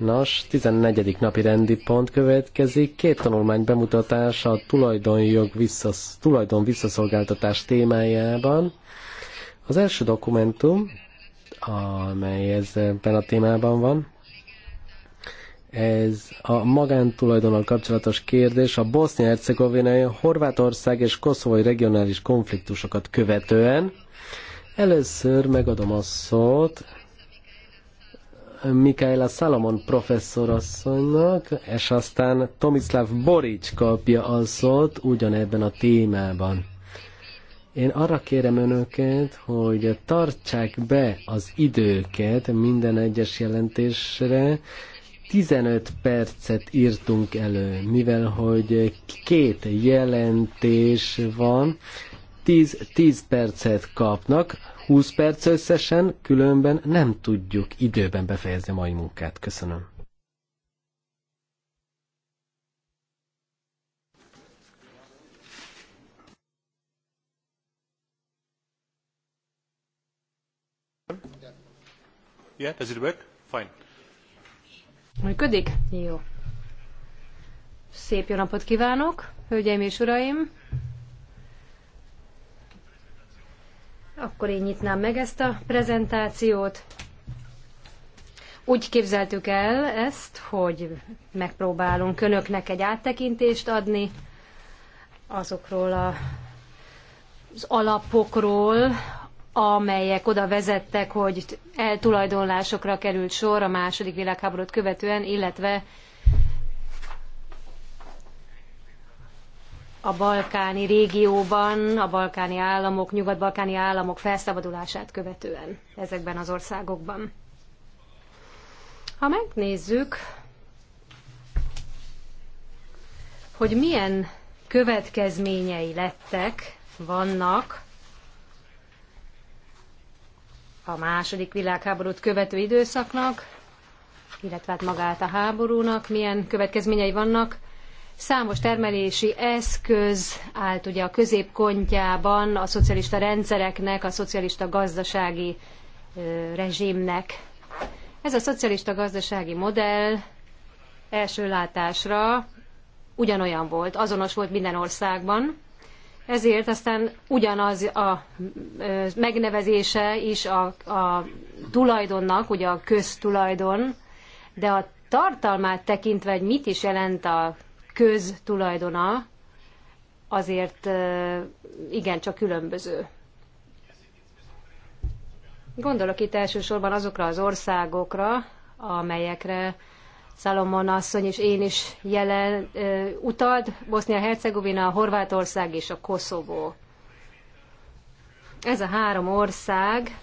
Nos, 14. napi rendi pont következik. Két tanulmány bemutatása a tulajdonjog visszasz, tulajdon visszaszolgáltatás témájában. Az első dokumentum, amely ezben a témában van, ez a magántulajdonnal kapcsolatos kérdés a bosznia-hercegovinai, Horvátország és koszovai regionális konfliktusokat követően. Először megadom a szót Mikaela Salomon asszonynak, és aztán Tomislav Borics kapja a szót ugyanebben a témában. Én arra kérem önöket, hogy tartsák be az időket minden egyes jelentésre. 15 percet írtunk elő, mivel hogy két jelentés van, 10, 10 percet kapnak, 20 perc összesen, különben nem tudjuk időben befejezni a mai munkát. Köszönöm. Yeah, does it work? Fine. Működik? Jó. Szép jó napot kívánok, hölgyeim és uraim! Akkor én nyitnám meg ezt a prezentációt. Úgy képzeltük el ezt, hogy megpróbálunk önöknek egy áttekintést adni azokról a, az alapokról, amelyek oda vezettek, hogy eltulajdonlásokra került sor a második világháborút követően, illetve a balkáni régióban, a balkáni államok, nyugat-balkáni államok felszabadulását követően ezekben az országokban. Ha megnézzük, hogy milyen következményei lettek, vannak a második világháborút követő időszaknak, illetve hát magát a háborúnak, milyen következményei vannak, Számos termelési eszköz állt ugye a középpontjában a szocialista rendszereknek, a szocialista gazdasági rezsimnek. Ez a szocialista gazdasági modell első látásra ugyanolyan volt, azonos volt minden országban, ezért aztán ugyanaz a megnevezése is a, a tulajdonnak, ugye a köztulajdon, de a tartalmát tekintve, hogy mit is jelent a köztulajdona azért igencsak különböző. Gondolok itt elsősorban azokra az országokra, amelyekre Szalomon asszony és én is jelen utalt, Bosznia-Hercegovina, Horvátország és a Koszovó. Ez a három ország,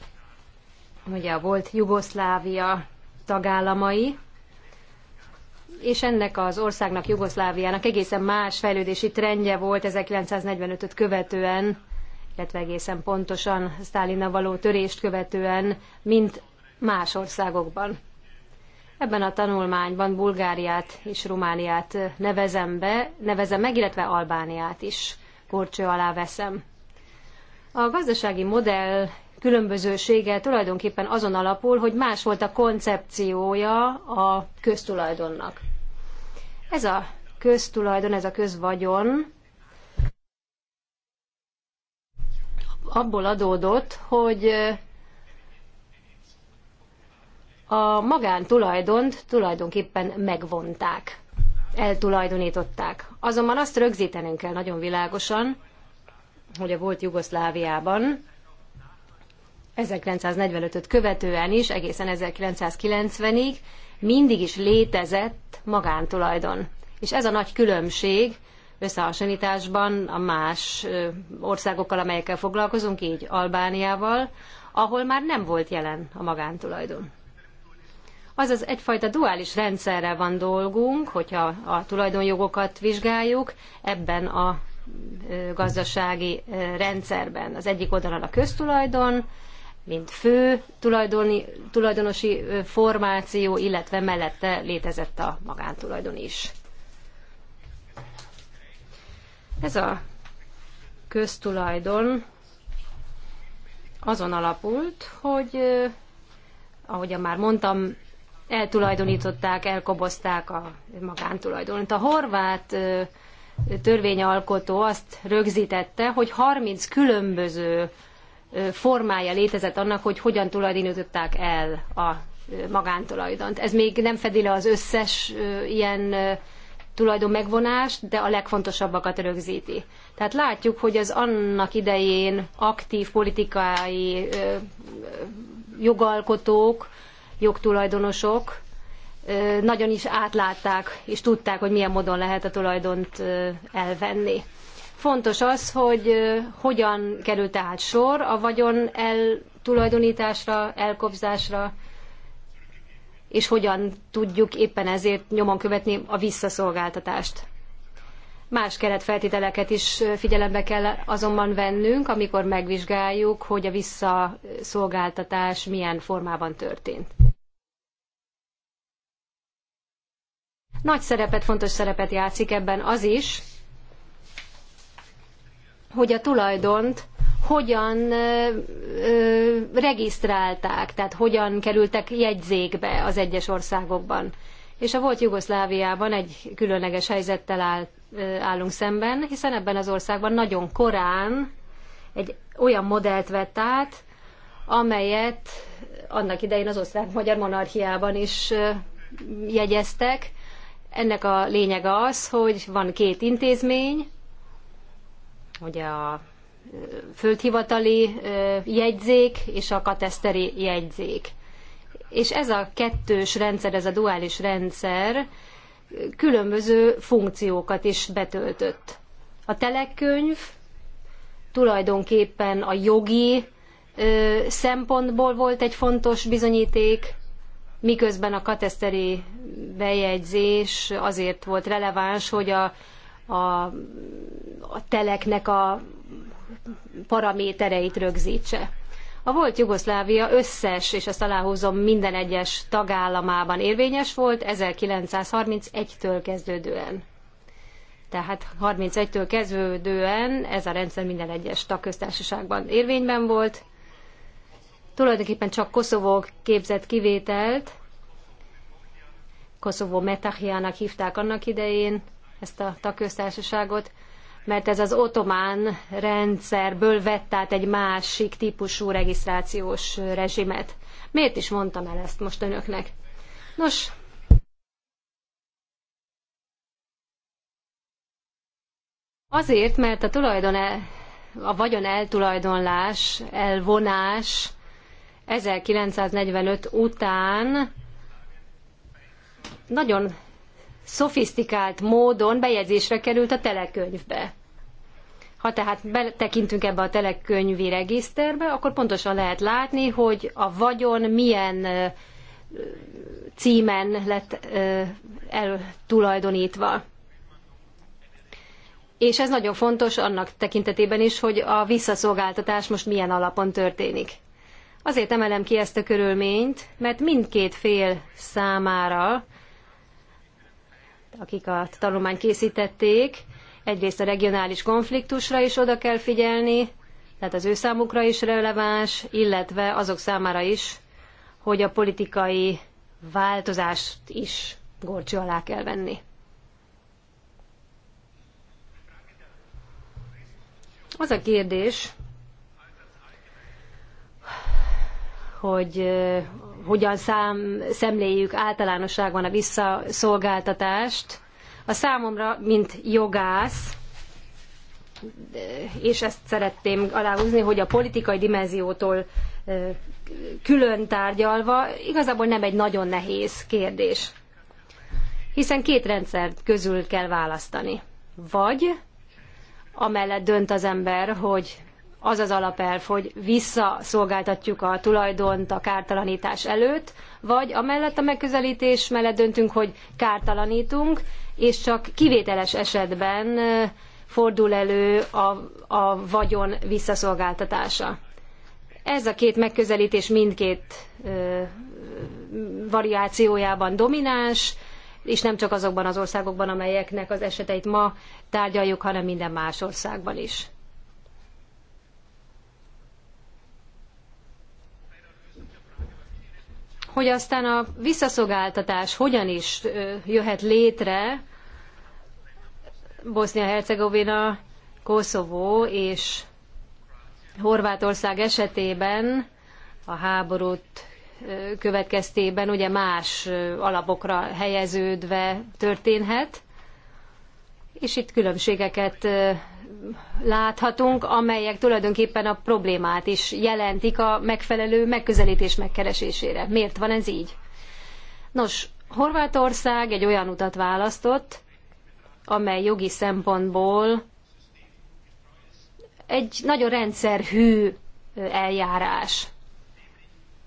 ugye a volt Jugoszlávia tagállamai, és ennek az országnak, Jugoszláviának egészen más fejlődési trendje volt 1945-öt követően, illetve egészen pontosan Sztálina való törést követően, mint más országokban. Ebben a tanulmányban Bulgáriát és Romániát nevezem, be, nevezem meg, illetve Albániát is korcső alá veszem. A gazdasági modell különbözősége tulajdonképpen azon alapul, hogy más volt a koncepciója a köztulajdonnak. Ez a köztulajdon, ez a közvagyon abból adódott, hogy a magántulajdont tulajdonképpen megvonták, eltulajdonították. Azonban azt rögzítenünk kell nagyon világosan, hogy a volt Jugoszláviában 1945-öt követően is, egészen 1990-ig mindig is létezett magántulajdon. És ez a nagy különbség összehasonlításban a más országokkal, amelyekkel foglalkozunk, így Albániával, ahol már nem volt jelen a magántulajdon. Azaz egyfajta duális rendszerrel van dolgunk, hogyha a tulajdonjogokat vizsgáljuk, ebben a gazdasági rendszerben. Az egyik oldalon a köztulajdon, mint fő tulajdoni, tulajdonosi formáció, illetve mellette létezett a magántulajdon is. Ez a köztulajdon azon alapult, hogy ahogyan már mondtam, eltulajdonították, elkobozták a magántulajdont. A horvát törvényalkotó azt rögzítette, hogy 30 különböző formája létezett annak, hogy hogyan tulajdonították el a magántulajdont. Ez még nem fedi le az összes ilyen tulajdon megvonást, de a legfontosabbakat rögzíti. Tehát látjuk, hogy az annak idején aktív politikai jogalkotók, jogtulajdonosok nagyon is átlátták és tudták, hogy milyen módon lehet a tulajdont elvenni. Fontos az, hogy hogyan kerül tehát sor a vagyon eltulajdonításra, elkobzásra, és hogyan tudjuk éppen ezért nyomon követni a visszaszolgáltatást. Más keretfeltételeket is figyelembe kell azonban vennünk, amikor megvizsgáljuk, hogy a visszaszolgáltatás milyen formában történt. Nagy szerepet, fontos szerepet játszik ebben az is, hogy a tulajdont hogyan ö, ö, regisztrálták, tehát hogyan kerültek jegyzékbe az egyes országokban. És a volt Jugoszláviában egy különleges helyzettel áll, ö, állunk szemben, hiszen ebben az országban nagyon korán egy olyan modellt vett át, amelyet annak idején az osztrák-magyar monarchiában is jegyeztek. Ennek a lényege az, hogy van két intézmény, hogy a földhivatali jegyzék és a kateszteri jegyzék. És ez a kettős rendszer, ez a duális rendszer különböző funkciókat is betöltött. A telekönyv tulajdonképpen a jogi szempontból volt egy fontos bizonyíték, miközben a kateszteri bejegyzés azért volt releváns, hogy a a, a teleknek a paramétereit rögzítse. A volt Jugoszlávia összes, és ezt aláhúzom, minden egyes tagállamában érvényes volt 1931-től kezdődően. Tehát 31-től kezdődően ez a rendszer minden egyes tagköztársaságban érvényben volt. Tulajdonképpen csak Koszovó képzett kivételt, Koszovó Metahiának hívták annak idején, ezt a tagköztársaságot, mert ez az otomán rendszerből vett át egy másik típusú regisztrációs rezsimet. Miért is mondtam el ezt most önöknek? Nos, Azért, mert a tulajdon el, a vagyon eltulajdonlás, elvonás 1945 után nagyon szofisztikált módon bejegyzésre került a telekönyvbe. Ha tehát betekintünk ebbe a telekönyvi regiszterbe, akkor pontosan lehet látni, hogy a vagyon milyen címen lett eltulajdonítva. És ez nagyon fontos annak tekintetében is, hogy a visszaszolgáltatás most milyen alapon történik. Azért emelem ki ezt a körülményt, mert mindkét fél számára akik a tanulmány készítették, egyrészt a regionális konfliktusra is oda kell figyelni, tehát az ő számukra is releváns, illetve azok számára is, hogy a politikai változást is gorcsú alá kell venni. Az a kérdés, hogy hogyan szám, szemléljük általánosságban a visszaszolgáltatást. A számomra, mint jogász, és ezt szeretném aláhúzni, hogy a politikai dimenziótól külön tárgyalva igazából nem egy nagyon nehéz kérdés. Hiszen két rendszer közül kell választani. Vagy amellett dönt az ember, hogy az az alapelv, hogy visszaszolgáltatjuk a tulajdont a kártalanítás előtt, vagy amellett a megközelítés mellett döntünk, hogy kártalanítunk, és csak kivételes esetben fordul elő a, a vagyon visszaszolgáltatása. Ez a két megközelítés mindkét ö, variációjában domináns, és nem csak azokban az országokban, amelyeknek az eseteit ma tárgyaljuk, hanem minden más országban is. hogy aztán a visszaszolgáltatás hogyan is jöhet létre Bosznia-Hercegovina, Koszovó és Horvátország esetében a háborút következtében ugye más alapokra helyeződve történhet, és itt különbségeket láthatunk, amelyek tulajdonképpen a problémát is jelentik a megfelelő megközelítés megkeresésére. Miért van ez így? Nos, Horvátország egy olyan utat választott, amely jogi szempontból egy nagyon rendszerhű eljárás.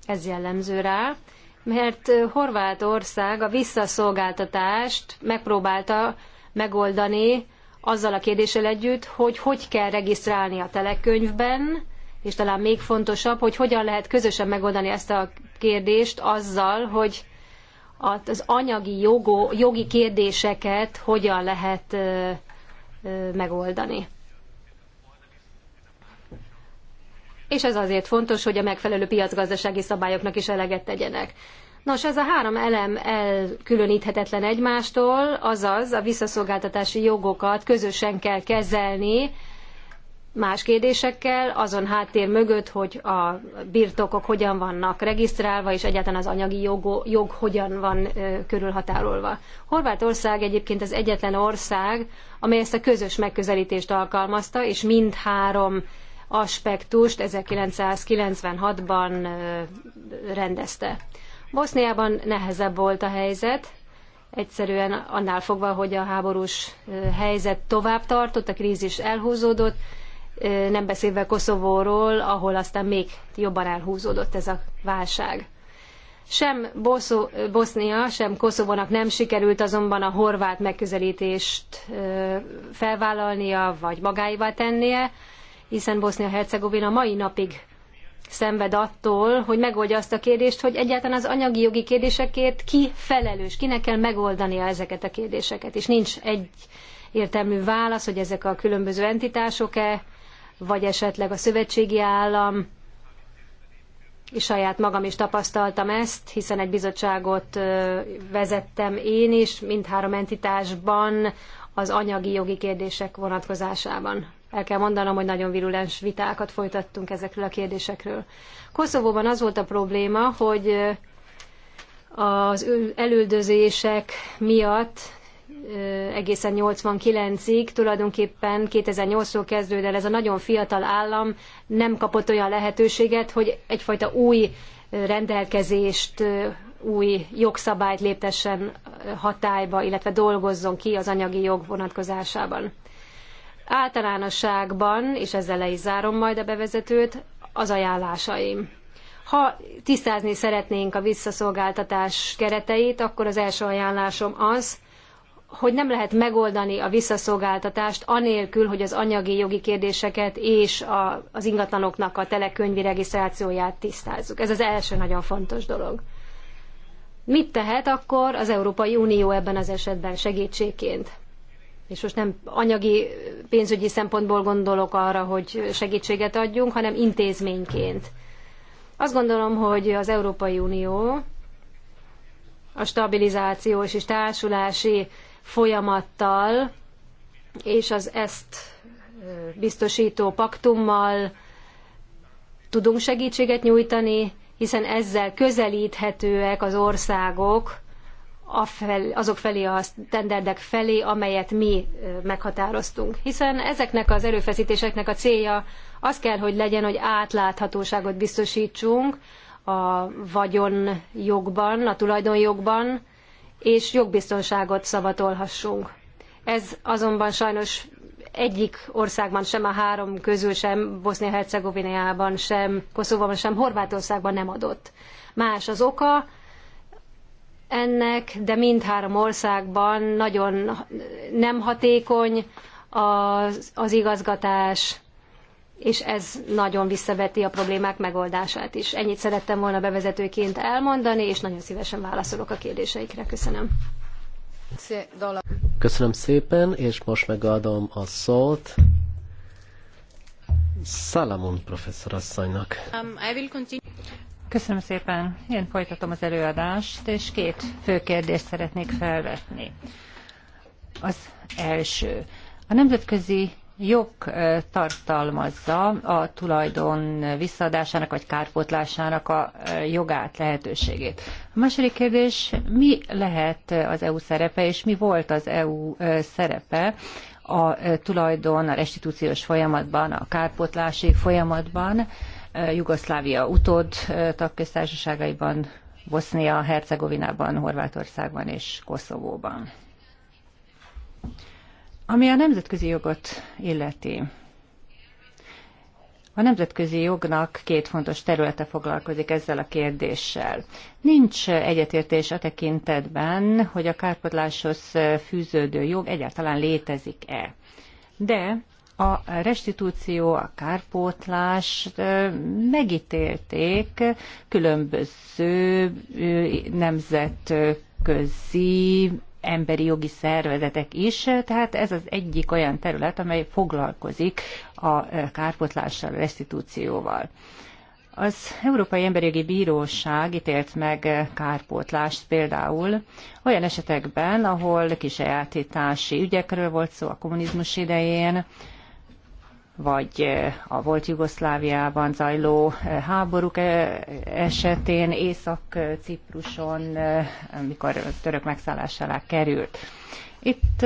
Ez jellemző rá, mert Horvátország a visszaszolgáltatást megpróbálta megoldani azzal a kérdéssel együtt, hogy hogy kell regisztrálni a telekönyvben, és talán még fontosabb, hogy hogyan lehet közösen megoldani ezt a kérdést azzal, hogy az anyagi jogo, jogi kérdéseket hogyan lehet megoldani. És ez azért fontos, hogy a megfelelő piacgazdasági szabályoknak is eleget tegyenek. Nos, ez a három elem elkülöníthetetlen egymástól, azaz a visszaszolgáltatási jogokat közösen kell kezelni, más kérdésekkel, azon háttér mögött, hogy a birtokok hogyan vannak regisztrálva, és egyáltalán az anyagi jog, jog hogyan van ö, körülhatárolva. Horvátország egyébként az egyetlen ország, amely ezt a közös megközelítést alkalmazta, és mindhárom aspektust 1996-ban rendezte. Boszniában nehezebb volt a helyzet, egyszerűen annál fogva, hogy a háborús helyzet tovább tartott, a krízis elhúzódott, nem beszélve Koszovóról, ahol aztán még jobban elhúzódott ez a válság. Sem Boszó, Bosznia, sem Koszovónak nem sikerült azonban a horvát megközelítést felvállalnia, vagy magáival tennie, hiszen Bosznia-Hercegovina mai napig szenved attól, hogy megoldja azt a kérdést, hogy egyáltalán az anyagi jogi kérdésekért ki felelős, kinek kell megoldania ezeket a kérdéseket. És nincs egy értelmű válasz, hogy ezek a különböző entitások-e, vagy esetleg a szövetségi állam, és saját magam is tapasztaltam ezt, hiszen egy bizottságot vezettem én is, mindhárom entitásban az anyagi jogi kérdések vonatkozásában el kell mondanom, hogy nagyon virulens vitákat folytattunk ezekről a kérdésekről. Koszovóban az volt a probléma, hogy az elüldözések miatt egészen 89-ig, tulajdonképpen 2008-tól kezdődően, ez a nagyon fiatal állam nem kapott olyan lehetőséget, hogy egyfajta új rendelkezést, új jogszabályt léptessen hatályba, illetve dolgozzon ki az anyagi jog vonatkozásában. Általánosságban, és ezzel le is zárom majd a bevezetőt, az ajánlásaim. Ha tisztázni szeretnénk a visszaszolgáltatás kereteit, akkor az első ajánlásom az, hogy nem lehet megoldani a visszaszolgáltatást anélkül, hogy az anyagi jogi kérdéseket és a, az ingatlanoknak a telekönyvi regisztrációját tisztázzuk. Ez az első nagyon fontos dolog. Mit tehet akkor az Európai Unió ebben az esetben segítségként? és most nem anyagi, pénzügyi szempontból gondolok arra, hogy segítséget adjunk, hanem intézményként. Azt gondolom, hogy az Európai Unió a stabilizációs és társulási folyamattal és az ezt biztosító paktummal tudunk segítséget nyújtani, hiszen ezzel közelíthetőek az országok fel, azok felé a standardek felé, amelyet mi meghatároztunk. Hiszen ezeknek az erőfeszítéseknek a célja az kell, hogy legyen, hogy átláthatóságot biztosítsunk a vagyonjogban, a tulajdonjogban, és jogbiztonságot szavatolhassunk. Ez azonban sajnos egyik országban sem, a három közül sem, Bosznia-Hercegovinában sem, Koszovóban sem, Horvátországban nem adott. Más az oka, ennek, de mindhárom országban nagyon nem hatékony az, az igazgatás, és ez nagyon visszaveti a problémák megoldását is. Ennyit szerettem volna bevezetőként elmondani, és nagyon szívesen válaszolok a kérdéseikre. Köszönöm. Köszönöm szépen, és most megadom a szót Salamon professzorasszonynak. Um, Köszönöm szépen. Én folytatom az előadást, és két fő kérdést szeretnék felvetni. Az első. A nemzetközi jog tartalmazza a tulajdon visszaadásának vagy kárpótlásának a jogát, lehetőségét. A második kérdés, mi lehet az EU szerepe, és mi volt az EU szerepe a tulajdon, a restitúciós folyamatban, a kárpótlási folyamatban, Jugoszlávia utód tagköztársaságaiban, Bosznia, Hercegovinában, Horvátországban és Koszovóban. Ami a nemzetközi jogot illeti, a nemzetközi jognak két fontos területe foglalkozik ezzel a kérdéssel. Nincs egyetértés a tekintetben, hogy a kárpodláshoz fűződő jog egyáltalán létezik-e. De a restitúció, a kárpótlás megítélték különböző nemzetközi emberi jogi szervezetek is, tehát ez az egyik olyan terület, amely foglalkozik a kárpótlással, a restitúcióval. Az Európai Emberi Jogi Bíróság ítélt meg kárpótlást például olyan esetekben, ahol kisejátítási ügyekről volt szó a kommunizmus idején, vagy eh, a volt Jugoszláviában zajló eh, háborúk eh, esetén, Észak-Cipruson, amikor török megszállás alá került. Itt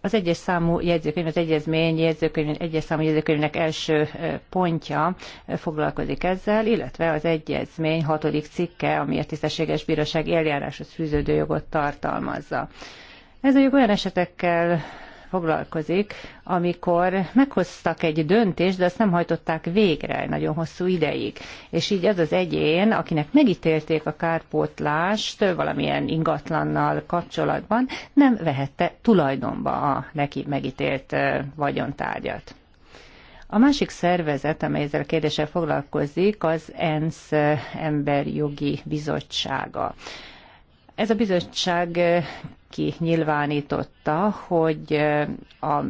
az egyes számú jegyzőkönyv, az egyezmény jegyzőkönyv, egyes számú jegyzőkönyvnek első pontja foglalkozik ezzel, illetve az egyezmény hatodik cikke, ami a tisztességes bíróság eljáráshoz fűződő jogot tartalmazza. Ez a jog olyan esetekkel foglalkozik, amikor meghoztak egy döntést, de azt nem hajtották végre nagyon hosszú ideig. És így az az egyén, akinek megítélték a kárpótlást valamilyen ingatlannal kapcsolatban, nem vehette tulajdonba a neki megítélt vagyontárgyat. A másik szervezet, amely ezzel a kérdéssel foglalkozik, az ENSZ Emberjogi Bizottsága. Ez a bizottság ki nyilvánította, hogy a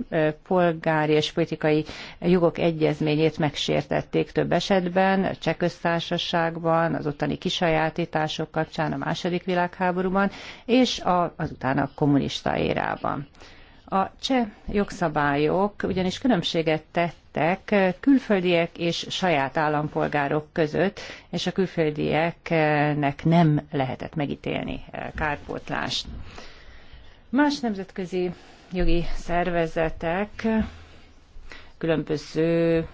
polgári és politikai jogok egyezményét megsértették több esetben, a csekköztársaságban, az ottani kisajátítások kapcsán a második világháborúban, és a, azután a kommunista érában. A cseh jogszabályok ugyanis különbséget tettek külföldiek és saját állampolgárok között, és a külföldieknek nem lehetett megítélni kárpótlást. Más nemzetközi jogi szervezetek, különböző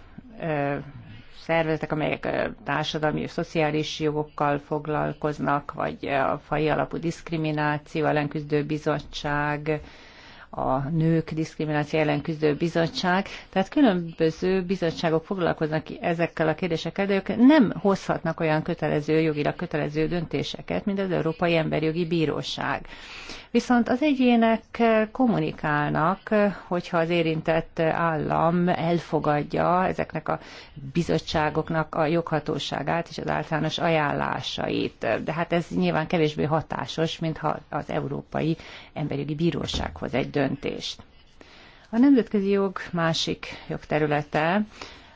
szervezetek, amelyek társadalmi és szociális jogokkal foglalkoznak, vagy a fai alapú diszkrimináció ellenküzdő bizottság, a Nők Diszkrimináció ellen küzdő bizottság. Tehát különböző bizottságok foglalkoznak ezekkel a kérdésekkel, de ők nem hozhatnak olyan kötelező, jogilag kötelező döntéseket, mint az Európai Emberjogi Bíróság. Viszont az egyének kommunikálnak, hogyha az érintett állam elfogadja ezeknek a bizottságoknak a joghatóságát és az általános ajánlásait. De hát ez nyilván kevésbé hatásos, mintha az Európai Emberjogi Bírósághoz egy döntés döntést. A nemzetközi jog másik jogterülete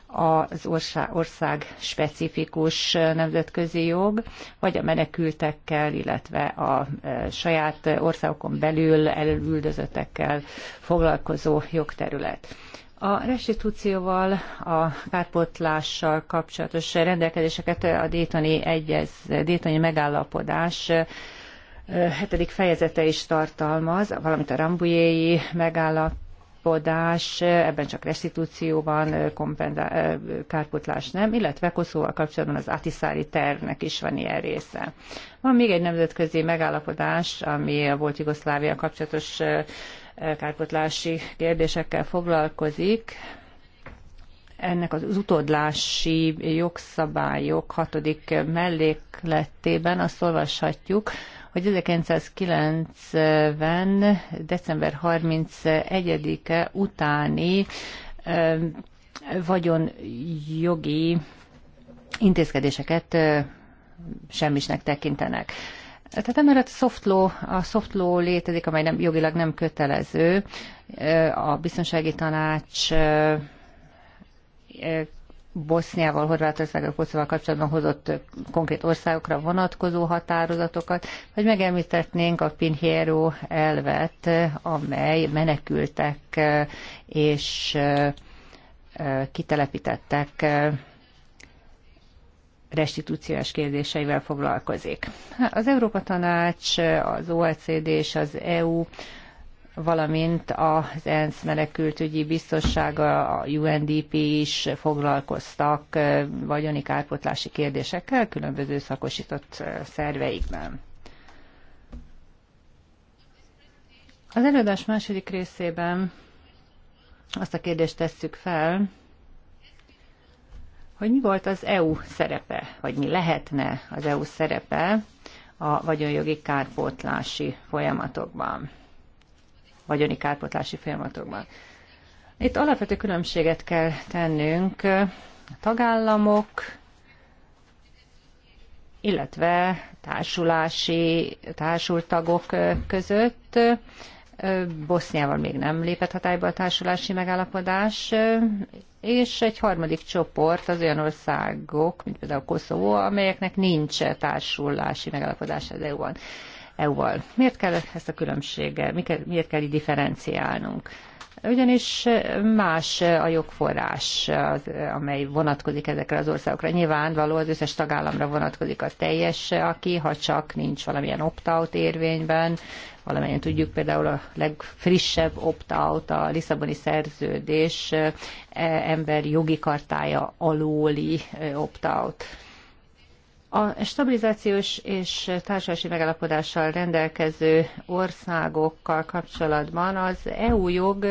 az ország, ország specifikus nemzetközi jog, vagy a menekültekkel, illetve a e, saját országokon belül elüldözöttekkel foglalkozó jogterület. A restitúcióval, a kárpotlással kapcsolatos rendelkezéseket a Détoni, egyez, Détoni megállapodás hetedik fejezete is tartalmaz, valamint a rambujéi megállapodás, ebben csak restitúció van, kompenzá- kárpotlás nem, illetve Koszóval kapcsolatban az Atiszári tervnek is van ilyen része. Van még egy nemzetközi megállapodás, ami a volt Jugoszlávia kapcsolatos kárpotlási kérdésekkel foglalkozik. Ennek az utódlási jogszabályok hatodik mellékletében azt olvashatjuk, hogy 1990. december 31-e utáni vagyonjogi intézkedéseket semmisnek tekintenek. Tehát emellett soft law, a soft law létezik, amely nem, jogilag nem kötelező. A biztonsági tanács Boszniával, Horvátországgal, Koszovával kapcsolatban hozott konkrét országokra vonatkozó határozatokat, vagy megemlítetnénk a Pinheiro elvet, amely menekültek és kitelepítettek restitúciós kérdéseivel foglalkozik. Az Európa Tanács, az OECD és az EU valamint az ENSZ menekültügyi biztossága, a UNDP is foglalkoztak vagyoni kárpotlási kérdésekkel különböző szakosított szerveikben. Az előadás második részében azt a kérdést tesszük fel, hogy mi volt az EU szerepe, vagy mi lehetne az EU szerepe a vagyonjogi kárpótlási folyamatokban vagyoni kárpotlási folyamatokban. Itt alapvető különbséget kell tennünk a tagállamok, illetve társulási, társultagok között. Boszniával még nem lépett hatályba a társulási megállapodás, és egy harmadik csoport az olyan országok, mint például Koszovó, amelyeknek nincs társulási megállapodás az EU-ban. EU-val. Miért kell ezt a különbséggel, miért kell így differenciálnunk? ugyanis más a jogforrás, amely vonatkozik ezekre az országokra. Nyilvánvaló az összes tagállamra vonatkozik az teljes, aki, ha csak nincs valamilyen opt-out érvényben, valamennyien tudjuk például a legfrissebb opt-out, a Lisszaboni szerződés e, ember jogi kartája alóli e, opt-out a stabilizációs és társadalmi megalapodással rendelkező országokkal kapcsolatban az EU jog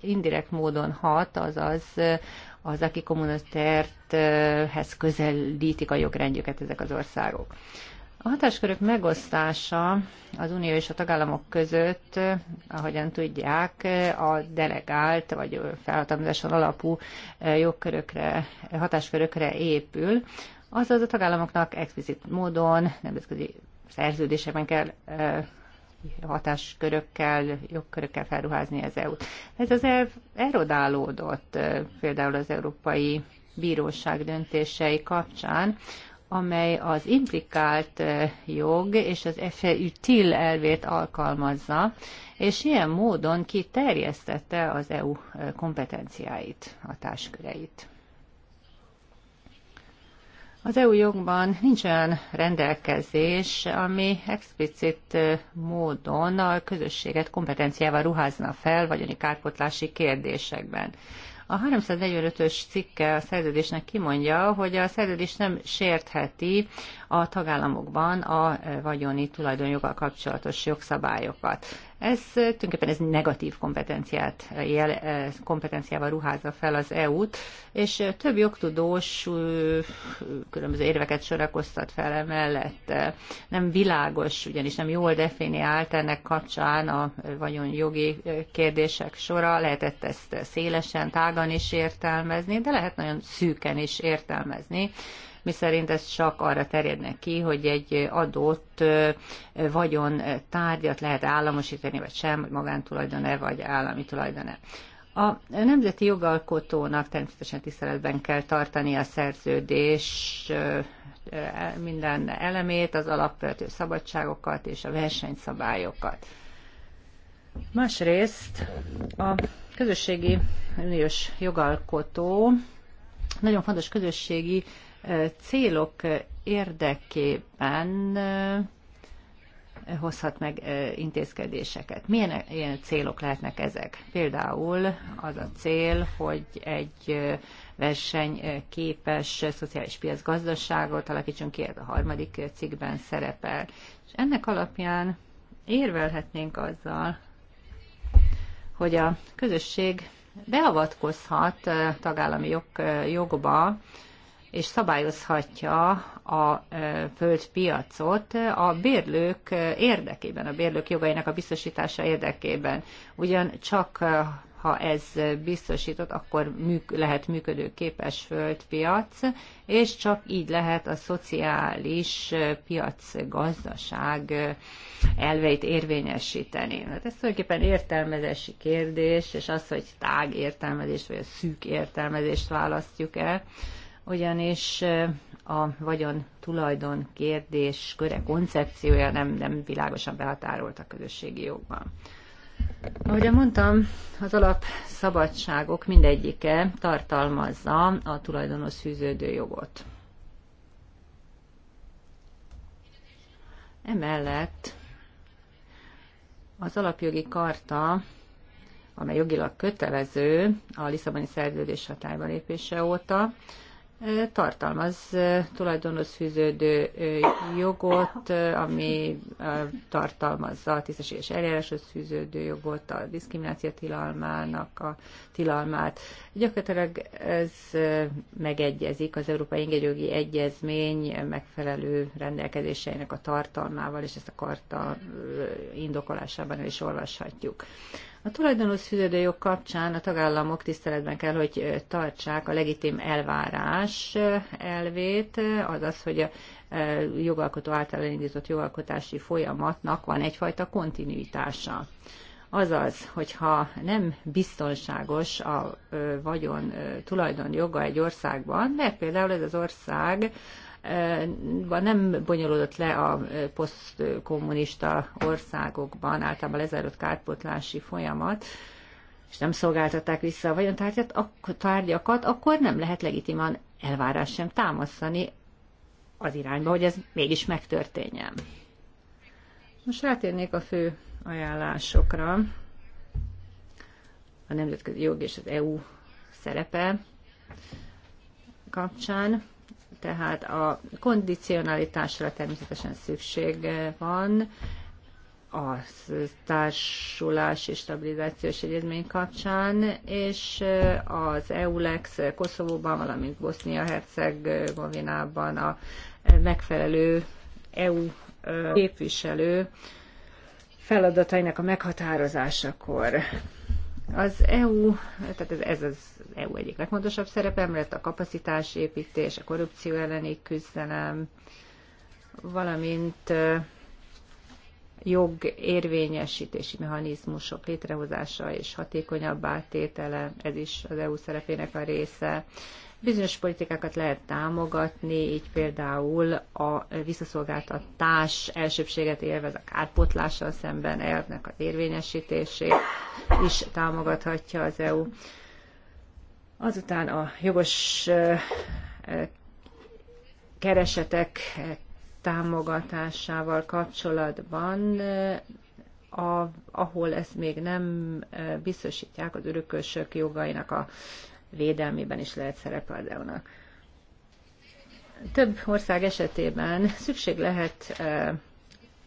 indirekt módon hat, azaz az aki kommunitárthez közelítik a jogrendjüket ezek az országok. A hatáskörök megosztása az unió és a tagállamok között, ahogyan tudják, a delegált vagy felhatalmazáson alapú jogkörökre, hatáskörökre épül azaz a tagállamoknak explicit módon nemzetközi szerződésekben kell hatáskörökkel, jogkörökkel felruházni az EU-t. Ez az elv erodálódott például az Európai Bíróság döntései kapcsán, amely az implikált jog és az e til elvét alkalmazza, és ilyen módon kiterjesztette az EU kompetenciáit, hatásköreit. Az EU jogban nincs olyan rendelkezés, ami explicit módon a közösséget kompetenciával ruházna fel vagyoni kárpotlási kérdésekben. A 345-ös cikke a szerződésnek kimondja, hogy a szerződés nem sértheti a tagállamokban a vagyoni tulajdonjoggal kapcsolatos jogszabályokat. Ez tulajdonképpen ez negatív kompetenciát, jel, eh, kompetenciával ruházza fel az EU-t, és több jogtudós különböző érveket sorakoztat fel emellett. Nem világos, ugyanis nem jól definiált ennek kapcsán a vagyonjogi eh, kérdések sora. Lehetett ezt szélesen, tágan is értelmezni, de lehet nagyon szűken is értelmezni miszerint ez csak arra terjedne ki, hogy egy adott vagyon tárgyat lehet államosítani, vagy sem, hogy magántulajdon-e, vagy állami tulajdon-e. A nemzeti jogalkotónak természetesen tiszteletben kell tartani a szerződés e, minden elemét, az alapvető szabadságokat és a versenyszabályokat. Másrészt a közösségi uniós jogalkotó nagyon fontos közösségi célok érdekében hozhat meg intézkedéseket. Milyen ilyen célok lehetnek ezek? Például az a cél, hogy egy versenyképes szociális gazdaságot alakítsunk ki, ez a harmadik cikkben szerepel. És ennek alapján érvelhetnénk azzal, hogy a közösség beavatkozhat tagállami jog, jogba, és szabályozhatja a földpiacot a bérlők érdekében, a bérlők jogainak a biztosítása érdekében. Ugyan csak ha ez biztosított, akkor műk, lehet működőképes földpiac, és csak így lehet a szociális piacgazdaság elveit érvényesíteni. Hát ez tulajdonképpen értelmezési kérdés, és az, hogy tág értelmezést vagy a szűk értelmezést választjuk el ugyanis a vagyon tulajdon kérdés köre koncepciója nem, nem világosan behatárolt a közösségi jogban. Ahogy mondtam, az alapszabadságok mindegyike tartalmazza a tulajdonhoz fűződő jogot. Emellett az alapjogi karta, amely jogilag kötelező a Lisszaboni szerződés hatályba lépése óta, tartalmaz tulajdonhoz fűződő jogot, ami tartalmazza a tisztességes eljáráshoz fűződő jogot, a diszkrimináció tilalmának a tilalmát. Gyakorlatilag ez megegyezik az Európai Engedjogi Egyezmény megfelelő rendelkezéseinek a tartalmával, és ezt a karta indokolásában is olvashatjuk. A tulajdonos jog kapcsán a tagállamok tiszteletben kell, hogy tartsák a legitim elvárás elvét, azaz, hogy a jogalkotó által elindított jogalkotási folyamatnak van egyfajta kontinuitása. Azaz, hogyha nem biztonságos a vagyon tulajdonjoga egy országban, mert például ez az ország nem bonyolódott le a posztkommunista országokban általában lezárott kárpotlási folyamat, és nem szolgáltatták vissza a vagyontárgyat, akkor tárgyakat, akkor nem lehet legitiman elvárás sem támasztani az irányba, hogy ez mégis megtörténjen. Most rátérnék a fő ajánlásokra. A nemzetközi jog és az EU szerepe kapcsán. Tehát a kondicionalitásra természetesen szükség van a társulás és stabilizációs egyezmény kapcsán, és az EULEX Koszovóban, valamint Bosznia-Hercegovinában a megfelelő EU képviselő feladatainak a meghatározásakor. Az EU, tehát ez, ez az EU egyik legfontosabb szerepem lett a kapacitásépítés, a korrupció elleni küzdelem, valamint jogérvényesítési mechanizmusok létrehozása és hatékonyabb átétele, ez is az EU szerepének a része. Bizonyos politikákat lehet támogatni, így például a visszaszolgáltatás elsőbséget élvez a kárpotlással szemben elvnek az érvényesítését is támogathatja az EU. Azután a jogos keresetek támogatásával kapcsolatban, a, ahol ezt még nem biztosítják, az örökösök jogainak a védelmében is lehet szerepe az EU-nak. Több ország esetében szükség lehet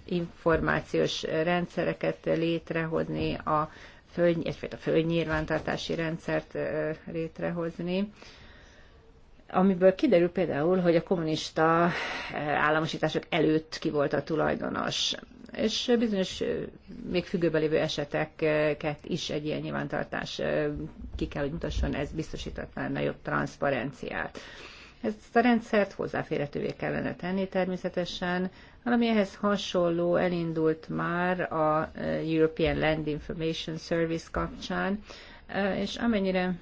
információs rendszereket létrehozni a föld, egyfajta földnyírvántartási rendszert létrehozni, amiből kiderül például, hogy a kommunista államosítások előtt ki volt a tulajdonos, és bizonyos még függőbe lévő eseteket is egy ilyen nyilvántartás ki kell, hogy mutasson, ez biztosítatná nagyobb transzparenciát. Ezt a rendszert hozzáférhetővé kellene tenni természetesen, valami ehhez hasonló elindult már a e, European Land Information Service kapcsán, e, és amennyire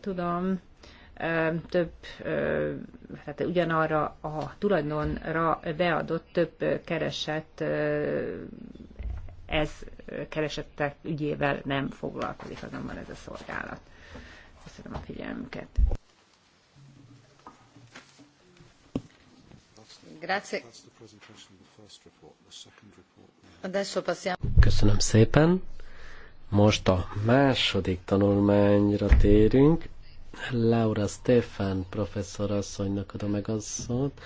tudom, e, több, tehát ugyanarra a tulajdonra beadott több keresett ez keresettek ügyével nem foglalkozik azonban ez a szolgálat. Köszönöm a figyelmüket. Köszönöm szépen. Most a második tanulmányra térünk. Laura Stefan professzor asszonynak adom meg a szót.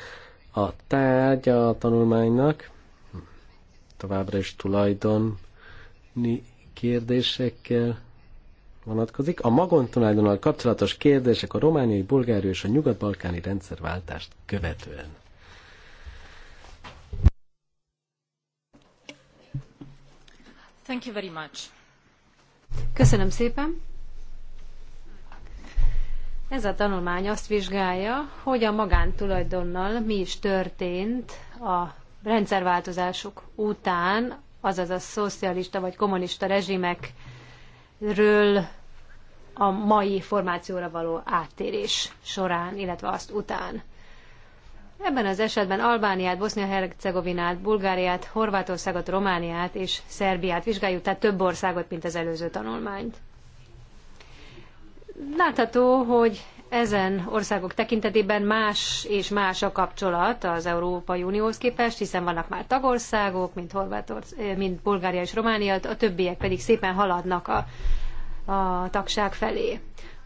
A tárgya a tanulmánynak továbbra is tulajdoni kérdésekkel vonatkozik. A magon magontulajdonnal kapcsolatos kérdések a romániai, bulgári és a nyugat-balkáni rendszerváltást követően. Thank you very much. Köszönöm szépen. Ez a tanulmány azt vizsgálja, hogy a magántulajdonnal mi is történt a rendszerváltozások után, azaz a szocialista vagy kommunista rezsimekről a mai formációra való áttérés során, illetve azt után. Ebben az esetben Albániát, Bosznia-Hercegovinát, Bulgáriát, Horvátországot, Romániát és Szerbiát vizsgáljuk, tehát több országot, mint az előző tanulmányt. Látható, hogy ezen országok tekintetében más és más a kapcsolat az Európai Unióhoz képest, hiszen vannak már tagországok, mint, Horvátorsz, eh, mint Bulgária és Románia, a többiek pedig szépen haladnak a, a tagság felé.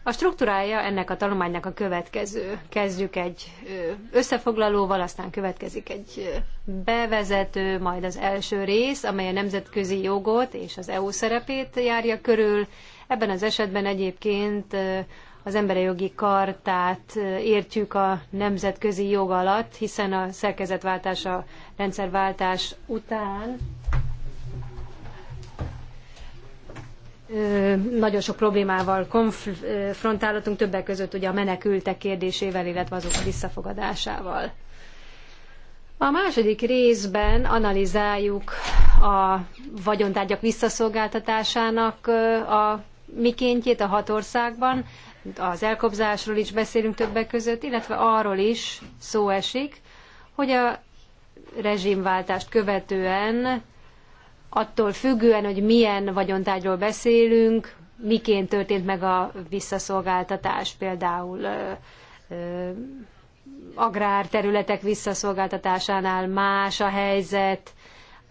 A struktúrája ennek a tanulmánynak a következő. Kezdjük egy összefoglalóval, aztán következik egy bevezető, majd az első rész, amely a nemzetközi jogot és az EU szerepét járja körül. Ebben az esetben egyébként az emberi jogi kartát értjük a nemzetközi jog alatt, hiszen a szerkezetváltás, a rendszerváltás után nagyon sok problémával konfrontálhatunk, többek között ugye a menekültek kérdésével, illetve azok a visszafogadásával. A második részben analizáljuk a vagyontárgyak visszaszolgáltatásának a mikéntjét a hat országban, az elkobzásról is beszélünk többek között, illetve arról is szó esik, hogy a rezsimváltást követően attól függően, hogy milyen vagyontárgyról beszélünk, miként történt meg a visszaszolgáltatás, például ö, ö, agrárterületek visszaszolgáltatásánál más a helyzet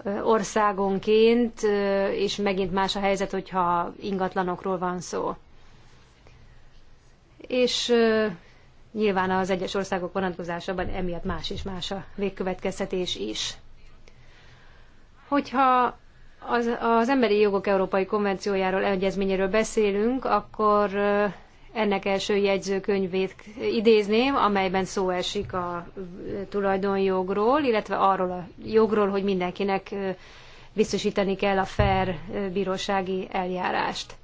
ö, országonként, ö, és megint más a helyzet, hogyha ingatlanokról van szó. És ö, nyilván az egyes országok vonatkozásában emiatt más és más a végkövetkeztetés is. Hogyha az, az Emberi Jogok Európai Konvenciójáról, egyezményéről beszélünk, akkor ennek első jegyzőkönyvét idézném, amelyben szó esik a tulajdonjogról, illetve arról a jogról, hogy mindenkinek biztosítani kell a fair bírósági eljárást.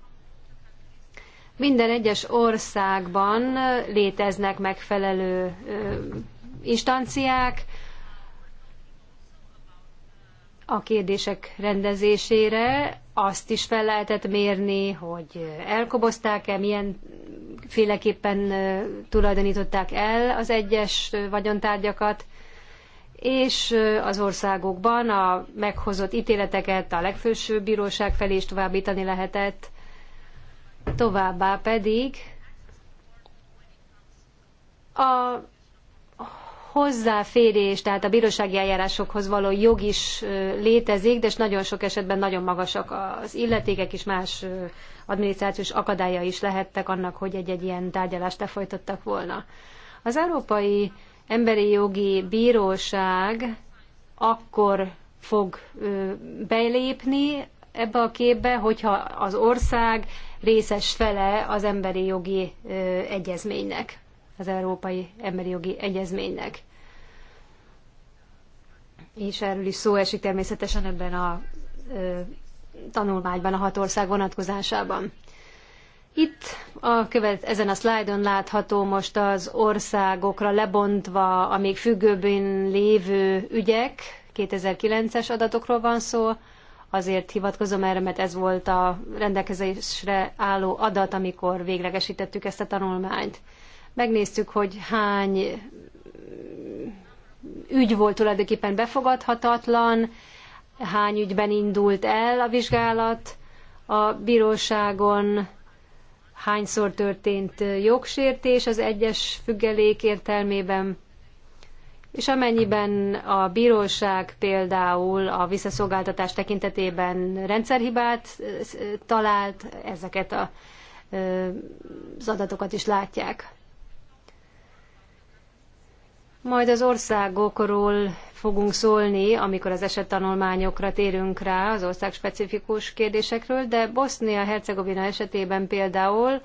Minden egyes országban léteznek megfelelő instanciák, a kérdések rendezésére. Azt is fel lehetett mérni, hogy elkobozták-e, milyen féleképpen tulajdonították el az egyes vagyontárgyakat, és az országokban a meghozott ítéleteket a legfőső bíróság felé is továbbítani lehetett. Továbbá pedig a hozzáférés, tehát a bírósági eljárásokhoz való jog is létezik, de nagyon sok esetben nagyon magasak az illetékek és más adminisztrációs akadálya is lehettek annak, hogy egy-egy ilyen tárgyalást lefolytattak volna. Az Európai Emberi Jogi Bíróság akkor fog belépni ebbe a képbe, hogyha az ország részes fele az emberi jogi egyezménynek az Európai Emberi Jogi Egyezménynek. És erről is szó esik természetesen ebben a ö, tanulmányban a hat ország vonatkozásában. Itt a követ, ezen a szlájdon látható most az országokra lebontva a még függőben lévő ügyek, 2009-es adatokról van szó, azért hivatkozom erre, mert ez volt a rendelkezésre álló adat, amikor véglegesítettük ezt a tanulmányt. Megnéztük, hogy hány mm, ügy volt tulajdonképpen befogadhatatlan, hány ügyben indult el a vizsgálat a bíróságon, hányszor történt jogsértés az egyes függelék értelmében, és amennyiben a bíróság például a visszaszolgáltatás tekintetében rendszerhibát eh, eh, talált, ezeket a, eh, az adatokat is látják. Majd az országokról fogunk szólni, amikor az esettanulmányokra térünk rá, az ország specifikus kérdésekről, de Bosznia-Hercegovina esetében például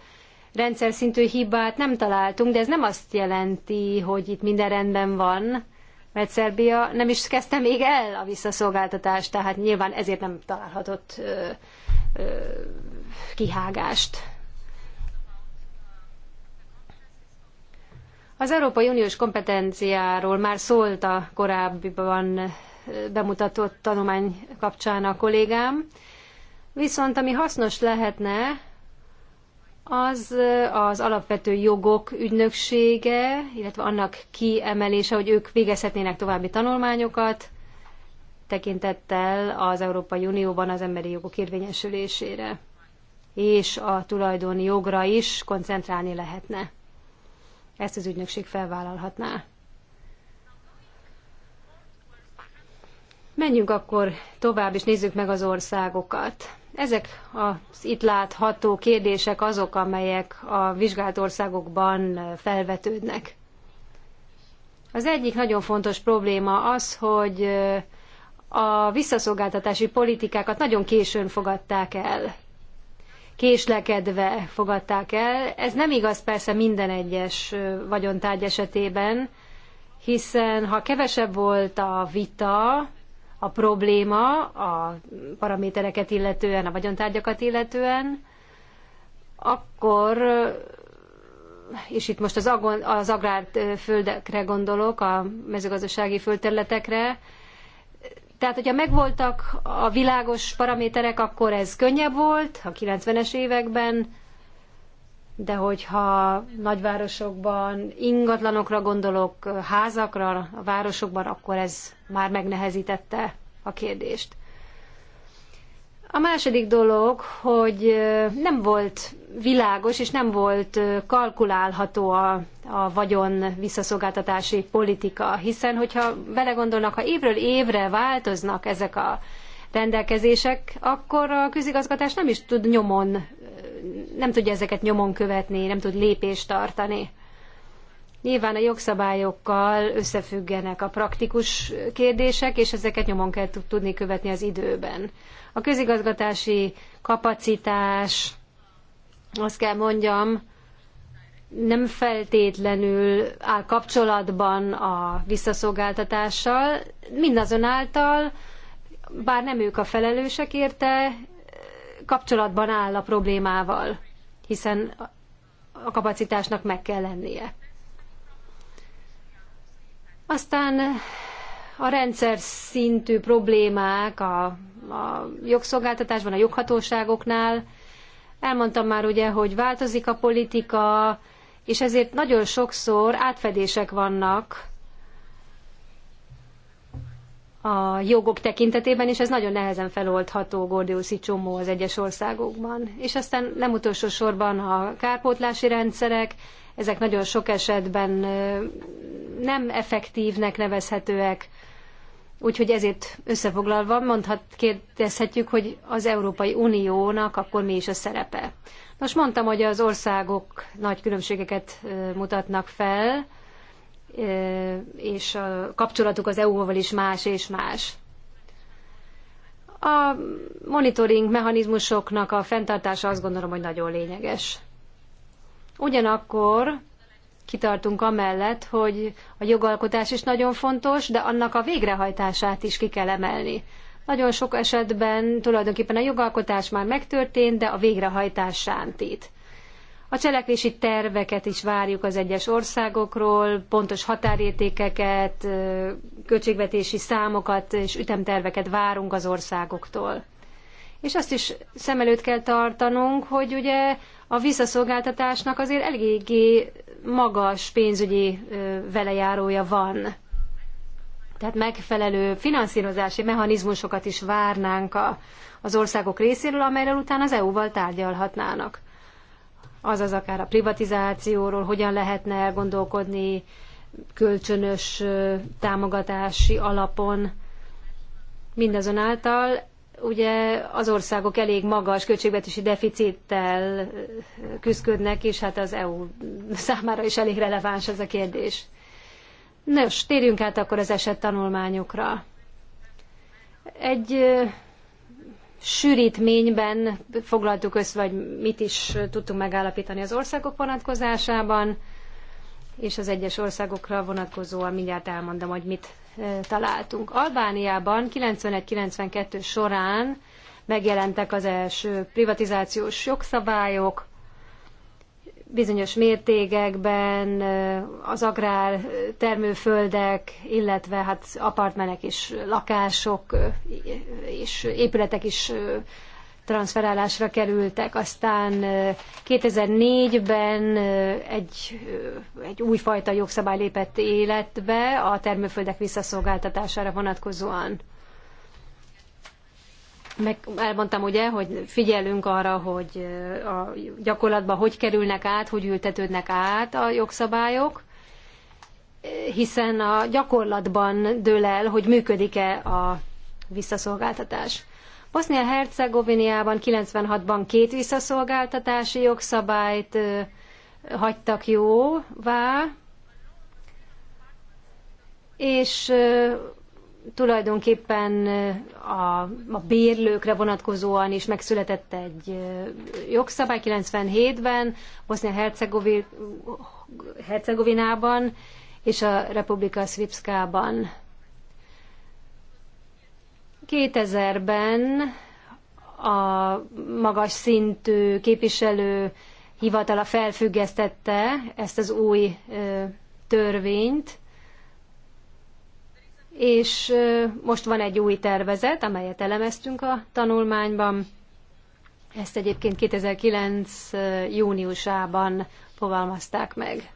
rendszer szintű hibát nem találtunk, de ez nem azt jelenti, hogy itt minden rendben van, mert Szerbia nem is kezdte még el a visszaszolgáltatást, tehát nyilván ezért nem találhatott ö, ö, kihágást. Az Európai Uniós kompetenciáról már szólt a korábbiban bemutatott tanulmány kapcsán a kollégám, viszont ami hasznos lehetne, az az alapvető jogok ügynöksége, illetve annak kiemelése, hogy ők végezhetnének további tanulmányokat, tekintettel az Európai Unióban az emberi jogok érvényesülésére, és a tulajdoni jogra is koncentrálni lehetne ezt az ügynökség felvállalhatná. Menjünk akkor tovább, és nézzük meg az országokat. Ezek az itt látható kérdések azok, amelyek a vizsgált országokban felvetődnek. Az egyik nagyon fontos probléma az, hogy a visszaszolgáltatási politikákat nagyon későn fogadták el késlekedve fogadták el. Ez nem igaz persze minden egyes vagyontárgy esetében, hiszen ha kevesebb volt a vita, a probléma a paramétereket illetően, a vagyontárgyakat illetően, akkor, és itt most az, agon, az agrárföldekre gondolok, a mezőgazdasági földterületekre, tehát, hogyha megvoltak a világos paraméterek, akkor ez könnyebb volt a 90-es években, de hogyha nagyvárosokban ingatlanokra gondolok, házakra a városokban, akkor ez már megnehezítette a kérdést. A második dolog, hogy nem volt világos, és nem volt kalkulálható a, a vagyon visszaszolgáltatási politika, hiszen hogyha belegondolnak, ha évről évre változnak ezek a rendelkezések, akkor a közigazgatás nem is tud nyomon, nem tudja ezeket nyomon követni, nem tud lépést tartani. Nyilván a jogszabályokkal összefüggenek a praktikus kérdések, és ezeket nyomon kell tudni követni az időben. A közigazgatási kapacitás, azt kell mondjam, nem feltétlenül áll kapcsolatban a visszaszolgáltatással, mindazonáltal, bár nem ők a felelősek érte, kapcsolatban áll a problémával, hiszen a kapacitásnak meg kell lennie. Aztán a rendszer szintű problémák a, a jogszolgáltatásban, a joghatóságoknál, Elmondtam már ugye, hogy változik a politika, és ezért nagyon sokszor átfedések vannak a jogok tekintetében, és ez nagyon nehezen feloldható gordiuszi csomó az egyes országokban. És aztán nem utolsó sorban a kárpótlási rendszerek, ezek nagyon sok esetben nem effektívnek nevezhetőek, Úgyhogy ezért összefoglalva mondhat, kérdezhetjük, hogy az Európai Uniónak akkor mi is a szerepe. Most mondtam, hogy az országok nagy különbségeket mutatnak fel, és a kapcsolatuk az EU-val is más és más. A monitoring mechanizmusoknak a fenntartása azt gondolom, hogy nagyon lényeges. Ugyanakkor kitartunk amellett, hogy a jogalkotás is nagyon fontos, de annak a végrehajtását is ki kell emelni. Nagyon sok esetben tulajdonképpen a jogalkotás már megtörtént, de a végrehajtás sántít. A cselekvési terveket is várjuk az egyes országokról, pontos határértékeket, költségvetési számokat és ütemterveket várunk az országoktól. És azt is szem előtt kell tartanunk, hogy ugye a visszaszolgáltatásnak azért eléggé magas pénzügyi velejárója van. Tehát megfelelő finanszírozási mechanizmusokat is várnánk a, az országok részéről, amelyről utána az EU-val tárgyalhatnának. Azaz akár a privatizációról, hogyan lehetne gondolkodni kölcsönös támogatási alapon. Mindazonáltal ugye az országok elég magas költségvetési deficittel küzdködnek, és hát az EU számára is elég releváns ez a kérdés. Nos, térjünk át akkor az eset tanulmányokra. Egy sűrítményben foglaltuk össze, vagy mit is tudtunk megállapítani az országok vonatkozásában és az egyes országokra vonatkozóan mindjárt elmondom, hogy mit találtunk. Albániában 91-92 során megjelentek az első privatizációs jogszabályok, bizonyos mértékekben az agrár termőföldek, illetve hát apartmenek és lakások és épületek is transferálásra kerültek. Aztán 2004-ben egy, egy újfajta jogszabály lépett életbe a termőföldek visszaszolgáltatására vonatkozóan. Meg elmondtam ugye, hogy figyelünk arra, hogy a gyakorlatban hogy kerülnek át, hogy ültetődnek át a jogszabályok, hiszen a gyakorlatban dől el, hogy működik-e a visszaszolgáltatás. Bosznia-Hercegoviniában 96-ban két visszaszolgáltatási jogszabályt hagytak jóvá, és tulajdonképpen a, a bérlőkre vonatkozóan is megszületett egy jogszabály 97-ben, Bosznia-Hercegovinában és a Republika Srpskában. 2000-ben a magas szintű képviselő hivatala felfüggesztette ezt az új törvényt, és most van egy új tervezet, amelyet elemeztünk a tanulmányban. Ezt egyébként 2009. júniusában fogalmazták meg.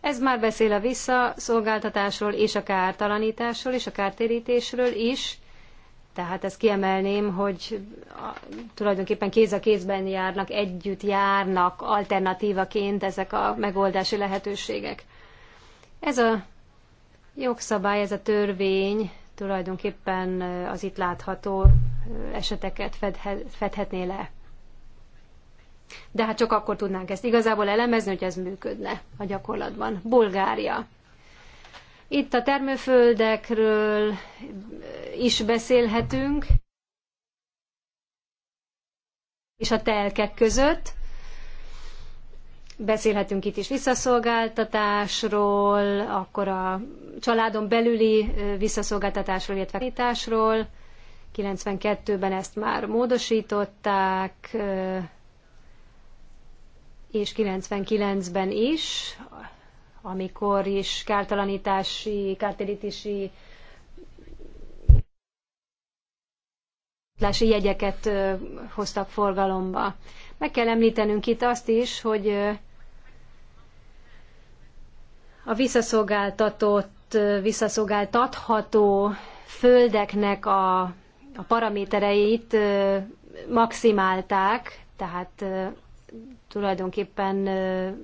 Ez már beszél a visszaszolgáltatásról és a kártalanításról és a kártérítésről is, tehát ezt kiemelném, hogy tulajdonképpen kéz a kézben járnak, együtt járnak alternatívaként ezek a megoldási lehetőségek. Ez a jogszabály, ez a törvény tulajdonképpen az itt látható eseteket fedhetné le. De hát csak akkor tudnánk ezt igazából elemezni, hogy ez működne a gyakorlatban. Bulgária. Itt a termőföldekről is beszélhetünk, és a telkek között. Beszélhetünk itt is visszaszolgáltatásról, akkor a családon belüli visszaszolgáltatásról, illetve tanításról. 92-ben ezt már módosították, és 99-ben is amikor is kártalanítási, kártérítési látási jegyeket hoztak forgalomba. Meg kell említenünk itt azt is, hogy a visszaszolgáltatott, visszaszolgáltatható földeknek a, a paramétereit maximálták, tehát tulajdonképpen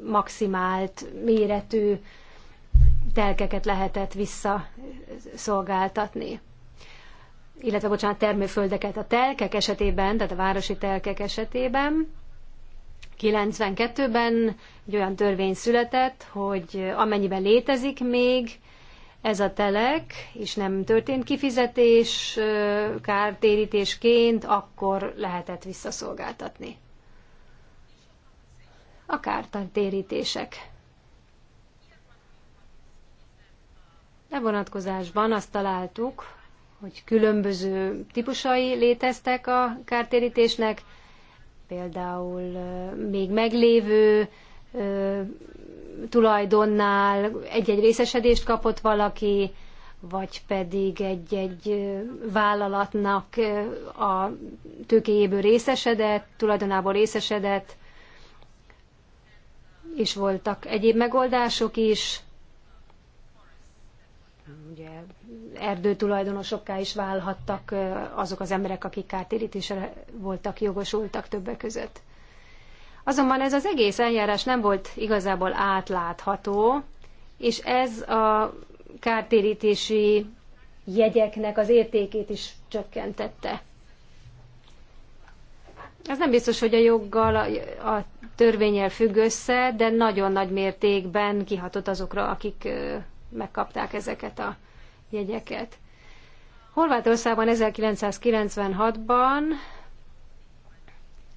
maximált méretű telkeket lehetett visszaszolgáltatni illetve bocsánat, termőföldeket a telkek esetében, tehát a városi telkek esetében. 92-ben egy olyan törvény született, hogy amennyiben létezik még ez a telek, és nem történt kifizetés kártérítésként, akkor lehetett visszaszolgáltatni a kártantérítések. Levonatkozásban azt találtuk, hogy különböző típusai léteztek a kártérítésnek, például még meglévő tulajdonnál egy-egy részesedést kapott valaki, vagy pedig egy-egy vállalatnak a tőkéjéből részesedett, tulajdonából részesedett, és voltak egyéb megoldások is, ugye erdőtulajdonosokká is válhattak azok az emberek, akik kártérítésre voltak jogosultak többek között. Azonban ez az egész eljárás nem volt igazából átlátható, és ez a kártérítési jegyeknek az értékét is csökkentette. Ez nem biztos, hogy a joggal, a törvényel függ össze, de nagyon nagy mértékben kihatott azokra, akik megkapták ezeket a jegyeket. Horvátországban 1996-ban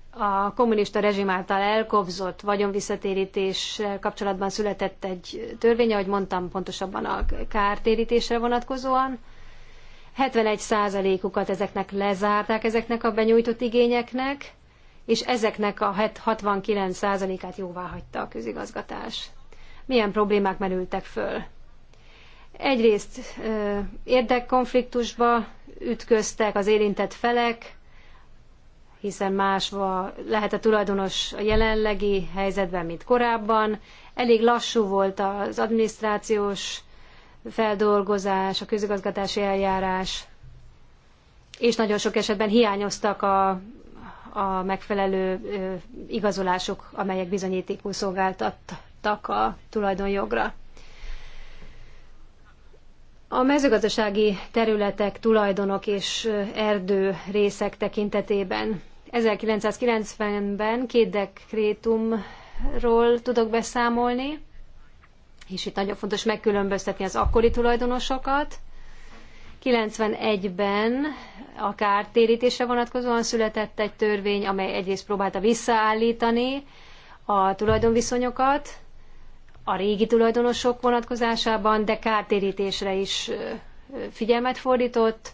a kommunista rezsim által elkobzott vagyonvisszatérítés kapcsolatban született egy törvény, ahogy mondtam, pontosabban a kártérítésre vonatkozóan. 71 százalékukat ezeknek lezárták, ezeknek a benyújtott igényeknek, és ezeknek a 69%-át jóvá hagyta a közigazgatás. Milyen problémák merültek föl? Egyrészt érdekkonfliktusba ütköztek az érintett felek, hiszen másva lehet a tulajdonos a jelenlegi helyzetben, mint korábban. Elég lassú volt az adminisztrációs feldolgozás, a közigazgatási eljárás, és nagyon sok esetben hiányoztak a a megfelelő igazolások, amelyek bizonyítékú szolgáltattak a tulajdonjogra. A mezőgazdasági területek, tulajdonok és erdő részek tekintetében 1990-ben két dekrétumról tudok beszámolni, és itt nagyon fontos megkülönböztetni az akkori tulajdonosokat, 91-ben a kártérítésre vonatkozóan született egy törvény, amely egyrészt próbálta visszaállítani a tulajdonviszonyokat a régi tulajdonosok vonatkozásában, de kártérítésre is figyelmet fordított.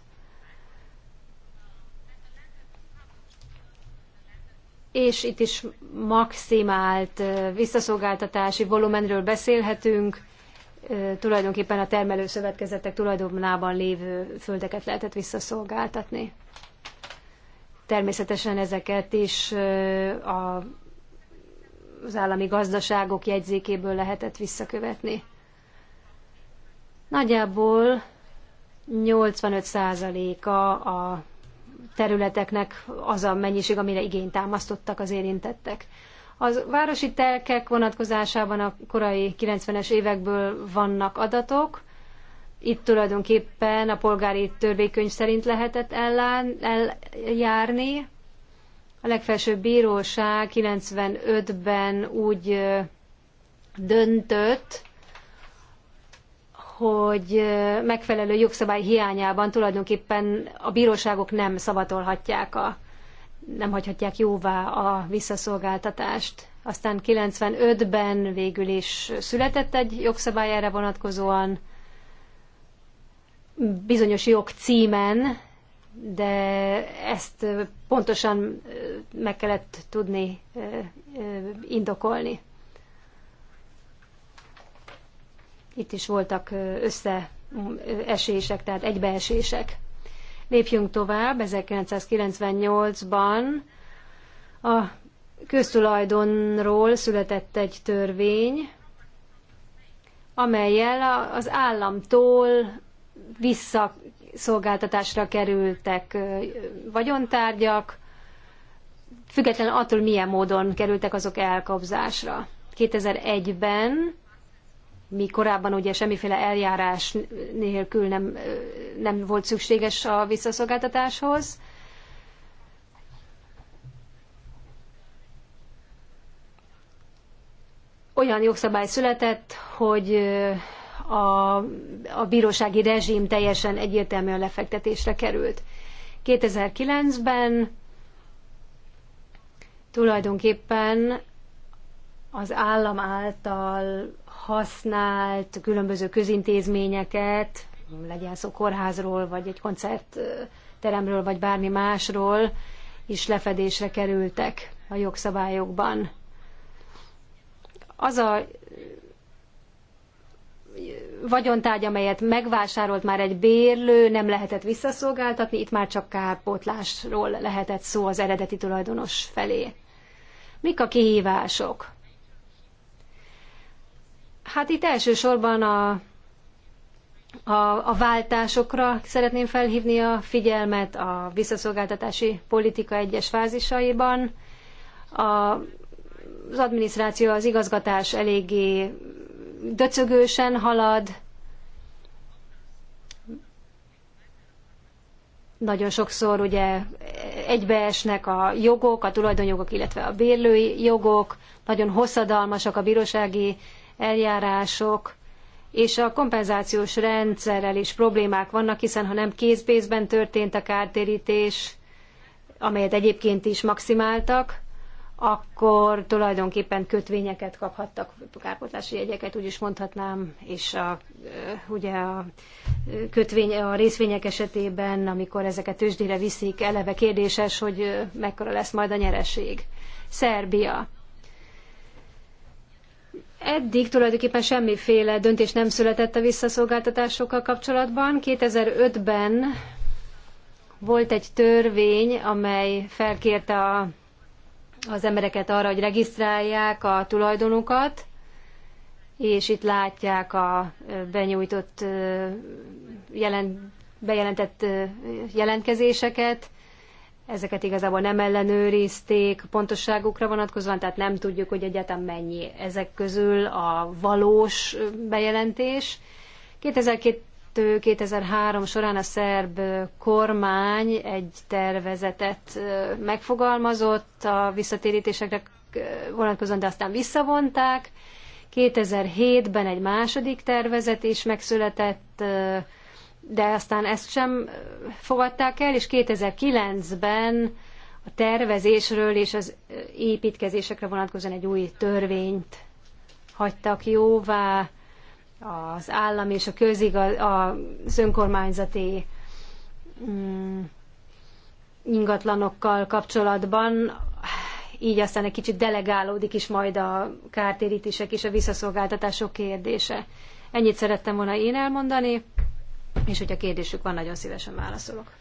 És itt is maximált visszaszolgáltatási volumenről beszélhetünk tulajdonképpen a termelőszövetkezetek tulajdonában lévő földeket lehetett visszaszolgáltatni. Természetesen ezeket is a, az állami gazdaságok jegyzékéből lehetett visszakövetni. Nagyjából 85%-a a területeknek az a mennyiség, amire igényt támasztottak az érintettek. Az városi telkek vonatkozásában a korai 90-es évekből vannak adatok. Itt tulajdonképpen a polgári törvénykönyv szerint lehetett ellán, eljárni. A legfelsőbb bíróság 95-ben úgy döntött, hogy megfelelő jogszabály hiányában tulajdonképpen a bíróságok nem szavatolhatják a nem hagyhatják jóvá a visszaszolgáltatást. Aztán 95-ben végül is született egy jogszabályára vonatkozóan, bizonyos jogcímen, de ezt pontosan meg kellett tudni indokolni. Itt is voltak összeesések, tehát egybeesések. Lépjünk tovább, 1998-ban a köztulajdonról született egy törvény, amelyel az államtól visszaszolgáltatásra kerültek vagyontárgyak, függetlenül attól, milyen módon kerültek azok elkobzásra. 2001-ben mi korábban ugye semmiféle eljárás nélkül nem, nem volt szükséges a visszaszolgáltatáshoz. Olyan jogszabály született, hogy a, a bírósági rezsim teljesen egyértelműen lefektetésre került. 2009-ben tulajdonképpen az állam által használt különböző közintézményeket, legyen szó kórházról, vagy egy koncertteremről, vagy bármi másról, is lefedésre kerültek a jogszabályokban. Az a vagyontárgy, amelyet megvásárolt már egy bérlő, nem lehetett visszaszolgáltatni, itt már csak kárpótlásról lehetett szó az eredeti tulajdonos felé. Mik a kihívások? Hát itt elsősorban a, a, a váltásokra szeretném felhívni a figyelmet a visszaszolgáltatási politika egyes fázisaiban. A, az adminisztráció, az igazgatás eléggé döcögősen halad, nagyon sokszor ugye egybeesnek a jogok, a tulajdonjogok, illetve a bérlői jogok, nagyon hosszadalmasak a bírósági eljárások, és a kompenzációs rendszerrel is problémák vannak, hiszen ha nem készpénzben történt a kártérítés, amelyet egyébként is maximáltak, akkor tulajdonképpen kötvényeket kaphattak, kárpótlási jegyeket, úgy is mondhatnám, és a, ugye a, kötvény, a részvények esetében, amikor ezeket tőzsdére viszik, eleve kérdéses, hogy mekkora lesz majd a nyereség. Szerbia. Eddig tulajdonképpen semmiféle döntés nem született a visszaszolgáltatásokkal kapcsolatban. 2005-ben volt egy törvény, amely felkérte a, az embereket arra, hogy regisztrálják a tulajdonukat, és itt látják a benyújtott jelent, bejelentett jelentkezéseket, ezeket igazából nem ellenőrizték pontosságukra vonatkozóan, tehát nem tudjuk, hogy egyetem mennyi ezek közül a valós bejelentés. 2002-2003 során a szerb kormány egy tervezetet megfogalmazott a visszatérítésekre vonatkozóan, de aztán visszavonták. 2007-ben egy második tervezet is megszületett, de aztán ezt sem fogadták el, és 2009-ben a tervezésről és az építkezésekre vonatkozóan egy új törvényt hagytak jóvá az állam és a közigaz, az önkormányzati mm, ingatlanokkal kapcsolatban, így aztán egy kicsit delegálódik is majd a kártérítések és a visszaszolgáltatások kérdése. Ennyit szerettem volna én elmondani és hogyha kérdésük van, nagyon szívesen válaszolok.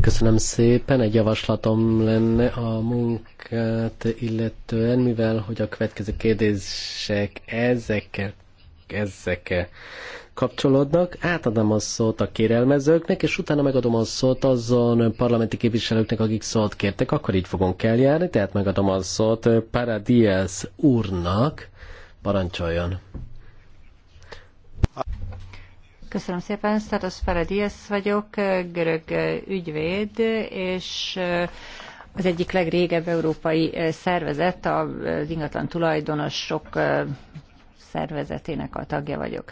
Köszönöm szépen, egy javaslatom lenne a munkát illetően, mivel hogy a következő kérdések ezekkel, ezekkel kapcsolódnak. Átadom a szót a kérelmezőknek, és utána megadom a szót azon parlamenti képviselőknek, akik szót kértek, akkor így fogunk eljárni, tehát megadom a szót Paradies úrnak. Parancsoljon! Köszönöm szépen, Szatos Paradies vagyok, görög ügyvéd, és eh, az egyik legrégebb európai eh, szervezet, az ingatlan tulajdonosok eh, szervezetének a tagja vagyok.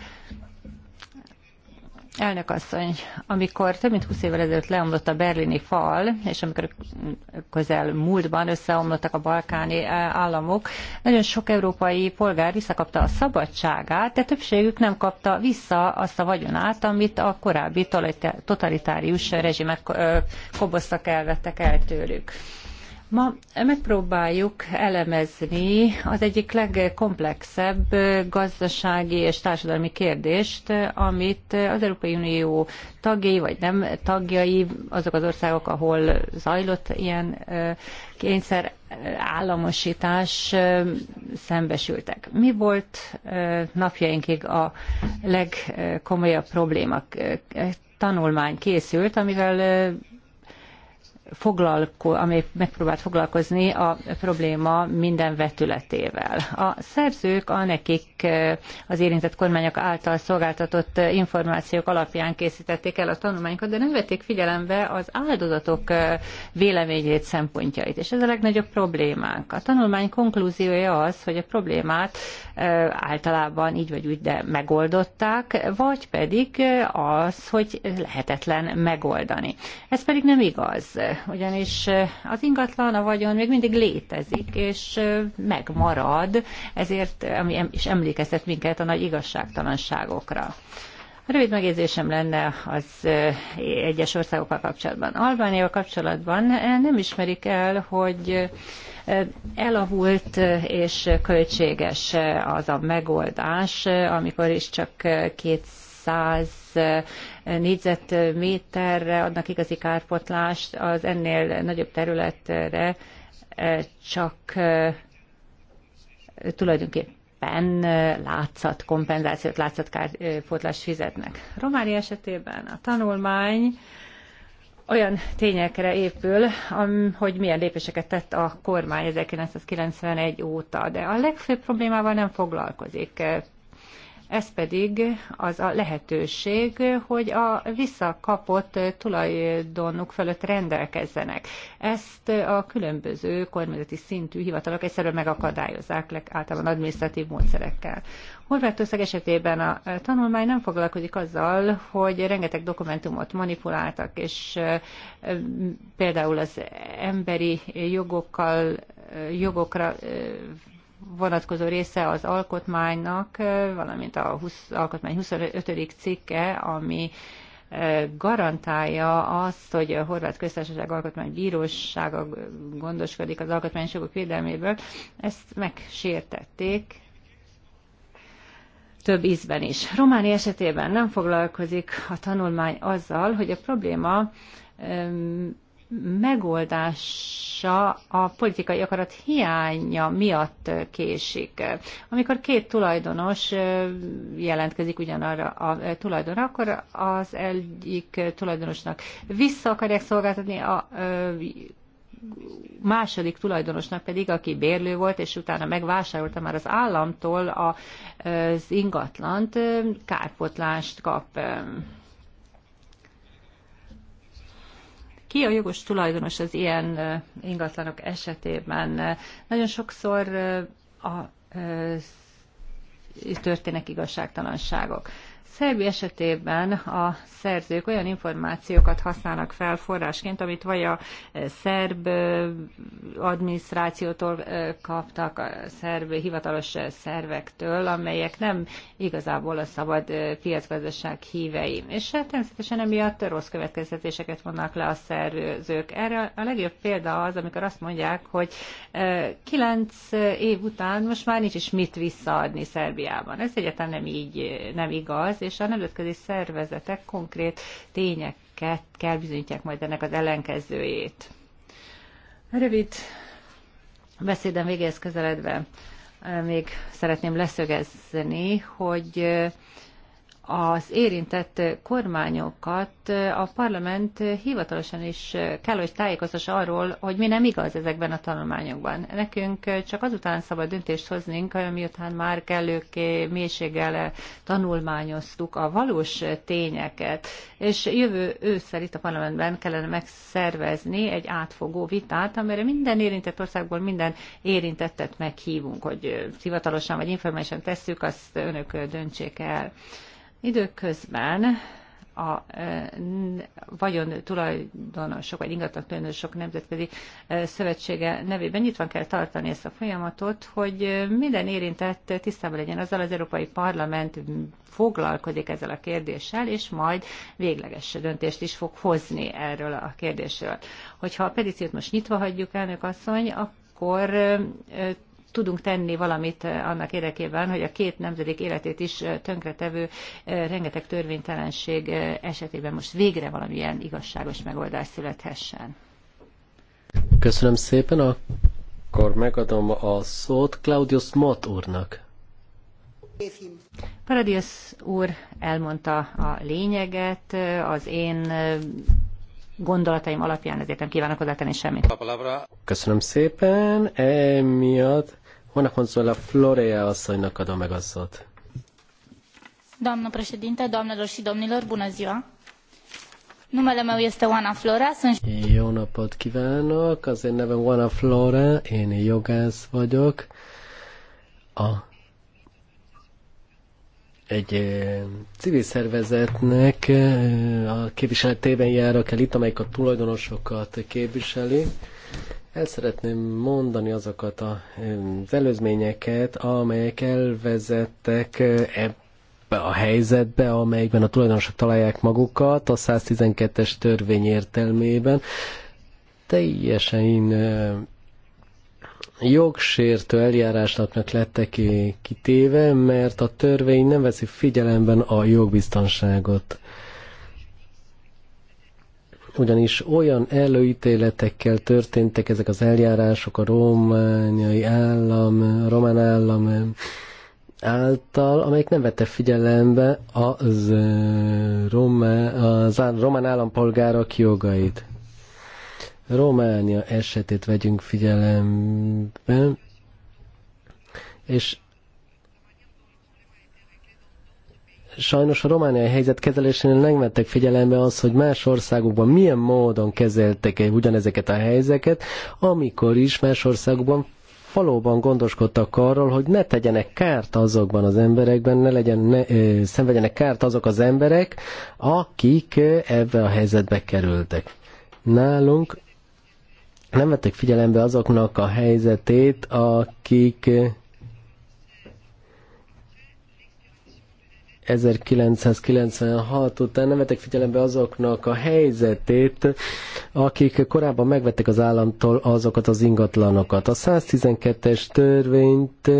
Elnök asszony, amikor több mint 20 évvel ezelőtt leomlott a berlini fal, és amikor közel múltban összeomlottak a balkáni eh, államok, nagyon sok európai polgár visszakapta a szabadságát, de többségük nem kapta vissza azt a vagyonát, amit a korábbi totalitárius rezsimek eh, koboztak el, vettek el tőlük. Ma megpróbáljuk elemezni az egyik legkomplexebb gazdasági és társadalmi kérdést, amit az Európai Unió tagjai vagy nem tagjai, azok az országok, ahol zajlott ilyen kényszer államosítás szembesültek. Mi volt napjainkig a legkomolyabb problémak? Tanulmány készült, amivel foglalko, amely megpróbált foglalkozni a probléma minden vetületével. A szerzők a nekik eh, az érintett kormányok által szolgáltatott információk alapján készítették el a tanulmányokat, de nem vették figyelembe az áldozatok eh, véleményét, szempontjait. És ez a legnagyobb problémánk. A tanulmány konklúziója az, hogy a problémát általában így vagy úgy, de megoldották, vagy pedig az, hogy lehetetlen megoldani. Ez pedig nem igaz, ugyanis az ingatlan, a vagyon még mindig létezik, és megmarad, ezért, ami és emlékeztet minket a nagy igazságtalanságokra. Rövid megjegyzésem lenne az egyes országokkal kapcsolatban. Albániával kapcsolatban nem ismerik el, hogy elavult és költséges az a megoldás, amikor is csak 200 négyzetméterre adnak igazi kárpotlást, az ennél nagyobb területre csak tulajdonképpen mindenképpen látszat kompenzációt, látszatpótlást fizetnek. Románi esetében a tanulmány olyan tényekre épül, hogy milyen lépéseket tett a kormány 1991 óta, de a legfőbb problémával nem foglalkozik ez pedig az a lehetőség, hogy a visszakapott tulajdonuk fölött rendelkezzenek. Ezt a különböző kormányzati szintű hivatalok egyszerűen megakadályozzák, általában adminisztratív módszerekkel. Horvátország esetében a tanulmány nem foglalkozik azzal, hogy rengeteg dokumentumot manipuláltak, és például az emberi jogokkal jogokra vonatkozó része az alkotmánynak, valamint a 20, alkotmány 25. cikke, ami garantálja azt, hogy a Horvát Köztársaság Alkotmánybírósága gondoskodik az alkotmányos jogok védelméből, ezt megsértették több ízben is. Románi esetében nem foglalkozik a tanulmány azzal, hogy a probléma megoldása a politikai akarat hiánya miatt késik. Amikor két tulajdonos jelentkezik ugyanarra a tulajdonra, akkor az egyik tulajdonosnak vissza akarják szolgáltatni a második tulajdonosnak pedig, aki bérlő volt, és utána megvásárolta már az államtól az ingatlant, kárpotlást kap. Ki a jogos tulajdonos az ilyen ingatlanok esetében? Nagyon sokszor a, történnek igazságtalanságok. Szerbi esetében a szerzők olyan információkat használnak fel forrásként, amit vagy a eh, szerb eh, adminisztrációtól eh, kaptak, a szerb hivatalos szervektől, amelyek nem igazából a szabad piacgazdaság hívei. És hát természetesen emiatt rossz következtetéseket vonnak le a szerzők. Erre a legjobb példa az, amikor azt mondják, hogy kilenc év után most már nincs is mit visszaadni Szerbiában. Ez egyáltalán nem így, nem igaz, és a nemzetközi szervezetek konkrét tényeket kell bizonyítják majd ennek az ellenkezőjét. Rövid beszédem végéhez közeledve eh, még szeretném leszögezni, hogy eh, az érintett kormányokat a parlament hivatalosan is kell, hogy tájékoztassa arról, hogy mi nem igaz ezekben a tanulmányokban. Nekünk csak azután szabad döntést hoznunk, miután már kellő mélységgel tanulmányoztuk a valós tényeket, és jövő ősszel itt a parlamentben kellene megszervezni egy átfogó vitát, amire minden érintett országból minden érintettet meghívunk, hogy hivatalosan vagy informálisan tesszük, azt önök döntsék el. Időközben a e, vagyon tulajdonosok, vagy ingatlan tulajdonosok nemzetközi e, szövetsége nevében nyitva kell tartani ezt a folyamatot, hogy e, minden érintett tisztában legyen azzal, az Európai Parlament foglalkozik ezzel a kérdéssel, és majd végleges döntést is fog hozni erről a kérdésről. Hogyha a petíciót most nyitva hagyjuk, elnök asszony, akkor tudunk tenni valamit eh, annak érdekében, hogy a két nemzedék életét is eh, tönkretevő eh, rengeteg törvénytelenség esetében most végre valamilyen igazságos megoldás születhessen. Köszönöm szépen, akkor megadom a szót Claudius Mott úrnak. Paradius úr elmondta a lényeget, az én gondolataim alapján ezért nem kívánok hozzátenni semmit. Köszönöm szépen, emiatt Hoana Consuela Florea asszonynak adom meg a szót. Doamnă președinte, doamnelor și domnilor, bună ziua! Numele meu este Oana Flora, sunt... Jó napot kívánok, az én nevem Oana Flora, én jogász vagyok. A egy civil szervezetnek a képviseletében járok el itt, amelyik a tulajdonosokat képviseli, el szeretném mondani azokat az előzményeket, amelyek elvezettek eh, ebbe a helyzetbe, amelyikben a tulajdonosok találják magukat a 112-es törvény értelmében. Teljesen eh, jogsértő eljárásnak lettek kitéve, mert a törvény nem veszi figyelemben a jogbiztonságot ugyanis olyan előítéletekkel történtek ezek az eljárások a romániai állam, román állam által, amelyik nem vette figyelembe az, az román állampolgárok jogait. Románia esetét vegyünk figyelembe, és sajnos a romániai helyzet kezelésénél nem vettek figyelembe az, hogy más országokban milyen módon kezeltek -e ugyanezeket a helyzeket, amikor is más országokban valóban gondoskodtak arról, hogy ne tegyenek kárt azokban az emberekben, ne, legyen, ne ö, szenvedjenek kárt azok az emberek, akik ebbe a helyzetbe kerültek. Nálunk nem vettek figyelembe azoknak a helyzetét, akik 1996 után nem vettek figyelembe azoknak a helyzetét, akik korábban megvettek az államtól azokat az ingatlanokat. A 112-es törvényt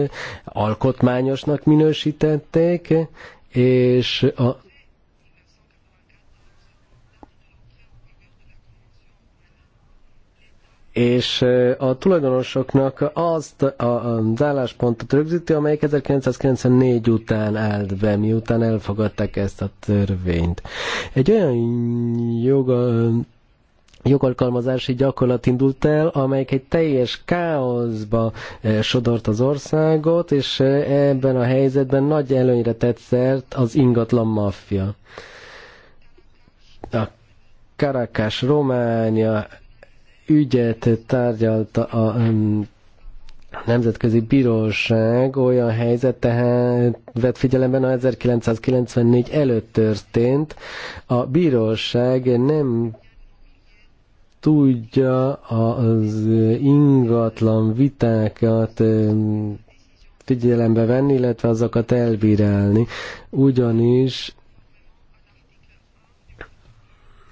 alkotmányosnak minősítették, és a és a tulajdonosoknak azt a álláspontot rögzíti, amely 1994 után állt be, miután elfogadták ezt a törvényt. Egy olyan joga, jogalkalmazási gyakorlat indult el, amelyik egy teljes káoszba sodort az országot, és ebben a helyzetben nagy előnyre tett szert az ingatlan maffia. A Karakás Románia ügyet tárgyalta a Nemzetközi Bíróság olyan helyzet tehát vett figyelemben a 1994 előtt történt. A bíróság nem tudja az ingatlan vitákat figyelembe venni, illetve azokat elbírálni. Ugyanis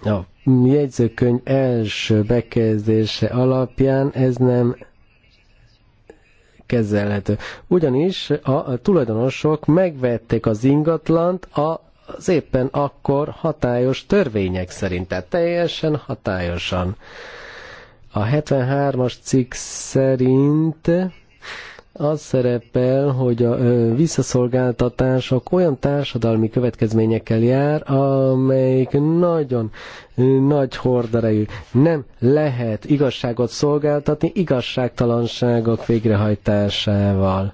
a jegyzőkönyv első bekezdése alapján ez nem kezelhető. Ugyanis a tulajdonosok megvették az ingatlant a az éppen akkor hatályos törvények szerint, tehát teljesen hatályosan. A 73-as cikk szerint az szerepel, hogy a visszaszolgáltatások olyan társadalmi következményekkel jár, amelyik nagyon nagy horderejű. Nem lehet igazságot szolgáltatni igazságtalanságok végrehajtásával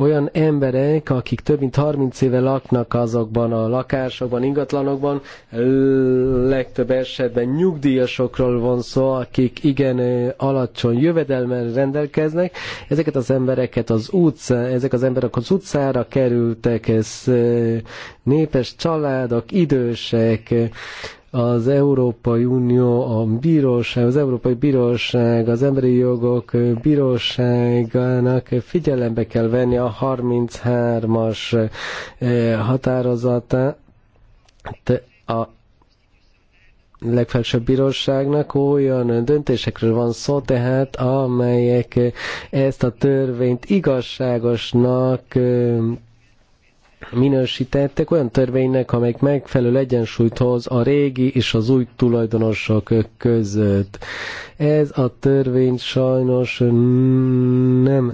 olyan emberek, akik több mint 30 éve laknak azokban a lakásokban, ingatlanokban, legtöbb esetben nyugdíjasokról van szó, akik igen alacsony jövedelmen rendelkeznek. Ezeket az embereket az utca, ezek az emberek az utcára kerültek, ez népes családok, idősek, az Európai Unió, a bíróság, az Európai Bíróság, az Emberi Jogok Bíróságának figyelembe kell venni a 33-as eh, határozata a legfelsőbb bíróságnak olyan döntésekről van szó, tehát amelyek ezt a törvényt igazságosnak eh, minősítettek olyan törvénynek, amelyik megfelelő egyensúlyt hoz a régi és az új tulajdonosok között. Ez a törvény sajnos nem,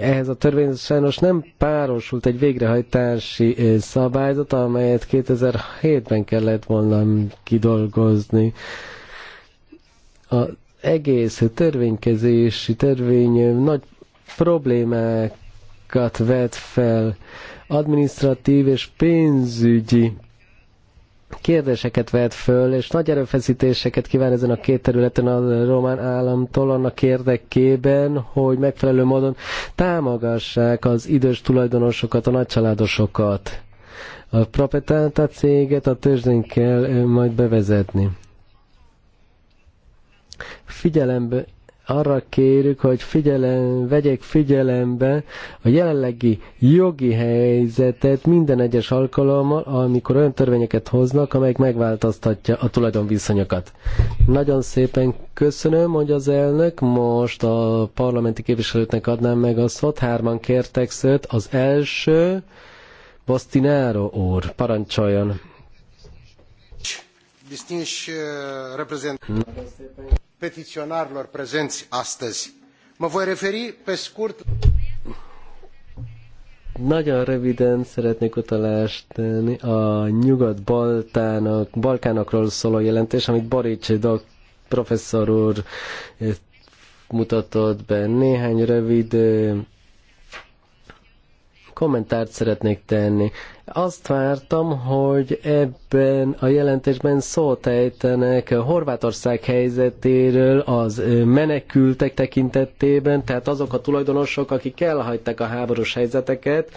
ehhez a törvény sajnos nem párosult egy végrehajtási szabályzat, amelyet 2007-ben kellett volna kidolgozni. A egész törvénykezési törvény nagy problémákat vet fel administratív és pénzügyi kérdéseket vet föl, és nagy erőfeszítéseket kíván ezen a két területen a román államtól annak érdekében, hogy megfelelő módon támogassák az idős tulajdonosokat, a nagycsaládosokat. A Propetáta céget a tőzsdén kell majd bevezetni. Figyelembe arra kérjük, hogy figyelem, vegyék figyelembe a jelenlegi jogi helyzetet minden egyes alkalommal, amikor olyan törvényeket hoznak, amelyek megváltoztatja a tulajdonviszonyokat. Nagyon szépen köszönöm, hogy az elnök. Most a parlamenti képviselőtnek adnám meg a szót. Hárman kértek szót. Az első, Bostináro úr, parancsoljon. Distinguished eh, representative petiionarilor prezeni astăzi. Mă voi referi pe scurt... Nagyon röviden szeretnék utalást tenni a nyugat-balkánok, balkánokról szóló jelentés, amit Barics Dok professzor úr eh, mutatott be. Néhány rövid eh, kommentárt szeretnék tenni. Azt vártam, hogy ebben a jelentésben szót ejtenek Horvátország helyzetéről az menekültek tekintetében, tehát azok a tulajdonosok, akik elhagyták a háborús helyzeteket,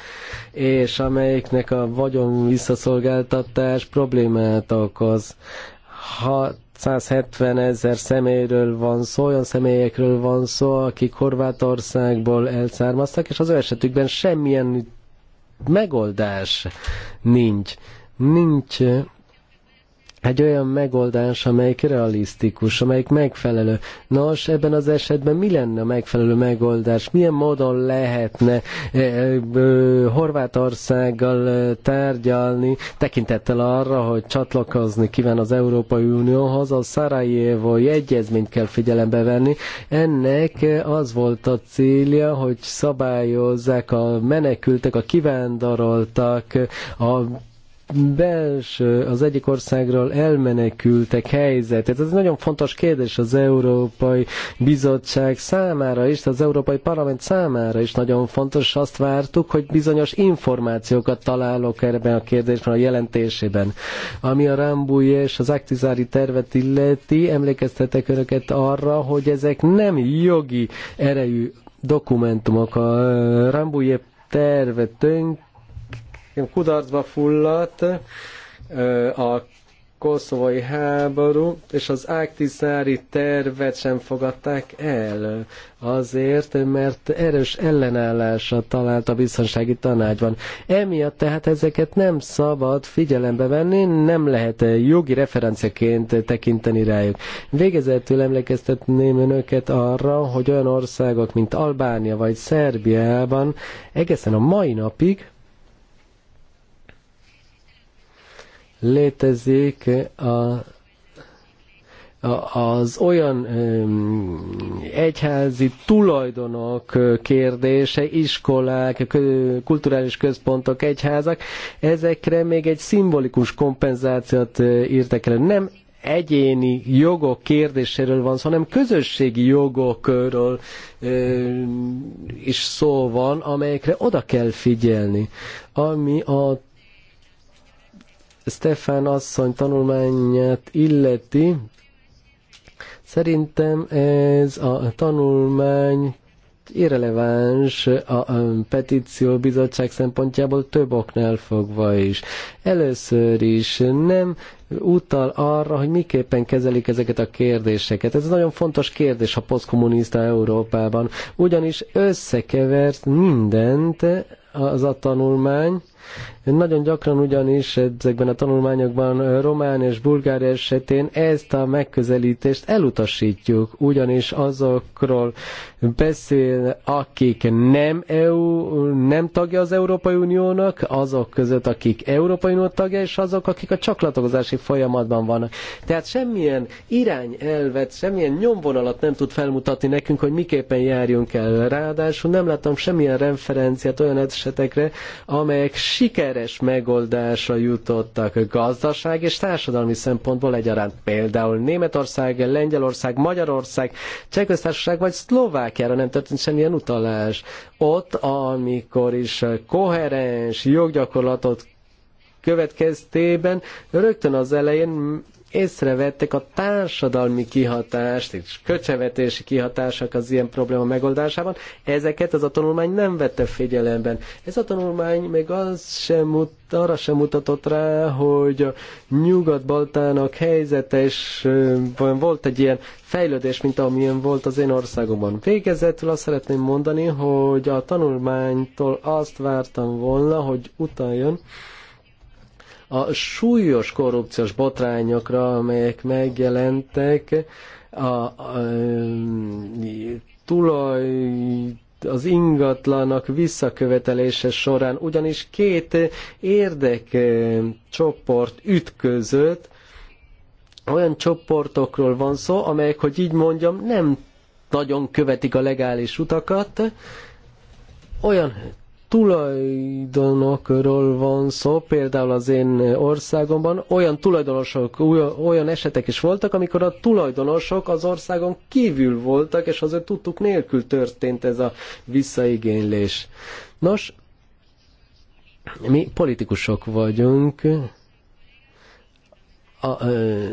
és amelyiknek a vagyon visszaszolgáltatás problémát okoz. Ha 170 ezer személyről van szó, olyan személyekről van szó, akik Horvátországból elszármaztak, és az ő esetükben semmilyen megoldás nincs. Nincs egy olyan megoldás, amelyik realisztikus, amelyik megfelelő. Nos, ebben az esetben mi lenne a megfelelő megoldás? Milyen módon lehetne e, e, Horvátországgal e, tárgyalni, tekintettel arra, hogy csatlakozni kíván az Európai Unióhoz, a Szarajevo egyezményt kell figyelembe venni. Ennek az volt a célja, hogy szabályozzák a menekültek, a kivándoroltak, a belső, az egyik országról elmenekültek helyzetet. Ez nagyon fontos kérdés az Európai Bizottság számára is, az Európai Parlament számára is nagyon fontos. Azt vártuk, hogy bizonyos információkat találok ebben a kérdésben, a jelentésében. Ami a Rambúj és az Aktizári tervet illeti, emlékeztetek önöket arra, hogy ezek nem jogi erejű dokumentumok. A Rambújé terve tönk nekem kudarcba fulladt a koszovai háború, és az Áktiszári tervet sem fogadták el, azért, mert erős ellenállásra talált a biztonsági tanácsban. Emiatt tehát ezeket nem szabad figyelembe venni, nem lehet jogi referenciaként tekinteni rájuk. Végezetül emlékeztetném önöket arra, hogy olyan országok, mint Albánia vagy Szerbiában egészen a mai napig létezik a az olyan egyházi tulajdonok kérdése, iskolák, kulturális központok, egyházak, ezekre még egy szimbolikus kompenzációt írtak el. Nem egyéni jogok kérdéséről van szó, hanem közösségi jogokról is szó van, amelyekre oda kell figyelni, ami a Stefan asszony tanulmányát illeti, szerintem ez a tanulmány irreleváns a petíció bizottság szempontjából több oknál fogva is. Először is nem utal arra, hogy miképpen kezelik ezeket a kérdéseket. Ez nagyon fontos kérdés a posztkommunista Európában, ugyanis összekevert mindent az a tanulmány, nagyon gyakran ugyanis ezekben a tanulmányokban Román és Bulgár esetén ezt a megközelítést elutasítjuk, ugyanis azokról beszél, akik nem, EU, nem tagja az Európai Uniónak, azok között, akik Európai Unió tagja, és azok, akik a csaklatozási folyamatban vannak. Tehát semmilyen irányelvet, semmilyen nyomvonalat nem tud felmutatni nekünk, hogy miképpen járjunk el. Ráadásul nem láttam semmilyen referenciát olyan esetekre, amelyek sikeres megoldásra jutottak gazdaság és társadalmi szempontból egyaránt. Például Németország, Lengyelország, Magyarország, Csehköztársaság vagy Szlovákiára nem történt semmilyen utalás. Ott, amikor is koherens joggyakorlatot következtében rögtön az elején észrevették a társadalmi kihatást és köcsevetési kihatások az ilyen probléma megoldásában, ezeket az a tanulmány nem vette figyelemben. Ez a tanulmány még az sem mut, arra sem mutatott rá, hogy a nyugat-baltának helyzete és volt egy ilyen fejlődés, mint amilyen volt az én országomban. Végezetül azt szeretném mondani, hogy a tanulmánytól azt vártam volna, hogy utaljon, a súlyos korrupciós botrányokra, amelyek megjelentek, a, a, a tulaj az ingatlanak visszakövetelése során, ugyanis két érdekcsoport eh, ütközött, olyan csoportokról van szó, amelyek, hogy így mondjam, nem nagyon követik a legális utakat, olyan tulajdonokról van szó, például az én országomban olyan tulajdonosok, olyan esetek is voltak, amikor a tulajdonosok az országon kívül voltak, és azért tudtuk nélkül történt ez a visszaigénylés. Nos, mi politikusok vagyunk, a, ö,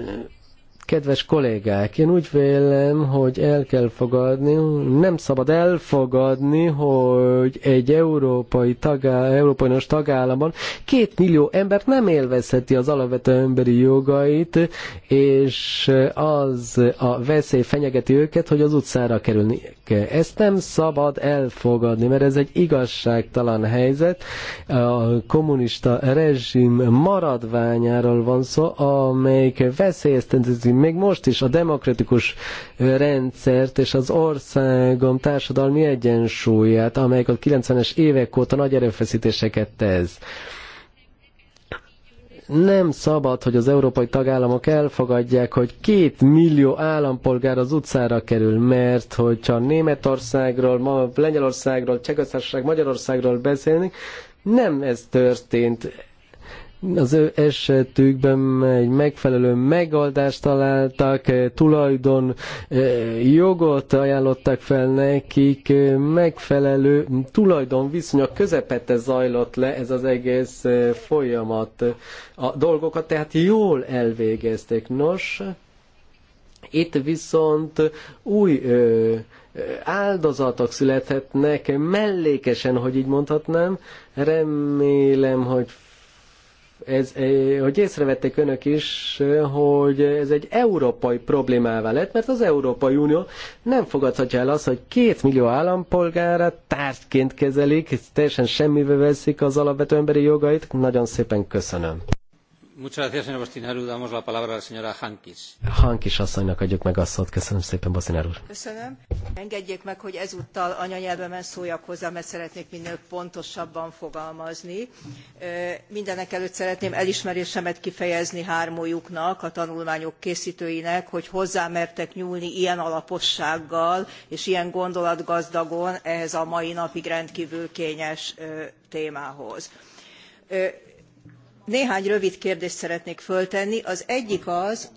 Kedves kollégák, én úgy vélem, hogy el kell fogadni, nem szabad elfogadni, hogy egy európai, tagá, európai tagállamban két millió embert nem élvezheti az alapvető emberi jogait, és az a veszély fenyegeti őket, hogy az utcára kerülnek. Ezt nem szabad elfogadni, mert ez egy igazságtalan helyzet. A kommunista rezsim maradványáról van szó, amelyik veszélyezteteti még most is a demokratikus rendszert és az országom társadalmi egyensúlyát, amelyik a 90-es évek óta nagy erőfeszítéseket tesz nem szabad, hogy az európai tagállamok elfogadják, hogy két millió állampolgár az utcára kerül, mert hogyha Németországról, Lengyelországról, Csehországról, Magyarországról beszélnek, nem ez történt az ő esetükben egy megfelelő megoldást találtak, eh, tulajdon eh, jogot ajánlottak fel nekik, eh, megfelelő tulajdon tulajdonviszonyok közepette zajlott le ez az egész folyamat. A dolgokat tehát jól elvégezték. Nos, itt viszont új áldozatok születhetnek mellékesen, hogy így mondhatnám. Remélem, hogy ez, eh, hogy észrevették önök is, eh, hogy ez egy európai problémává lett, mert az Európai Unió nem fogadhatja el azt, hogy két millió állampolgára tárgyként kezelik, teljesen semmibe veszik az alapvető emberi jogait. Nagyon szépen köszönöm. Hankis asszonynak adjuk meg a szót. Köszönöm szépen, Bosziner úr. Köszönöm. Engedjék meg, hogy ezúttal anyanyelvemen szóljak hozzá, mert szeretnék minél pontosabban fogalmazni. Mindenekelőtt szeretném elismerésemet kifejezni hármójuknak, a tanulmányok készítőinek, hogy mertek nyúlni ilyen alapossággal és ilyen gondolatgazdagon ehhez a mai napig rendkívül kényes témához néhány rövid kérdést szeretnék föltenni. Az egyik az,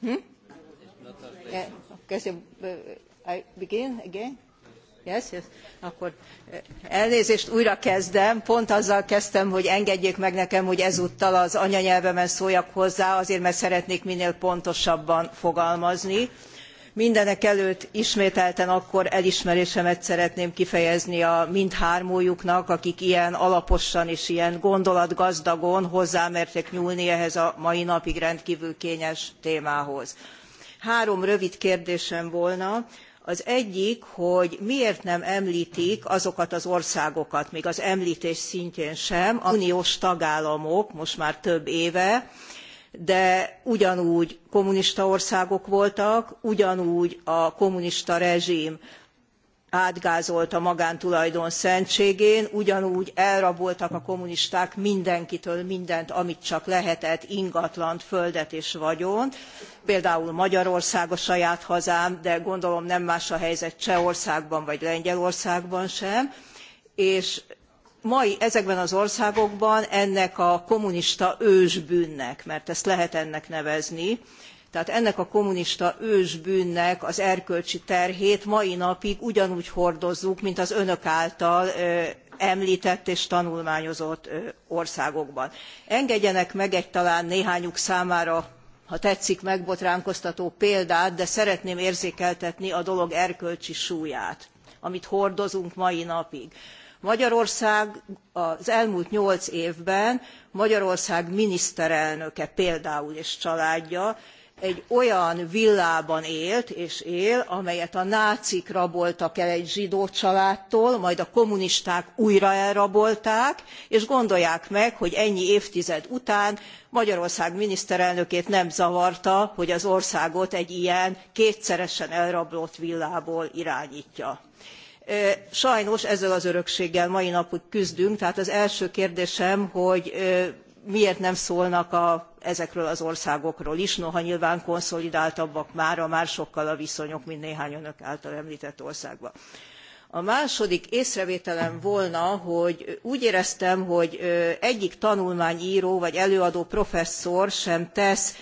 Hmm? I begin again? Yes, yes. Akkor elnézést, újra kezdem. Pont azzal kezdtem, hogy engedjék meg nekem, hogy ezúttal az anyanyelvemen szóljak hozzá, azért mert szeretnék minél pontosabban fogalmazni mindenekelőtt ismételten akkor elismerésemet szeretném kifejezni a mindhármójuknak akik ilyen alaposan és ilyen gondolatgazdagon hozzámertek nyúlni ehhez a mai napig rendkvül kényes témához. három rövid kérdésem volna az egyik hogy miért nem emltik azokat az országokat még az emltés szintjén sem uniós tagállamok most már több éve de ugyanúgy kommunista országok voltak ugyanúgy a kommunista rezsim átgázolt a magántulajdon szentségén ugyanúgy elraboltak a kommunisták mindenkitől mindent amit csak lehetett ingatlant földet és vagyont például magyarország a saját hazám de gondolom nem más a helyzet csehországban vagy lengyelországban sem és mai ezekben az országokban ennek a kommunista ősbűnnek mert ezt lehet ennek nevezni tehát ennek a kommunista ősbűnnek az erkölcsi terhét mai napig ugyanúgy hordozzuk mint az önök által emltett és tanulmányozott országokban. engedjenek meg egy talán néhányuk számára ha tetszik megbotránkoztató példát de szeretném érzékeltetni a dolog erkölcsi súlyát amit hordozunk mai napig magyarország az elmúlt nyolc évben magyarország miniszterelnöke például és családja egy olyan villában élt és él amelyet a nácik raboltak el egy zsidó családtól majd a kommunisták újra elrabolták és gondolják meg hogy ennyi évtized után magyarország miniszterelnökét nem zavarta hogy az országot egy ilyen kétszeresen elrablott villából iránytja sajnos ezzel az örökséggel mai napig küzdünk tehát az első kérdésem hogy miért nem szólnak a, ezekről az országokról is noha nyilván konszolidáltabbak mára már sokkal a viszonyok mint néhány önök által emltett országban. a második észrevételem volna hogy úgy éreztem hogy egyik tanulmányró vagy előadó professzor sem tesz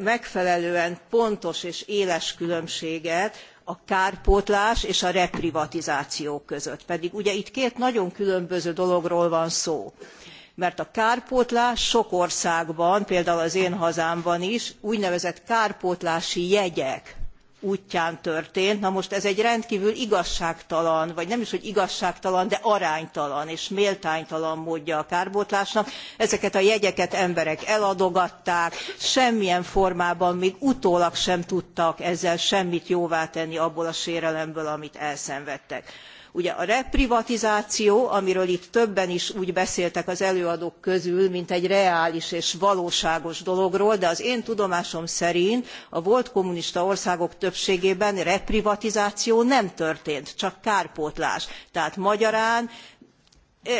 megfelelően pontos és éles különbséget a kárpótlás és a reprivatizáció között. pedig ugye itt két nagyon különböző dologról van szó mert a kárpótlás sok országban például az én hazámban is úgynevezett kárpótlási jegyek útján történt. na most ez egy rendkvül igazságtalan vagy nem is hogy igazságtalan de aránytalan és méltánytalan módja a kárpótlásnak. ezeket a jegyeket emberek eladogatták semmilyen formában még utólag sem tudtak ezzel semmit tenni abból a sérelemből amit elszenvedtek ugye a reprivatizáció amiről itt többen is úgy beszéltek az előadók közül mint egy reális és valóságos dologról de az én tudomásom szerint a volt kommunista országok többségében reprivatizáció nem történt csak kárpótlás tehát magyarán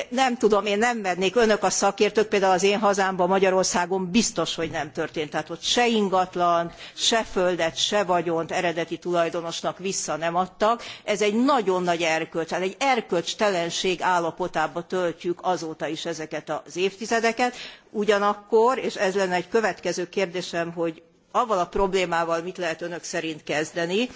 nem tudom én nem mennék önök a szakértők például az én hazámban magyarországon biztos hogy nem történt tehát ott se ingatlant se földet se vagyont eredeti tulajdonosnak vissza nem adtak ez egy nagyon nagy erkölcs tehát egy erkölcstelenség állapotába töltjük azóta is ezeket az évtizedeket ugyanakkor és ez lenne egy következő kérdésem hogy avval a problémával mit lehet önök szerint kezdeni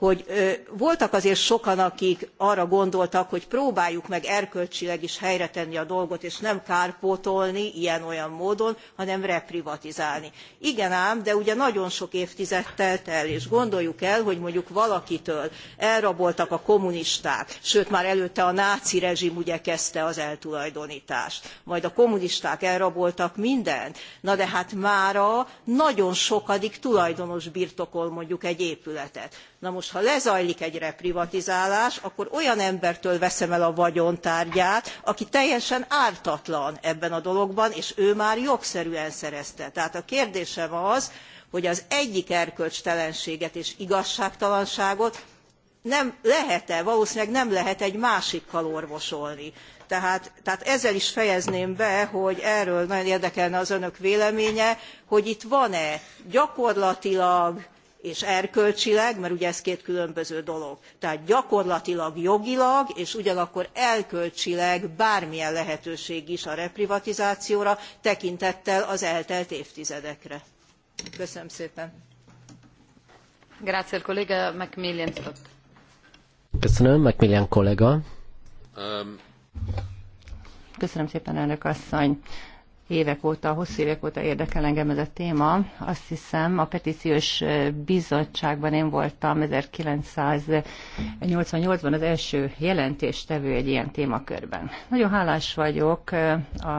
hogy voltak azért sokan akik arra gondoltak hogy próbáljuk meg erkölcsileg is helyretenni a dolgot és nem kárpótolni ilyen olyan módon hanem reprivatizálni. igen ám de ugye nagyon sok évtized telt el és gondoljuk el hogy mondjuk valakitől elraboltak a kommunisták sőt már előtte a náci rezsim ugye kezdte az eltulajdontást majd a kommunisták elraboltak mindent na de hát mára nagyon sokadik tulajdonos birtokol mondjuk egy épületet na most ha lezajlik egy reprivatizálás akkor olyan embertől veszem el a vagyontárgyát aki teljesen ártatlan ebben a dologban és ő már jogszerűen szerezte. tehát a kérdésem az hogy az egyik erkölcstelenséget és igazságtalanságot nem lehet e valósznűleg nem lehet egy másikkal orvosolni. Tehát, tehát ezzel is fejezném be hogy erről nagyon érdekelne az önök véleménye hogy itt van e gyakorlatilag és erkölcsileg, mert ugye ez két különböző dolog. Tehát gyakorlatilag jogilag, és ugyanakkor elkölcsileg bármilyen lehetőség is a reprivatizációra, tekintettel az eltelt évtizedekre. Köszönöm szépen. Grazie, kolléga Macmillan Köszönöm, Macmillan kollega. Um. Köszönöm szépen, elnök asszony évek óta, hosszú évek óta érdekel engem ez a téma. Azt hiszem, a petíciós bizottságban én voltam 1988-ban az első jelentéstevő egy ilyen témakörben. Nagyon hálás vagyok a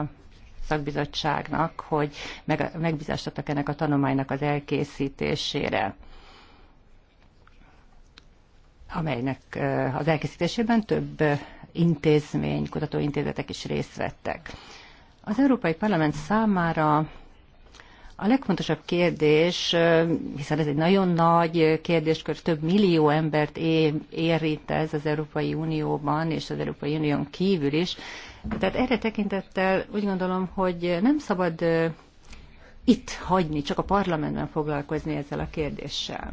szakbizottságnak, hogy meg, megbízást adtak ennek a tanulmánynak az elkészítésére amelynek az elkészítésében több intézmény, kutatóintézetek is részt vettek. Az Európai Parlament számára a legfontosabb kérdés, hiszen ez egy nagyon nagy kérdéskör, több millió embert érint ez az Európai Unióban és az Európai Unión kívül is. Tehát erre tekintettel úgy gondolom, hogy nem szabad itt hagyni, csak a parlamentben foglalkozni ezzel a kérdéssel.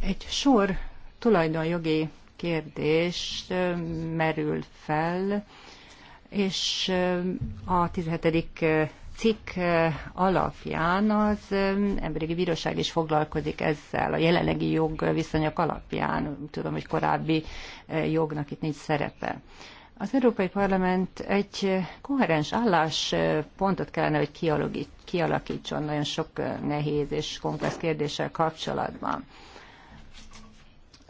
Egy sor tulajdonjogi kérdés merül fel, és a 17. cikk alapján az emberi bíróság is foglalkozik ezzel, a jelenlegi jogviszonyok alapján. Tudom, hogy korábbi jognak itt nincs szerepe. Az Európai Parlament egy koherens álláspontot kellene, hogy kialakítson nagyon sok nehéz és komplex kérdéssel kapcsolatban.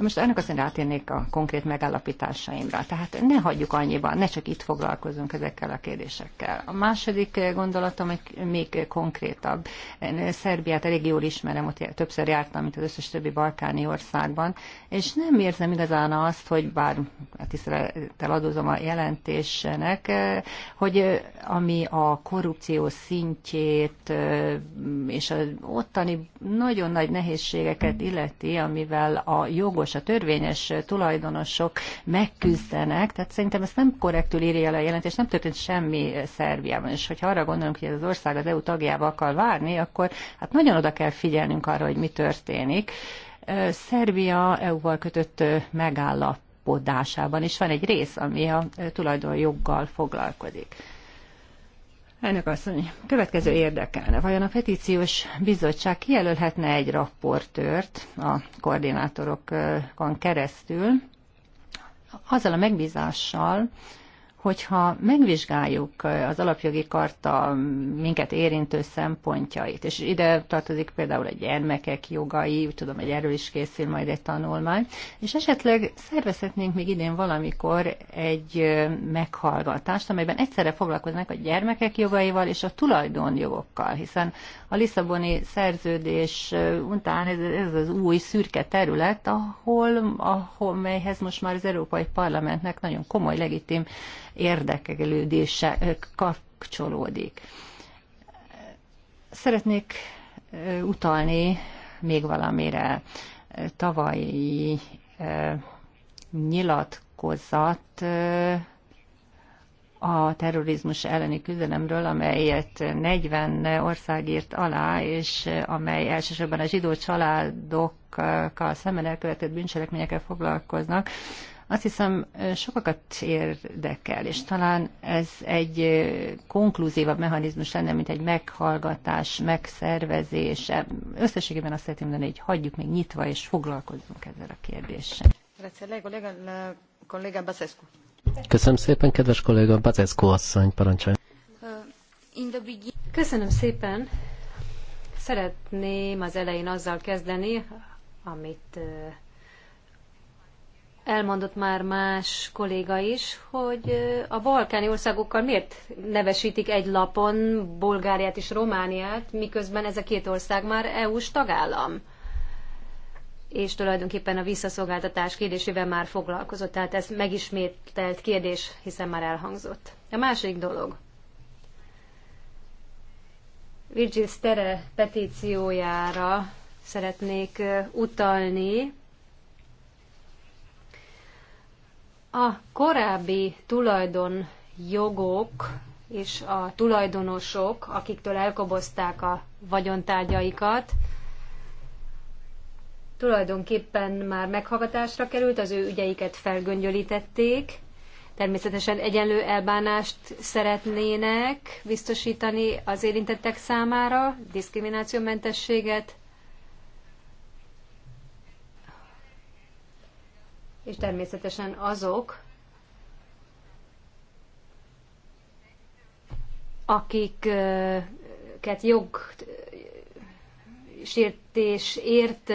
Most ennek azért rátérnék a konkrét megállapításaimra. Tehát ne hagyjuk annyiban, ne csak itt foglalkozunk ezekkel a kérdésekkel. A második gondolatom egy még konkrétabb. Én Szerbiát elég jól ismerem, ott többször jártam, mint az összes többi balkáni országban, és nem érzem igazán azt, hogy bár hát tisztelettel adózom a jelentésnek, hogy ami a korrupció szintjét és az ottani nagyon nagy nehézségeket illeti, amivel a jogos jogos, a törvényes tulajdonosok megküzdenek, tehát szerintem ezt nem korrektül írja le a jelentés, nem történt semmi eh, Szerbiában, és hogyha arra gondolunk, hogy az ország az EU tagjába akar várni, akkor hát nagyon oda kell figyelnünk arra, hogy mi történik. Eh, Szerbia EU-val kötött eh, megállapodásában is van egy rész, ami a tulajdonjoggal foglalkozik. Elnök asszony, következő érdekelne. Vajon a petíciós bizottság kijelölhetne egy rapportőrt a koordinátorokon keresztül, azzal a megbízással, hogyha megvizsgáljuk az alapjogi karta minket érintő szempontjait, és ide tartozik például a gyermekek jogai, úgy tudom, hogy erről is készül majd egy tanulmány, és esetleg szervezhetnénk még idén valamikor egy meghallgatást, amelyben egyszerre foglalkoznak a gyermekek jogaival és a tulajdonjogokkal, hiszen a Lisszaboni szerződés után ez, ez az új szürke terület, ahol, ahol melyhez most már az Európai Parlamentnek nagyon komoly legitim érdekelődése kapcsolódik. Szeretnék utalni még valamire. Tavalyi nyilatkozat a terrorizmus elleni küzdelemről, amelyet 40 ország írt alá, és amely elsősorban a zsidó családokkal szemben elkövetett bűncselekményekkel foglalkoznak. Azt hiszem, sokakat érdekel, és talán ez egy konklúzívabb mechanizmus lenne, mint egy meghallgatás, megszervezése. Összességében azt szeretném mondani, hogy hagyjuk még nyitva, és foglalkozzunk ezzel a kérdéssel. Köszönöm szépen, kedves kolléga Bazescu asszony, parancsolj. Uh, Köszönöm szépen. Szeretném az elején azzal kezdeni, amit uh, elmondott már más kolléga is, hogy a balkáni országokkal miért nevesítik egy lapon Bulgáriát és Romániát, miközben ez a két ország már EU-s tagállam és tulajdonképpen a visszaszolgáltatás kérdésével már foglalkozott, tehát ez megismételt kérdés, hiszen már elhangzott. A másik dolog. Virgil Stere petíciójára szeretnék utalni, A korábbi tulajdonjogok és a tulajdonosok, akiktől elkobozták a vagyontárgyaikat, tulajdonképpen már meghallgatásra került, az ő ügyeiket felgöngyölítették, természetesen egyenlő elbánást szeretnének biztosítani az érintettek számára, diszkriminációmentességet, és természetesen azok, akiket jog sértés ért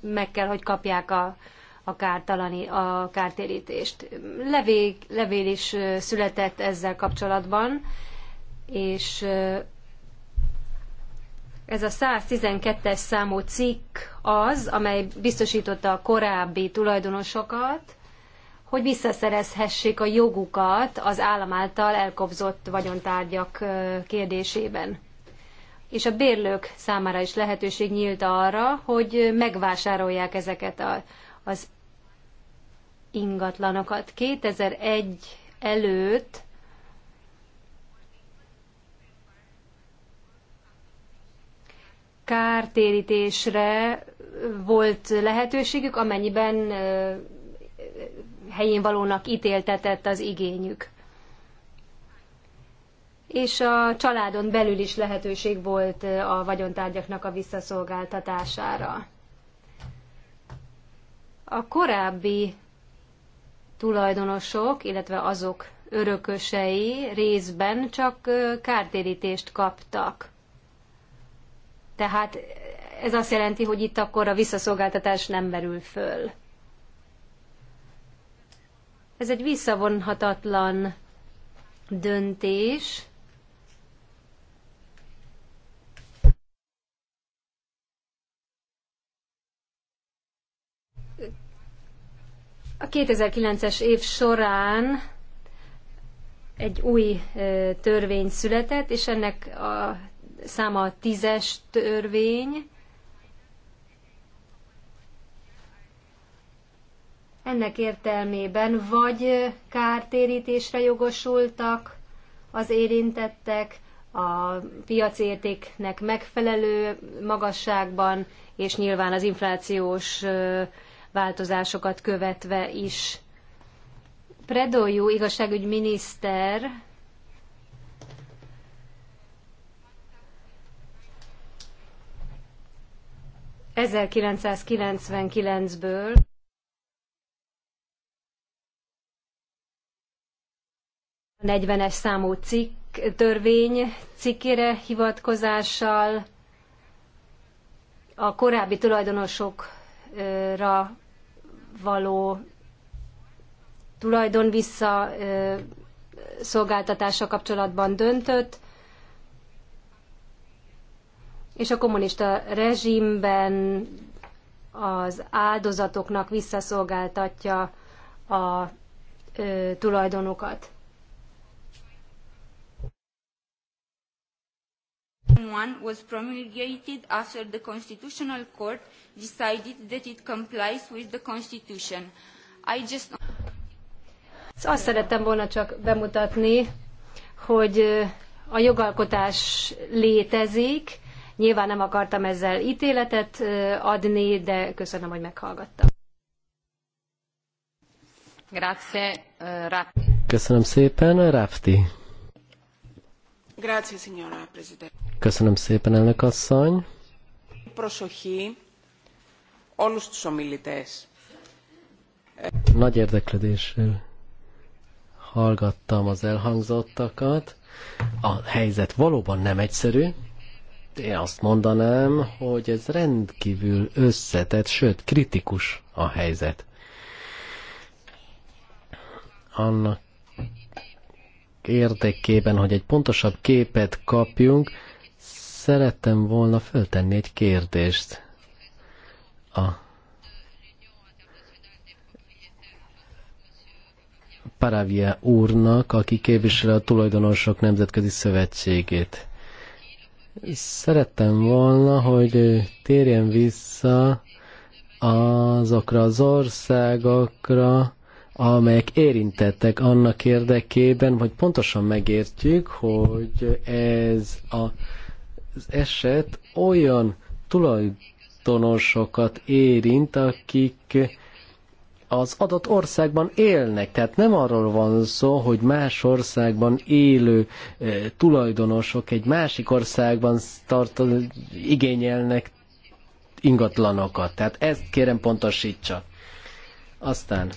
meg kell, hogy kapják a, a, kártalani, a kártérítést. Levél, levél is született ezzel kapcsolatban, és ez a 112-es számú cikk az, amely biztosította a korábbi tulajdonosokat, hogy visszaszerezhessék a jogukat az állam által elkobzott vagyontárgyak kérdésében. És a bérlők számára is lehetőség nyílt arra, hogy megvásárolják ezeket a, az ingatlanokat. 2001 előtt kártérítésre volt lehetőségük, amennyiben helyén valónak ítéltetett az igényük. És a családon belül is lehetőség volt a vagyontárgyaknak a visszaszolgáltatására. A korábbi tulajdonosok, illetve azok örökösei részben csak kártérítést kaptak tehát ez azt jelenti, hogy itt akkor a visszaszolgáltatás nem merül föl. Ez egy visszavonhatatlan döntés. A 2009-es év során egy új törvény született, és ennek a száma a tízes törvény. Ennek értelmében vagy kártérítésre jogosultak az érintettek, a piacértéknek megfelelő magasságban, és nyilván az inflációs változásokat követve is. Predoljú igazságügyminiszter 1999-ből a 40-es számú cikk, törvény cikkére hivatkozással a korábbi tulajdonosokra való tulajdon vissza szolgáltatása kapcsolatban döntött, és a kommunista rezsimben az áldozatoknak visszaszolgáltatja a ö, tulajdonokat. one was promulgated after the Constitutional Court decided that it complies with the Constitution. I just... Azt szerettem volna csak bemutatni, hogy a jogalkotás létezik, Nyilván nem akartam ezzel ítéletet adni, de köszönöm, hogy meghallgattam. Grazie, Rapti. Köszönöm szépen, Rapti. Grazie, signora Presidente. Köszönöm szépen, elnök asszony. Prosochi, όλους τους Nagy érdeklődéssel hallgattam az elhangzottakat. A helyzet valóban nem egyszerű én azt mondanám, hogy ez rendkívül összetett, sőt kritikus a helyzet. Annak érdekében, hogy egy pontosabb képet kapjunk, szerettem volna föltenni egy kérdést. A Paravia úrnak, aki képviseli a tulajdonosok nemzetközi szövetségét és szerettem volna, hogy térjen vissza azokra az országokra, amelyek érintettek annak érdekében, hogy pontosan megértjük, hogy ez a, az eset olyan tulajdonosokat érint, akik az adott országban élnek. Tehát nem arról van szó, hogy más országban élő e, tulajdonosok egy másik országban tart, igényelnek ingatlanokat. Tehát ezt kérem pontosítsa. Aztán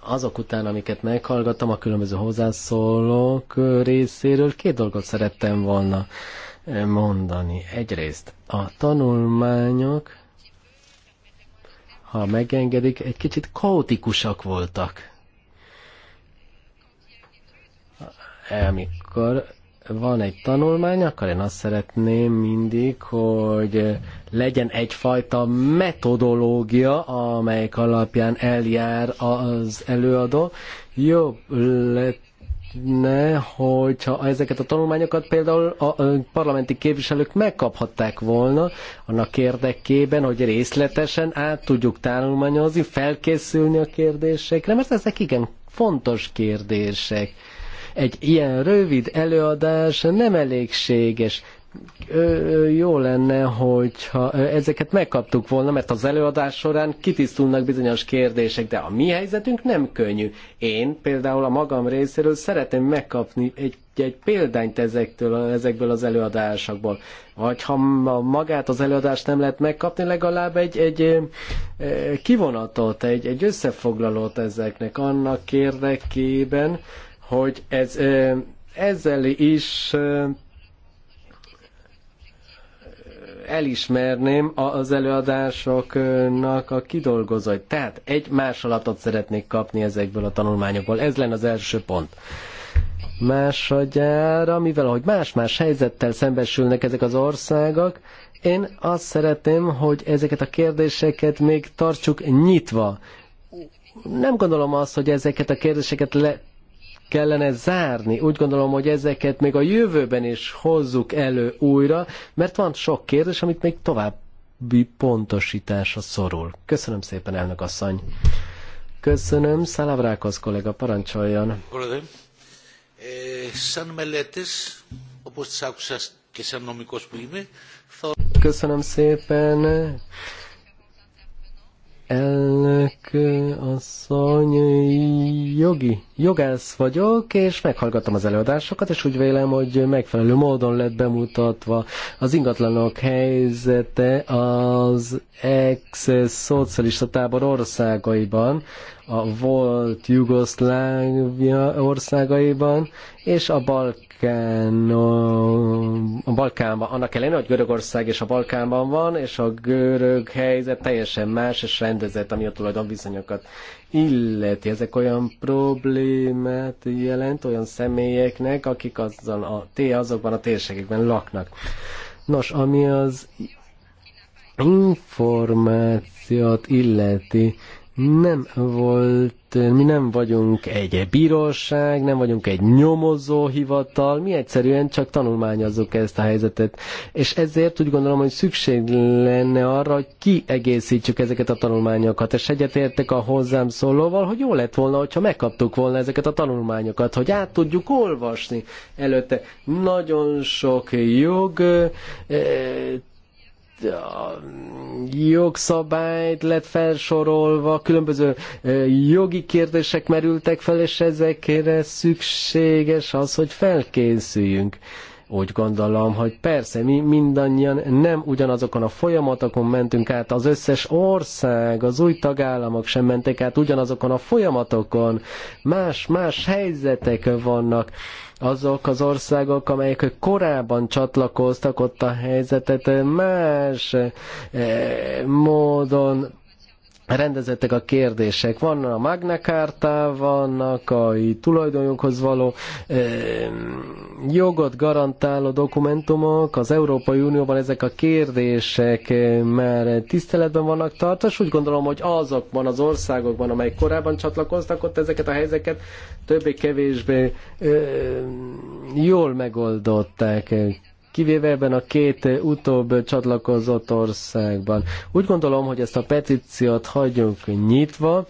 azok után, amiket meghallgattam a különböző hozzászólók eh, részéről, két dolgot szerettem volna eh, mondani. Egyrészt a tanulmányok ha megengedik, egy kicsit kaotikusak voltak. Amikor van egy tanulmány, akkor én azt szeretném mindig, hogy legyen egyfajta metodológia, amelyik alapján eljár az előadó. Jobb lett lehetne, hogyha ezeket a tanulmányokat például a parlamenti képviselők megkaphatták volna annak érdekében, hogy részletesen át tudjuk tanulmányozni, felkészülni a kérdésekre, mert ezek igen fontos kérdések. Egy ilyen rövid előadás nem elégséges jó lenne, hogyha ezeket megkaptuk volna, mert az előadás során kitisztulnak bizonyos kérdések, de a mi helyzetünk nem könnyű. Én például a magam részéről szeretném megkapni egy, egy példányt ezektől, ezekből az előadásokból. Vagy ha magát az előadást nem lehet megkapni, legalább egy, egy, egy kivonatot, egy, egy összefoglalót ezeknek annak érdekében, hogy ez ezzel is elismerném az előadásoknak a kidolgozóit. Tehát egy másolatot szeretnék kapni ezekből a tanulmányokból. Ez lenne az első pont. Másodjára, mivel ahogy más-más helyzettel szembesülnek ezek az országok, én azt szeretném, hogy ezeket a kérdéseket még tartsuk nyitva. Nem gondolom azt, hogy ezeket a kérdéseket le kellene zárni. Úgy gondolom, hogy ezeket még a jövőben is hozzuk elő újra, mert van sok kérdés, amit még további pontosításra szorul. Köszönöm szépen, elnök asszony. Köszönöm, Szalavrákos kollega, parancsoljon. Eh, Köszönöm szépen elnök asszony, jogi, jogász vagyok, és meghallgattam az előadásokat, és úgy vélem, hogy megfelelő módon lett bemutatva az ingatlanok helyzete az ex-szocialista tábor országaiban, a volt Jugoszlávia országaiban, és a Balkán a Balkánban, annak ellenére, hogy Görögország és a Balkánban van, és a görög helyzet teljesen más és rendezett, ami a tulajdonviszonyokat illeti. Ezek olyan problémát jelent olyan személyeknek, akik azon a, té azokban a térségekben laknak. Nos, ami az információt illeti, nem volt, mi nem vagyunk egy bíróság, nem vagyunk egy nyomozó hivatal, mi egyszerűen csak tanulmányozzuk ezt a helyzetet. És ezért úgy gondolom, hogy szükség lenne arra, hogy kiegészítsük ezeket a tanulmányokat. És egyetértek a hozzám szólóval, hogy jó lett volna, hogyha megkaptuk volna ezeket a tanulmányokat, hogy át tudjuk olvasni előtte. Nagyon sok jog eh, jogszabályt lett felsorolva, különböző jogi kérdések merültek fel, és ezekre szükséges az, hogy felkészüljünk. Úgy gondolom, hogy persze mi mindannyian nem ugyanazokon a folyamatokon mentünk át, az összes ország, az új tagállamok sem mentek át ugyanazokon a folyamatokon, más-más helyzetek vannak azok az országok, amelyek korábban csatlakoztak ott a helyzetet, más eh, módon rendezettek a kérdések. Van a Magna Carta, vannak a tulajdonjoghoz való e, jogot garantáló dokumentumok, az Európai Unióban ezek a kérdések e, már tiszteletben vannak tartva, és úgy gondolom, hogy azokban az országokban, amelyek korábban csatlakoztak, ott ezeket a helyzeket többé-kevésbé e, jól megoldották kivéve ebben a két utóbb csatlakozott országban. Úgy gondolom, hogy ezt a petíciót hagyjunk nyitva,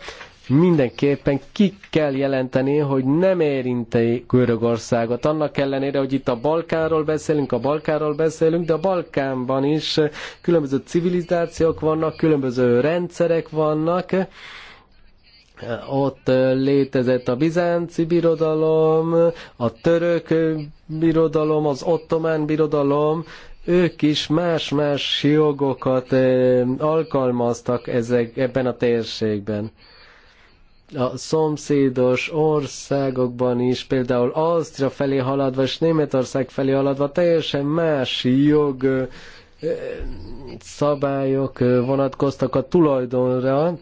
mindenképpen ki kell jelenteni, hogy nem érinti Görögországot. Annak ellenére, hogy itt a Balkánról beszélünk, a Balkánról beszélünk, de a Balkánban is különböző civilizációk vannak, különböző rendszerek vannak, ott létezett a bizánci birodalom, a török birodalom, az ottomán birodalom, ők is más-más jogokat alkalmaztak ezek, ebben a térségben. A szomszédos országokban is, például Ausztria felé haladva és Németország felé haladva teljesen más jog szabályok vonatkoztak a tulajdonra,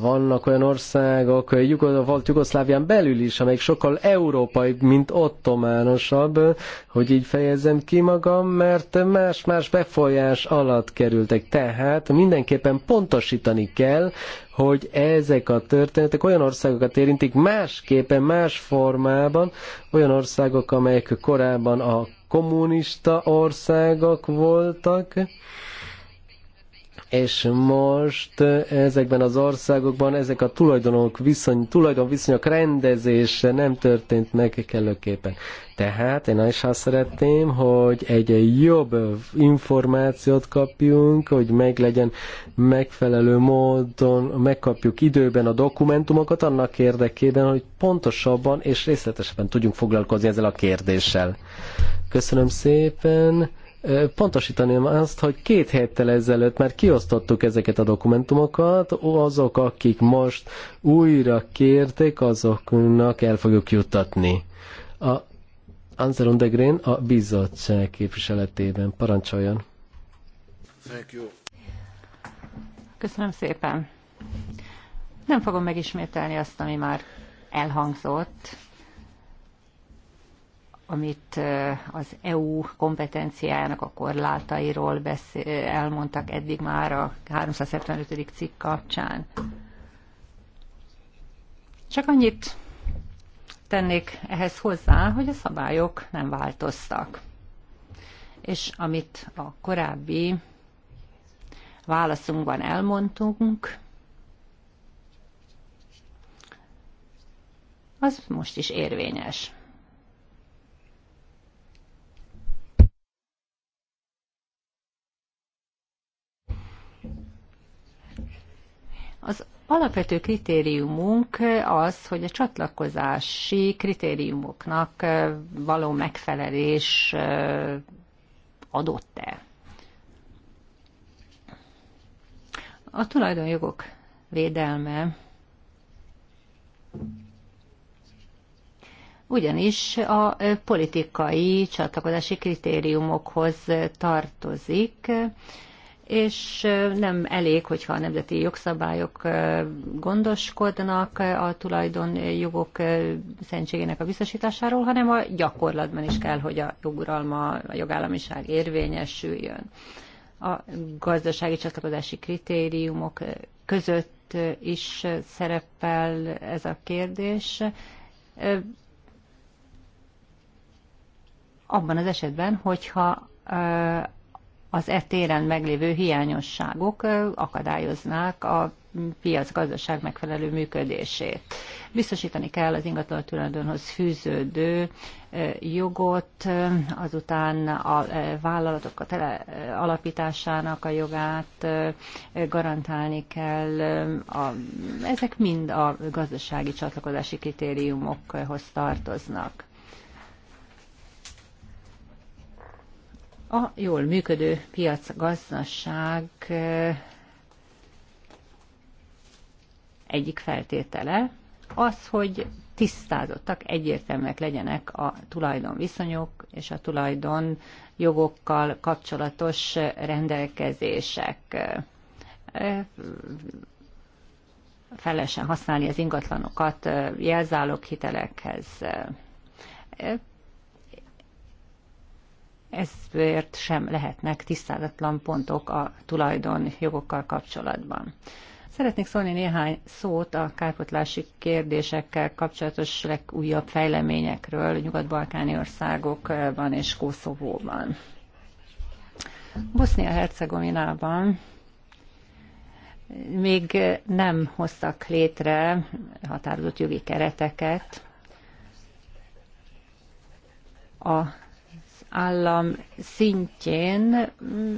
vannak olyan országok, eh, volt Jugoszlávián belül is, amelyik sokkal európai, mint ottománosabb, hogy így fejezem ki magam, mert más-más befolyás alatt kerültek. Tehát mindenképpen pontosítani kell, hogy ezek a történetek olyan országokat érintik másképpen, más formában, olyan országok, amelyek korábban a kommunista országok voltak, és most ezekben az országokban ezek a tulajdonok viszony, tulajdonviszonyok rendezése nem történt meg kellőképpen. Tehát én is azt szeretném, hogy egy jobb információt kapjunk, hogy meg legyen megfelelő módon, megkapjuk időben a dokumentumokat annak érdekében, hogy pontosabban és részletesebben tudjunk foglalkozni ezzel a kérdéssel. Köszönöm szépen! pontosítanám azt, hogy két héttel ezelőtt már kiosztottuk ezeket a dokumentumokat, azok, akik most újra kérték, azoknak el fogjuk juttatni. A Anzer Undegrén a bizottság képviseletében parancsoljon. Thank you. Köszönöm szépen. Nem fogom megismételni azt, ami már elhangzott amit az EU kompetenciájának a korlátairól beszél, elmondtak eddig már a 375. cikk kapcsán. Csak annyit tennék ehhez hozzá, hogy a szabályok nem változtak. És amit a korábbi válaszunkban elmondtunk, az most is érvényes. Az alapvető kritériumunk az, hogy a csatlakozási kritériumoknak való megfelelés adott-e. A tulajdonjogok védelme ugyanis a politikai csatlakozási kritériumokhoz tartozik, és nem elég, hogyha a nemzeti jogszabályok gondoskodnak a tulajdonjogok szentségének a biztosításáról, hanem a gyakorlatban is kell, hogy a joguralma, a jogállamiság érvényesüljön. A gazdasági csatlakozási kritériumok között is szerepel ez a kérdés abban az esetben, hogyha az e téren meglévő hiányosságok akadályoznák a piac gazdaság megfelelő működését. Biztosítani kell az ingatlan tulajdonhoz fűződő jogot, azután a vállalatok a tele alapításának a jogát garantálni kell. A, ezek mind a gazdasági csatlakozási kritériumokhoz tartoznak. A jól működő piacgazdaság egyik feltétele az, hogy tisztázottak, egyértelműek legyenek a tulajdonviszonyok és a tulajdon jogokkal kapcsolatos rendelkezések. Felesen használni az ingatlanokat jelzálog hitelekhez ezért sem lehetnek tisztázatlan pontok a tulajdon jogokkal kapcsolatban. Szeretnék szólni néhány szót a kárpotlási kérdésekkel kapcsolatos legújabb fejleményekről nyugat-balkáni országokban és Koszovóban. Bosznia-Hercegovinában még nem hoztak létre határozott jogi kereteket a állam szintjén mm,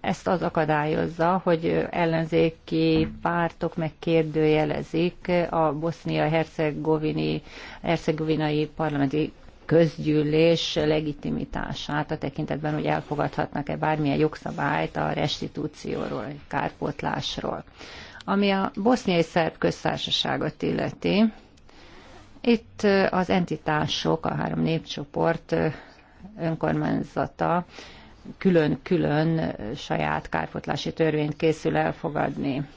ezt az akadályozza, hogy ellenzéki pártok megkérdőjelezik a bosznia-hercegovini hercegovinai parlamenti közgyűlés legitimitását a tekintetben, hogy elfogadhatnak-e bármilyen jogszabályt a restitúcióról, kárpótlásról. Ami a boszniai szerb köztársaságot illeti, itt az entitások, a három népcsoport önkormányzata külön-külön saját kárpotlási törvényt készül elfogadni.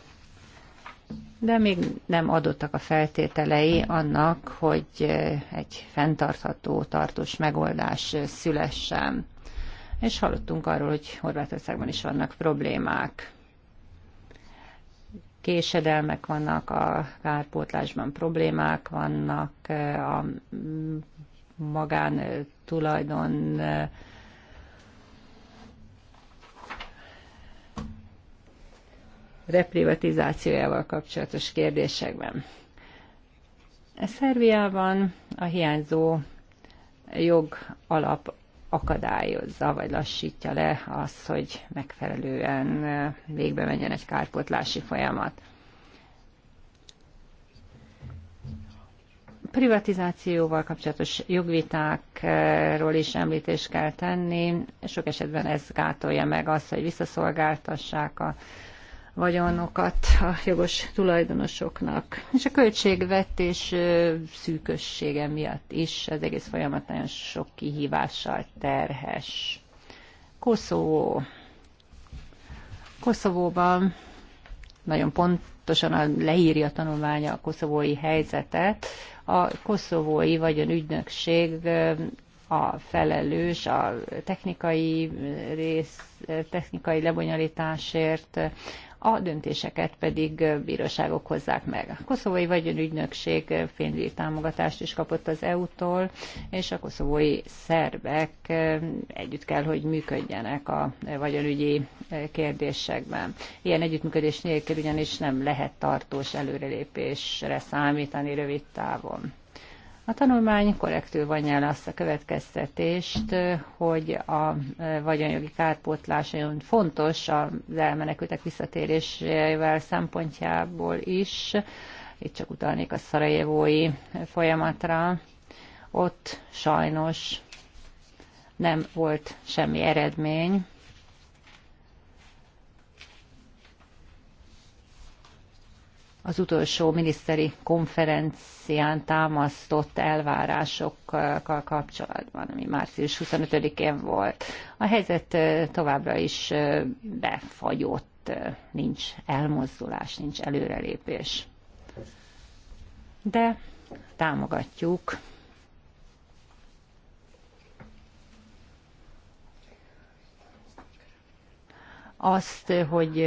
De még nem adottak a feltételei annak, hogy egy fenntartható, tartós megoldás szülessen. És hallottunk arról, hogy Horvátországban is vannak problémák késedelmek vannak, a kárpótlásban problémák vannak, a magán tulajdon reprivatizációjával kapcsolatos kérdésekben. Szerbiában a hiányzó jog alap akadályozza, vagy lassítja le az, hogy megfelelően végbe menjen egy kárpotlási folyamat. privatizációval kapcsolatos jogvitákról is említést kell tenni. Sok esetben ez gátolja meg azt, hogy visszaszolgáltassák a vagyonokat a jogos tulajdonosoknak. És a költségvetés szűkössége miatt is az egész folyamat nagyon sok kihívással terhes. Koszovó. Koszovóban nagyon pontosan leírja a tanulmánya a koszovói helyzetet, a koszovói vagyonügynökség a felelős a technikai rész, technikai lebonyolításért, a döntéseket pedig bíróságok hozzák meg. A koszovói vagyonügynökség pénzügyi támogatást is kapott az EU-tól, és a koszovói szerbek együtt kell, hogy működjenek a vagyonügyi kérdésekben. Ilyen együttműködés nélkül ugyanis nem lehet tartós előrelépésre számítani rövid távon. A tanulmány korrektül vonja el azt a következtetést, hogy a eh, vagyonjogi kárpótlás nagyon fontos az elmenekültek visszatérésével szempontjából is. Itt csak utalnék a szarajevói folyamatra. Ott sajnos nem volt semmi eredmény, az utolsó miniszteri konferencián támasztott elvárásokkal kapcsolatban, ami március 25-én volt. A helyzet továbbra is befagyott, nincs elmozdulás, nincs előrelépés. De támogatjuk azt, hogy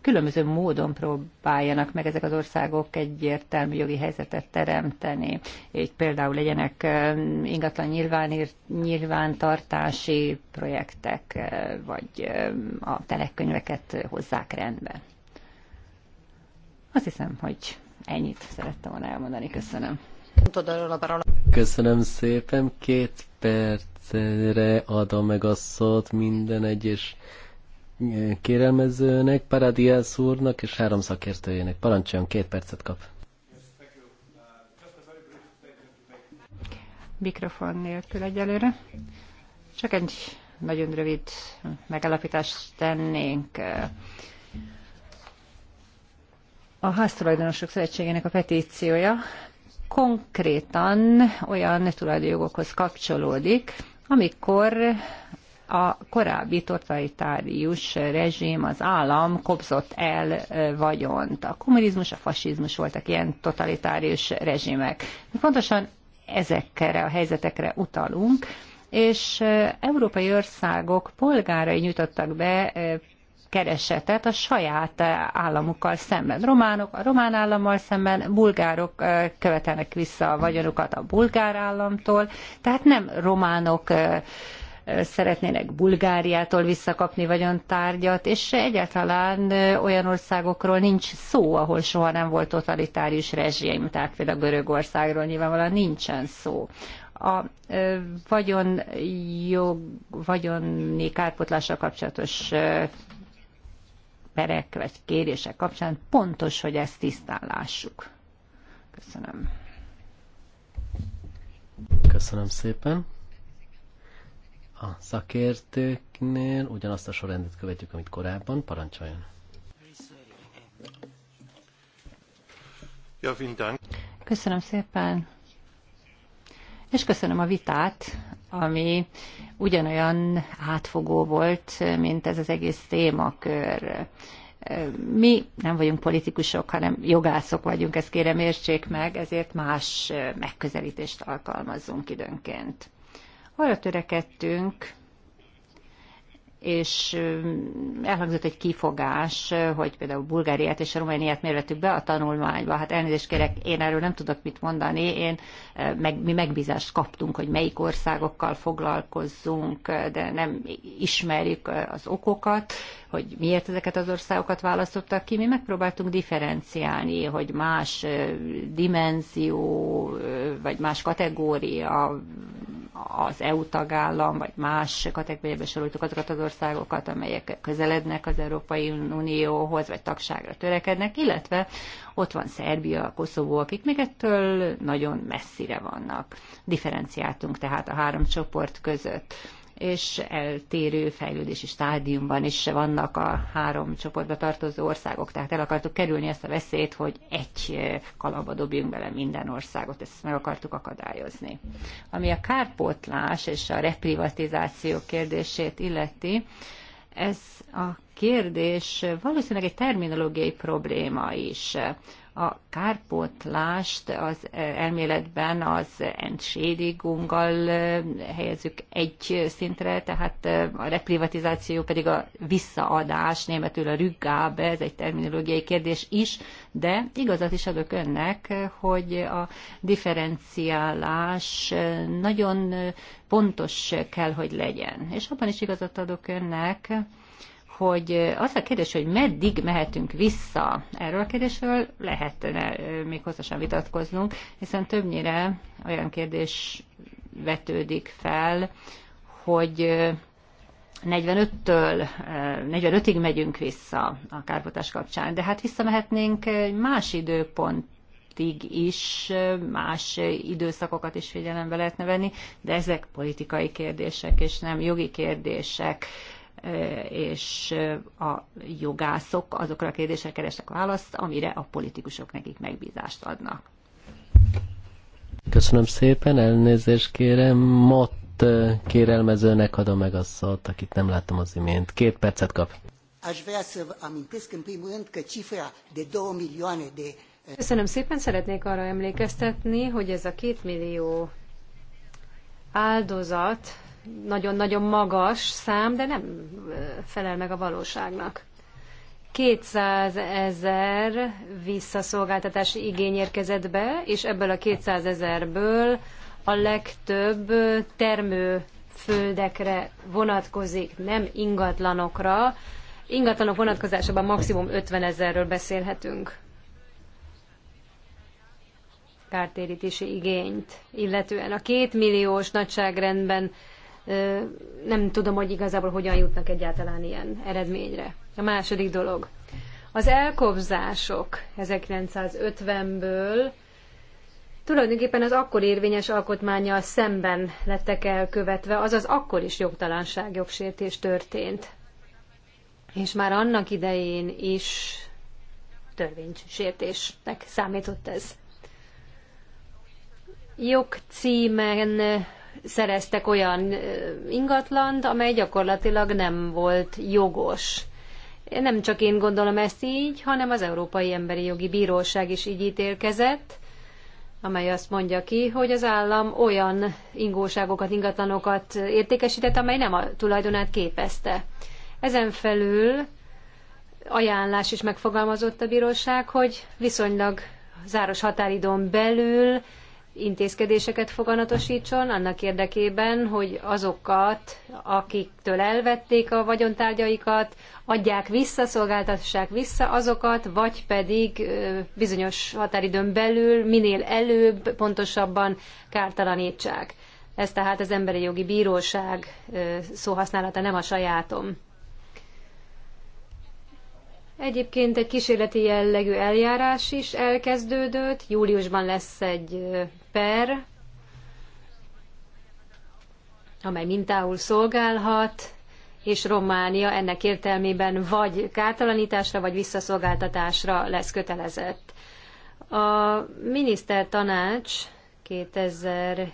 különböző módon próbáljanak meg ezek az országok egyértelmű jogi helyzetet teremteni. Így például legyenek ingatlan nyilván, nyilvántartási projektek, vagy a telekönyveket hozzák rendbe. Azt hiszem, hogy ennyit szerettem volna elmondani. Köszönöm. Köszönöm szépen. Két percre adom meg a szót minden egyes kérelmezőnek, Paradias úrnak és három szakértőjének. Parancsoljon, két percet kap. Mikrofon nélkül egyelőre. Csak egy nagyon rövid megállapítást tennénk. A háztulajdonosok szövetségének a petíciója konkrétan olyan tulajdonjogokhoz kapcsolódik, amikor a korábbi totalitárius rezsim, az állam kopzott el vagyont. A kommunizmus, a fasizmus voltak ilyen totalitárius rezsimek. Pontosan ezekre a helyzetekre utalunk, és európai országok polgárai nyújtottak be keresetet a saját államukkal szemben. Románok a román állammal szemben, bulgárok követelnek vissza a vagyonukat a bulgár államtól, tehát nem románok szeretnének Bulgáriától visszakapni vagyontárgyat, és egyáltalán olyan országokról nincs szó, ahol soha nem volt totalitárius rezsim, tehát például Görögországról nyilvánvalóan nincsen szó a vagyonjog, vagyoni kárpotlással kapcsolatos perek vagy kérések kapcsán pontos, hogy ezt tisztán lássuk. Köszönöm. Köszönöm szépen a szakértőknél ugyanazt a sorrendet követjük, amit korábban. Parancsoljon! Köszönöm szépen! És köszönöm a vitát, ami ugyanolyan átfogó volt, mint ez az egész témakör. Mi nem vagyunk politikusok, hanem jogászok vagyunk, ezt kérem értsék meg, ezért más megközelítést alkalmazzunk időnként. Arra törekedtünk, és elhangzott egy kifogás, hogy például Bulgáriát és Romániát mérvettük be a tanulmányba. Hát elnézést kérek, én erről nem tudok mit mondani. Én, meg, mi megbízást kaptunk, hogy melyik országokkal foglalkozzunk, de nem ismerjük az okokat, hogy miért ezeket az országokat választottak ki. Mi megpróbáltunk differenciálni, hogy más dimenzió, vagy más kategória az EU tagállam, vagy más kategóriába soroltuk azokat az országokat, amelyek közelednek az Európai Unióhoz, vagy tagságra törekednek, illetve ott van Szerbia, Koszovó, akik még ettől nagyon messzire vannak. Differenciáltunk tehát a három csoport között és eltérő fejlődési stádiumban is vannak a három csoportba tartozó országok. Tehát el akartuk kerülni ezt a veszélyt, hogy egy kalapba dobjunk bele minden országot, ezt meg akartuk akadályozni. Ami a kárpótlás és a reprivatizáció kérdését illeti, ez a kérdés valószínűleg egy terminológiai probléma is a kárpótlást az eh, elméletben az entschädigunggal eh, helyezzük egy szintre, tehát eh, a reprivatizáció pedig a visszaadás, németül a rüggábe, ez egy terminológiai kérdés is, de igazat is adok önnek, hogy a differenciálás nagyon pontos kell, hogy legyen. És abban is igazat adok önnek, hogy az a kérdés, hogy meddig mehetünk vissza, erről a kérdésről lehetne még hosszasan vitatkoznunk, hiszen többnyire olyan kérdés vetődik fel, hogy 45-től 45-ig megyünk vissza a kárpotás kapcsán, de hát visszamehetnénk más időpont is más időszakokat is figyelembe lehetne venni, de ezek politikai kérdések, és nem jogi kérdések és a jogászok azokra a kérdésekre keresnek választ, amire a politikusok nekik megbízást adnak. Köszönöm szépen, elnézést kérem. Mott eh, kérelmezőnek adom meg a szót, akit nem láttam az imént. Két percet kap. Eh, Köszönöm szépen, szeretnék arra emlékeztetni, hogy ez a két millió áldozat nagyon-nagyon magas szám, de nem felel meg a valóságnak. 200 ezer visszaszolgáltatási igény érkezett be, és ebből a 200 ezerből a legtöbb termőföldekre vonatkozik, nem ingatlanokra. Ingatlanok vonatkozásában maximum 50 ezerről beszélhetünk kártérítési igényt, illetően a két milliós nagyságrendben nem tudom, hogy igazából hogyan jutnak egyáltalán ilyen eredményre. A második dolog. Az elkobzások 1950-ből tulajdonképpen az akkor érvényes alkotmányjal szemben lettek elkövetve, azaz akkor is jogtalanság, jogsértés történt. És már annak idején is törvénysértésnek számított ez. Jogcímen szereztek olyan ingatlant, amely gyakorlatilag nem volt jogos. Nem csak én gondolom ezt így, hanem az Európai Emberi Jogi Bíróság is így ítélkezett, amely azt mondja ki, hogy az állam olyan ingóságokat, ingatlanokat értékesített, amely nem a tulajdonát képezte. Ezen felül ajánlás is megfogalmazott a bíróság, hogy viszonylag záros határidon belül intézkedéseket foganatosítson annak érdekében, hogy azokat, akiktől elvették a vagyontárgyaikat, adják vissza, szolgáltassák vissza azokat, vagy pedig bizonyos határidőn belül minél előbb pontosabban kártalanítsák. Ez tehát az Emberi Jogi Bíróság szóhasználata nem a sajátom. Egyébként egy kísérleti jellegű eljárás is elkezdődött, júliusban lesz egy per, amely mintául szolgálhat, és Románia ennek értelmében vagy kártalanításra, vagy visszaszolgáltatásra lesz kötelezett. A minisztertanács 2000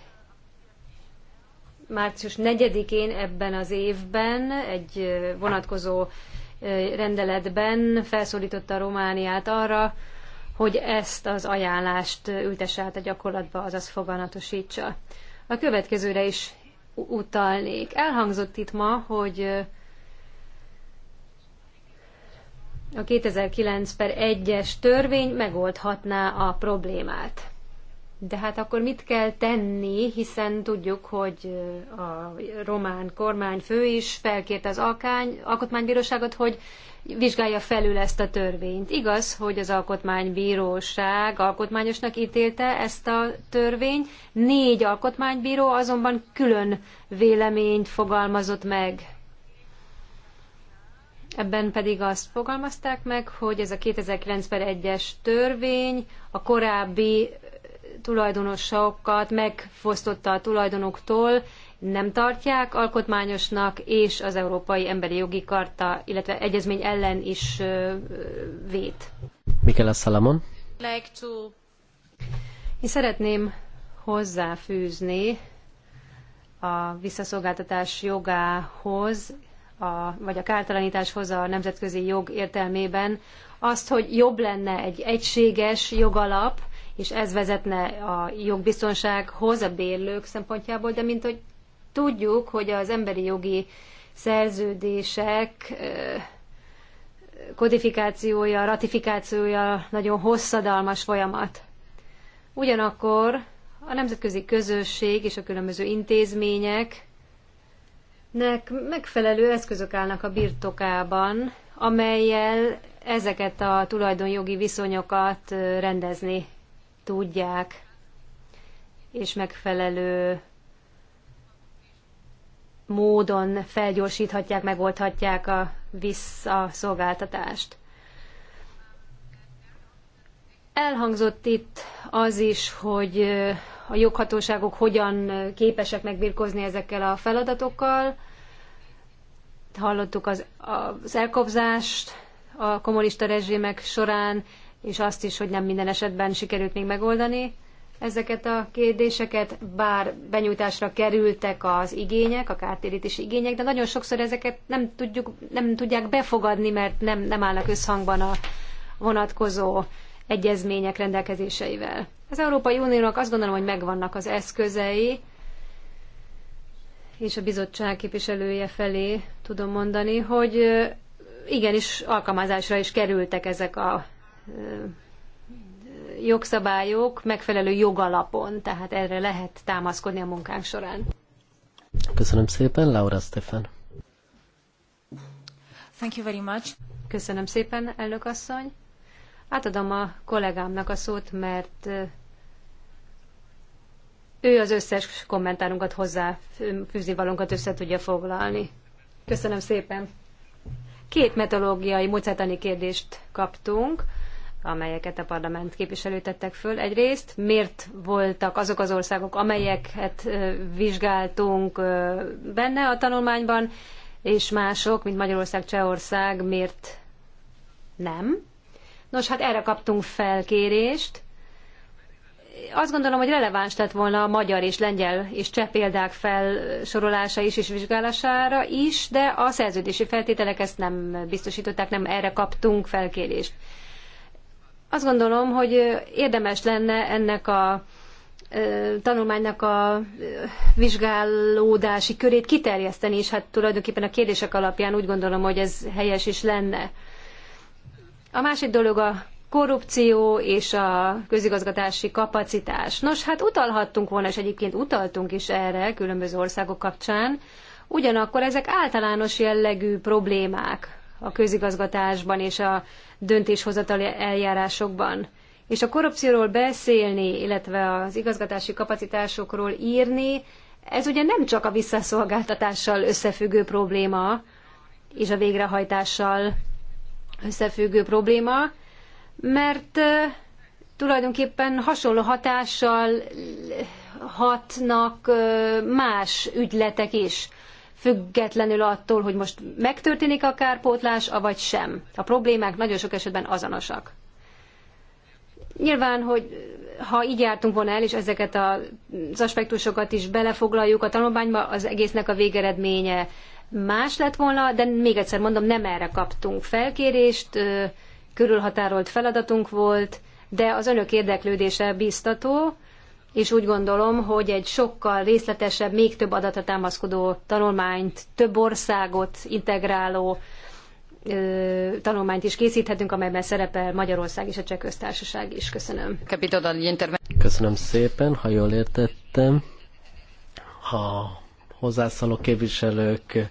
március 4-én ebben az évben egy vonatkozó rendeletben felszólította Romániát arra, hogy ezt az ajánlást ültesse át a gyakorlatba, azaz foganatosítsa. A következőre is utalnék. Elhangzott itt ma, hogy a 2009 per 1-es törvény megoldhatná a problémát. De hát akkor mit kell tenni, hiszen tudjuk, hogy a román kormányfő is felkérte az alkány, alkotmánybíróságot, hogy vizsgálja felül ezt a törvényt. Igaz, hogy az alkotmánybíróság alkotmányosnak ítélte ezt a törvényt, négy alkotmánybíró azonban külön véleményt fogalmazott meg. Ebben pedig azt fogalmazták meg, hogy ez a 2009 per 1-es törvény a korábbi tulajdonosokat megfosztotta a tulajdonoktól, nem tartják alkotmányosnak, és az Európai Emberi Jogi Karta, illetve egyezmény ellen is vét. Mikela Salamon. Like to... Én szeretném hozzáfűzni a visszaszolgáltatás jogához, a, vagy a kártalanításhoz a nemzetközi jog értelmében azt, hogy jobb lenne egy egységes jogalap, és ez vezetne a jogbiztonsághoz a bérlők szempontjából, de mint hogy tudjuk, hogy az emberi jogi szerződések kodifikációja, ratifikációja nagyon hosszadalmas folyamat. Ugyanakkor a nemzetközi közösség és a különböző intézmények nek megfelelő eszközök állnak a birtokában, amelyel ezeket a tulajdonjogi viszonyokat rendezni tudják, és megfelelő módon felgyorsíthatják, megoldhatják a visszaszolgáltatást. Elhangzott itt az is, hogy a joghatóságok hogyan képesek megbirkózni ezekkel a feladatokkal. Hallottuk az, az elkobzást a kommunista rezsimek során, és azt is, hogy nem minden esetben sikerült még megoldani ezeket a kérdéseket, bár benyújtásra kerültek az igények, a kártérítési igények, de nagyon sokszor ezeket nem, tudjuk, nem tudják befogadni, mert nem, nem állnak összhangban a vonatkozó egyezmények rendelkezéseivel. Az Európai Uniónak azt gondolom, hogy megvannak az eszközei, és a bizottság képviselője felé tudom mondani, hogy igenis alkalmazásra is kerültek ezek a jogszabályok megfelelő jogalapon, tehát erre lehet támaszkodni a munkánk során. Köszönöm szépen, Laura Stefan. Thank you very much. Köszönöm szépen, elnök asszony. Átadom a kollégámnak a szót, mert ő az összes kommentárunkat hozzá fűzivalónkat össze tudja foglalni. Köszönöm szépen. Két metodológiai, mocetani kérdést kaptunk amelyeket a parlament képviselő tettek föl. Egyrészt miért voltak azok az országok, amelyeket vizsgáltunk benne a tanulmányban, és mások, mint Magyarország, Csehország, miért nem? Nos, hát erre kaptunk felkérést. Azt gondolom, hogy releváns lett volna a magyar és lengyel és cseh példák felsorolása is és vizsgálására is, de a szerződési feltételek ezt nem biztosították, nem erre kaptunk felkérést. Azt gondolom, hogy érdemes lenne ennek a tanulmánynak a vizsgálódási körét kiterjeszteni, és hát tulajdonképpen a kérdések alapján úgy gondolom, hogy ez helyes is lenne. A másik dolog a korrupció és a közigazgatási kapacitás. Nos, hát utalhattunk volna, és egyébként utaltunk is erre különböző országok kapcsán, ugyanakkor ezek általános jellegű problémák a közigazgatásban és a döntéshozatali eljárásokban. És a korrupcióról beszélni, illetve az igazgatási kapacitásokról írni, ez ugye nem csak a visszaszolgáltatással összefüggő probléma, és a végrehajtással összefüggő probléma, mert tulajdonképpen hasonló hatással hatnak más ügyletek is függetlenül attól, hogy most megtörténik a kárpótlás, avagy sem. A problémák nagyon sok esetben azonosak. Nyilván, hogy ha így jártunk volna el, és ezeket az aspektusokat is belefoglaljuk a tanulmányba, az egésznek a végeredménye más lett volna, de még egyszer mondom, nem erre kaptunk felkérést, körülhatárolt feladatunk volt, de az önök érdeklődése biztató, és úgy gondolom, hogy egy sokkal részletesebb, még több adatra támaszkodó tanulmányt, több országot integráló ö, tanulmányt is készíthetünk, amelyben szerepel Magyarország és a Cseh Köztársaság is. Köszönöm. Köszönöm szépen, ha jól értettem. Ha hozzászóló képviselők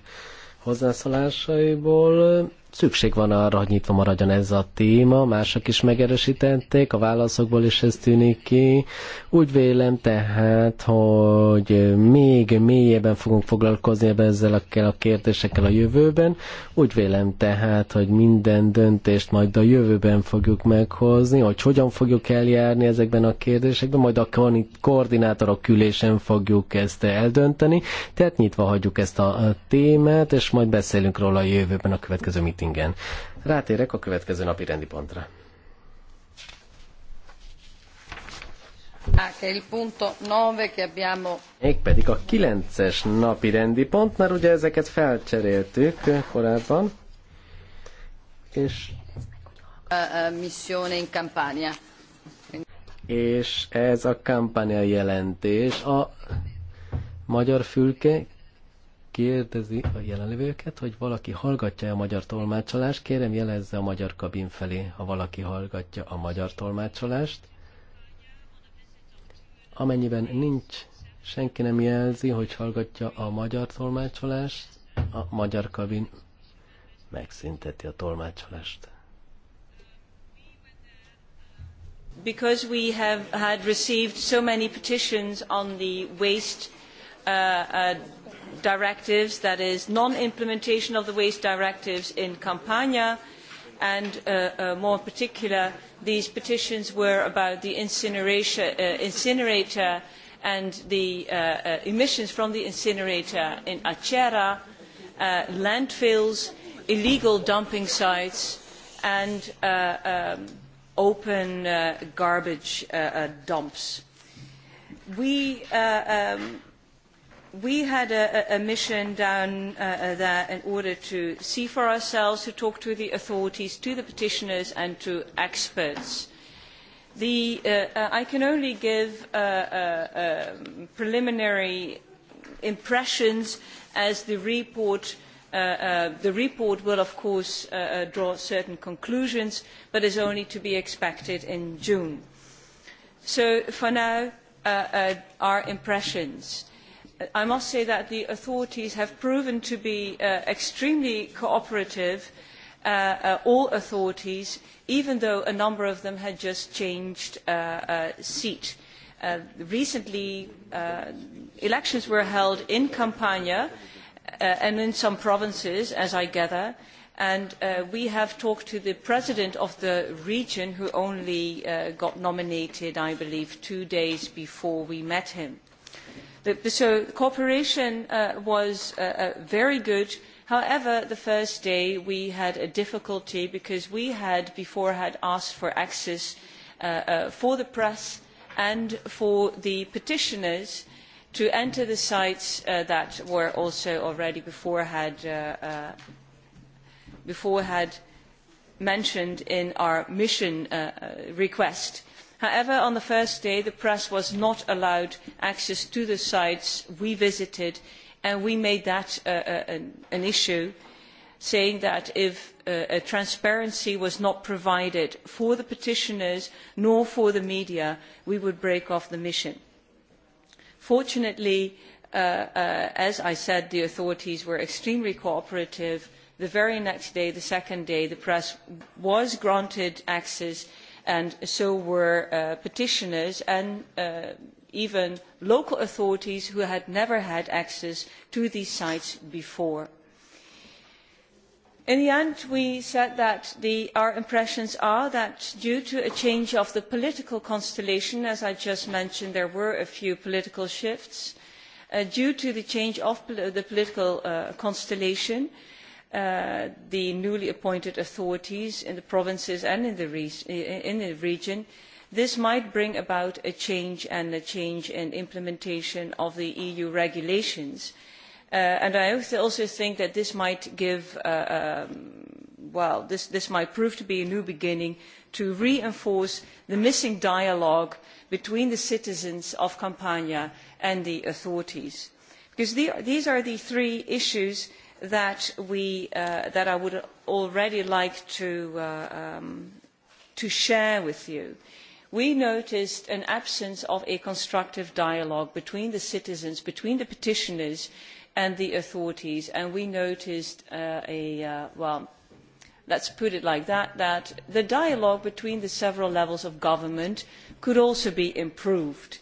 hozzászólásaiból szükség van arra, hogy nyitva maradjon ez a téma, mások is megerősítették, a válaszokból is ez tűnik ki. Úgy vélem tehát, hogy még mélyebben fogunk foglalkozni ezzel a kérdésekkel a jövőben. Úgy vélem tehát, hogy minden döntést majd a jövőben fogjuk meghozni, hogy hogyan fogjuk eljárni ezekben a kérdésekben, majd a koordinátorok külésen fogjuk ezt eldönteni. Tehát nyitva hagyjuk ezt a témát, és majd beszélünk róla a jövőben a következő meeting Pekingen. Rátérek a következő napi rendi pontra. Ah, pedig a 9-es napi rendi pont, mert ugye ezeket felcseréltük korábban. És... Eh, eh, missione in Campania. És ez a kampánia jelentés. A magyar fülke kérdezi a jelenlévőket, hogy valaki hallgatja a magyar tolmácsolást, kérem jelezze a magyar kabin felé, ha valaki hallgatja a magyar tolmácsolást. Amennyiben nincs, senki nem jelzi, hogy hallgatja a magyar tolmácsolást, a magyar kabin megszünteti a tolmácsolást. Because we have had received so many petitions on the waste uh, uh, directives, that is non-implementation of the waste directives in Campania, and uh, uh, more in particular, these petitions were about the incinerator uh, and the uh, uh, emissions from the incinerator in Acera, uh, landfills, illegal dumping sites, and um, open garbage dumps. We um, we had a, a mission down uh, uh, there in order to see for ourselves, to talk to the authorities, to the petitioners and to experts. The, uh, uh, I can only give uh, uh, um, preliminary impressions as the report uh, uh, the report will of course uh, uh, draw certain conclusions but is only to be expected in June. So for now uh, uh, our impressions I must say that the authorities have proven to be uh, extremely cooperative, uh, uh, all authorities, even though a number of them had just changed uh, uh, seat. Uh, recently, elections were held in Campania and in some provinces, as I gather, and uh, we have talked to the president of the region who only uh, got nominated i believe two days before we met him The, the, so cooperation uh, was uh, uh, very good. However, the first day we had a difficulty because we had before had asked for access uh, uh, for the press and for the petitioners to enter the sites that were also already before had, before had mentioned in our mission request however on the first day the press was not allowed access to the sites we visited and we made that uh, uh, an, issue saying that if uh, transparency was not provided for the petitioners nor for the media we would break off the mission. fortunately as i said the authorities were extremely cooperative. the very next day the second day the press was granted access and and so were uh, petitioners and uh, even local authorities who had never had access to these sites before. In the end, we said that the, our impressions are that due to a change of the political constellation, as I just mentioned, there were a few political shifts, uh, due to the change of pol the political uh, constellation, uh, Uh, the newly appointed authorities in the provinces and in the, region, this might bring about a change and a change in implementation of the EU regulations. Uh, and I also think that this might give, uh, um, well, this, might prove to be a new beginning to reinforce the missing dialogue between the citizens of Campania and the authorities. Because these are the three issues that, we, uh, that I would already like to, uh, um, to share with you. We noticed an absence of a constructive dialogue between the citizens, between the petitioners and the authorities, and we noticed uh, a, uh, well, let's put it like that, that the dialogue between the several levels of government could also be improved.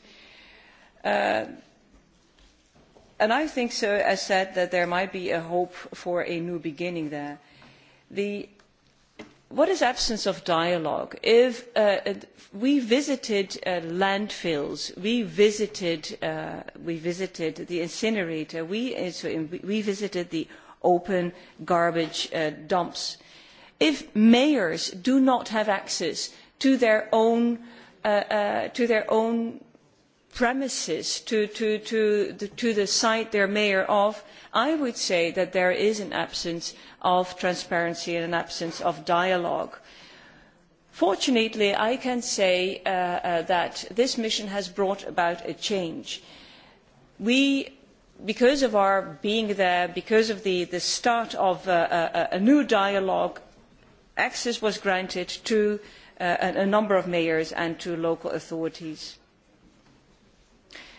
Uh, And I think, so, as said, that there might be a hope for a new beginning there. The, what is absence of dialogue? If uh, we visited uh, landfills, we visited, uh, we visited the incinerator, we, uh, so in, we visited the open garbage uh, dumps. If mayors do not have access to their own, uh, uh, to their own premises to, to, to, the, to the site they're mayor of, I would say that there is an absence of transparency and an absence of dialogue. Fortunately, I can say uh, uh, that this mission has brought about a change. We because of our being there, because of the, the start of uh, a, uh, uh, a, new dialogue, access was granted to uh, a, a number of mayors and to local authorities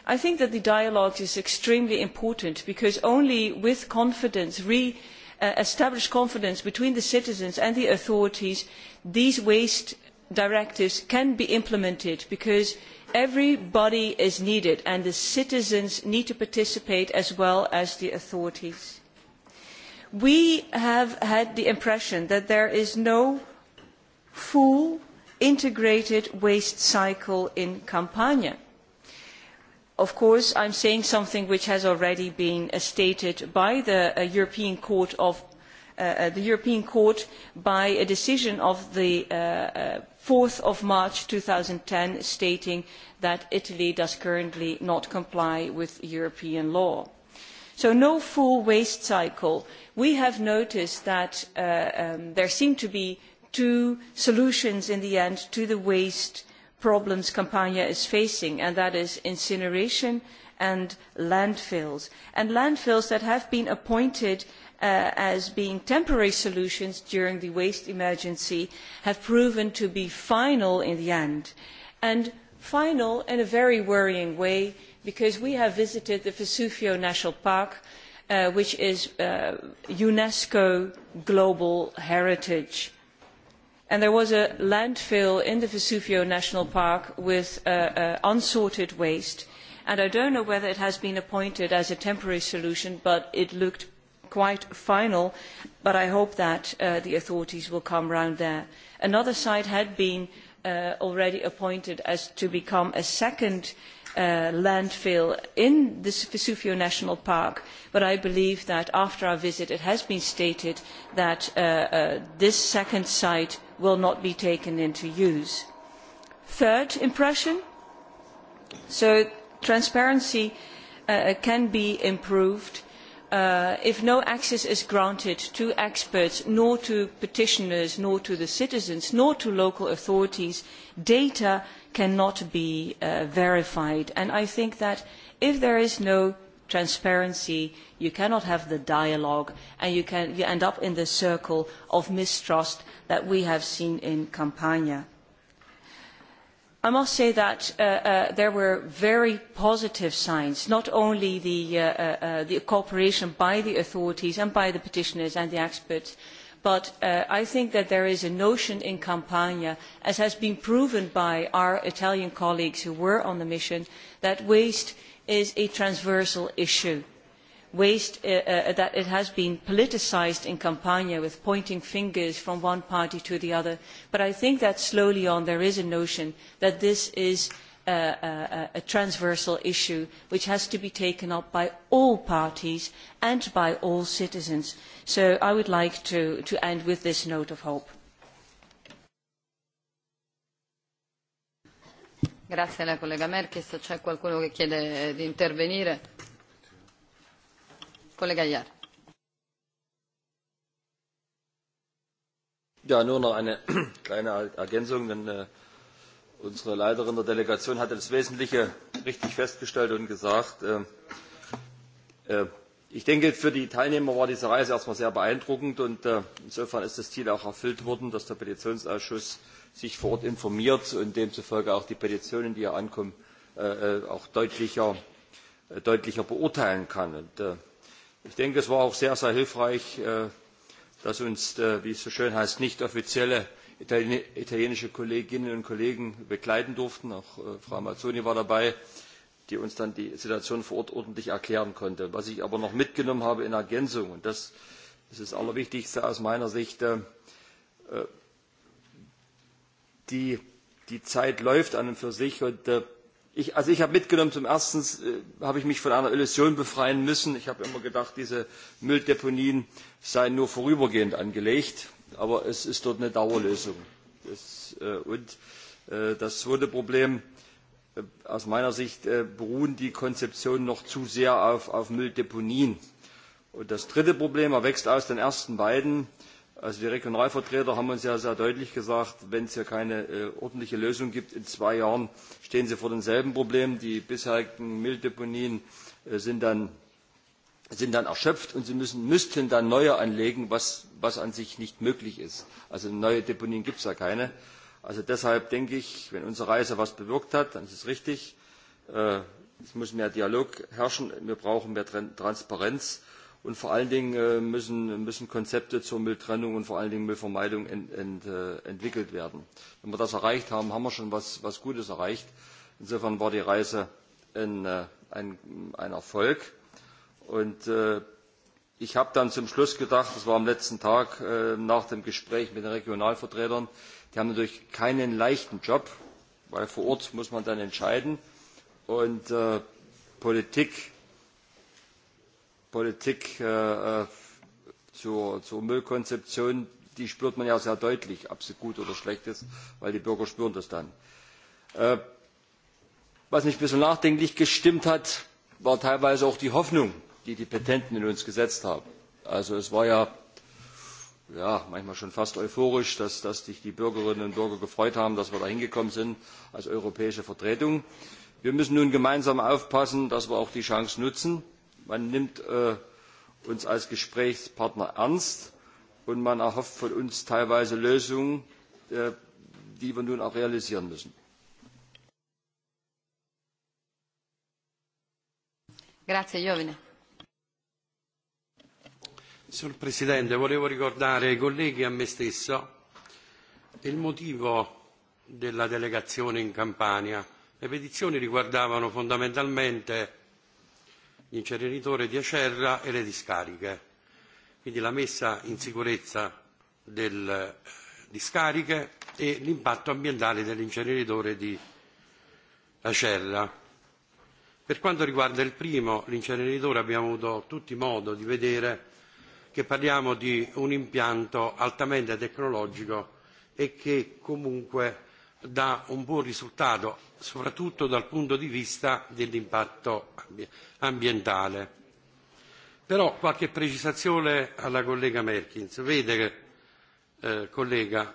i think that the dialogue is extremely important because only with confidence re established confidence between the citizens and the authorities these waste directives can be implemented because everybody is needed and the citizens need to participate as well as the authorities. we have had the impression that there is no full integrated waste cycle in campania of course i am saying something which has already been uh, stated by uh, uh, the european court by a decision of the march 4th of March 2010 stating that Italy does currently not comply with European law. So no full waste cycle. We have noticed that um, there seem to be two solutions in the end to the waste problems Campania is facing, and that is incineration and landfills. And landfills that have been appointed Uh, as being temporary solutions during the waste emergency have proven to be final in the end. And final in a very worrying way because we have visited the Vesuvio National Park, uh, which is uh, UNESCO Global Heritage and there was a landfill in the Vesuvio National Park with uh, uh, unsorted waste. And I don't know whether it has been appointed as a temporary solution, but it looked quite final. But I hope that uh, the authorities will come round there. Another site had been already appointed as to become a second Uh, landfill in the Vesuvio National Park, but I believe that after our visit it has been stated that uh, uh, this second site will not be taken into use. Third impression, so transparency uh, uh, can be improved Uh, if no access is granted to experts nor to petitioners nor to the citizens nor to local authorities data cannot be uh, verified and i think that if there is no transparency you cannot have the dialogue and you, can, you end up in the circle of mistrust that we have seen in campania. I must say that uh, uh, there were very positive signs, not only the, uh, uh, uh the, cooperation by the authorities and by the petitioners and the experts, but uh, I think that there is a notion in Campania, as has been proven by our Italian colleagues who were on the mission, that waste is a transversal issue waste, uh, uh, uh, that it has been politicised in Campania with pointing fingers from one party to the other. But I think that slowly on there is a notion that this is uh, uh, a, a transversal issue which has to be taken up by all parties and by all citizens. So I would like to, to end with this note of hope. Grazie alla collega Merkis. C'è qualcuno che chiede di intervenire? Kollega Jár. Ja, nur noch eine kleine Ergänzung, denn äh, unsere Leiterin der Delegation hat das Wesentliche richtig festgestellt und gesagt. Äh, äh, ich denke, für die Teilnehmer war diese Reise erstmal sehr beeindruckend und insofern ist das Ziel auch erfüllt worden, dass der Petitionsausschuss sich vor Ort informiert und demzufolge auch die Petitionen, die hier ankommen, auch deutlicher, deutlicher beurteilen kann. Und, ich denke es war auch sehr sehr hilfreich äh, dass uns äh, wie es so schön heißt nicht offizielle italienische kolleginnen und kollegen begleiten durften auch äh, frau mazzoni war dabei die uns dann die situation vor ort ordentlich erklären konnte. was ich aber noch mitgenommen habe in ergänzung und das ist das allerwichtigste aus meiner sicht die, die zeit läuft an und für sich und Ich, also ich habe mitgenommen, zum Ersten äh, habe ich mich von einer Illusion befreien müssen. Ich habe immer gedacht, diese Mülldeponien seien nur vorübergehend angelegt, aber es ist dort eine Dauerlösung. Das, äh, und äh, das zweite Problem, äh, aus meiner Sicht äh, beruhen die Konzeptionen noch zu sehr auf, auf Mülldeponien. Und das dritte Problem erwächst aus den ersten beiden. Äh, Also die Regionalvertreter haben uns ja sehr deutlich gesagt, wenn es hier keine äh, ordentliche Lösung gibt, in zwei Jahren stehen sie vor denselben Problemen. Die bisherigen Mülldeponien äh, sind, dann, sind dann erschöpft und sie müssen, müssten dann neue anlegen, was, was an sich nicht möglich ist. Also neue Deponien gibt es ja keine. Also deshalb denke ich, wenn unsere Reise was bewirkt hat, dann ist es richtig. Äh, es muss mehr Dialog herrschen, wir brauchen mehr Transparenz. Und vor allen Dingen äh, müssen, müssen Konzepte zur Mülltrennung und vor allen Dingen Müllvermeidung ent, ent, äh, entwickelt werden. Wenn wir das erreicht haben, haben wir schon was, was Gutes erreicht. Insofern war die Reise ein, äh, ein, ein Erfolg. Und äh, ich habe dann zum Schluss gedacht, das war am letzten Tag äh, nach dem Gespräch mit den Regionalvertretern, die haben natürlich keinen leichten Job, weil vor Ort muss man dann entscheiden. Und äh, Politik Politik äh, äh, zur, zur Müllkonzeption, die spürt man ja sehr deutlich, ob sie gut oder schlecht ist, weil die Bürger spüren das dann. Äh, was mich ein bisschen nachdenklich gestimmt hat, war teilweise auch die Hoffnung, die die Petenten in uns gesetzt haben. Also es war ja, ja manchmal schon fast euphorisch, dass, dass sich die Bürgerinnen und Bürger gefreut haben, dass wir da hingekommen sind als europäische Vertretung. Wir müssen nun gemeinsam aufpassen, dass wir auch die Chance nutzen man nimmt äh, uns als Gesprächspartner ernst und man erhofft von uns teilweise Lösungen, äh, die wir nun auch realisieren müssen. Grazie, Giovine. Signor Presidente, volevo ricordare ai colleghi e a me stesso il motivo della delegazione in Campania. Le petizioni riguardavano fondamentalmente gli inceneritori di Acerra e le discariche. Quindi la messa in sicurezza delle eh, discariche e l'impatto ambientale dell'inceneritore di Acerra. Per quanto riguarda il primo, l'inceneritore, abbiamo avuto tutti modo di vedere che parliamo di un impianto altamente tecnologico e che comunque dà un buon risultato, soprattutto dal punto di vista dell'impatto ambientale. Però qualche precisazione alla collega Merkins. Vede, eh, collega,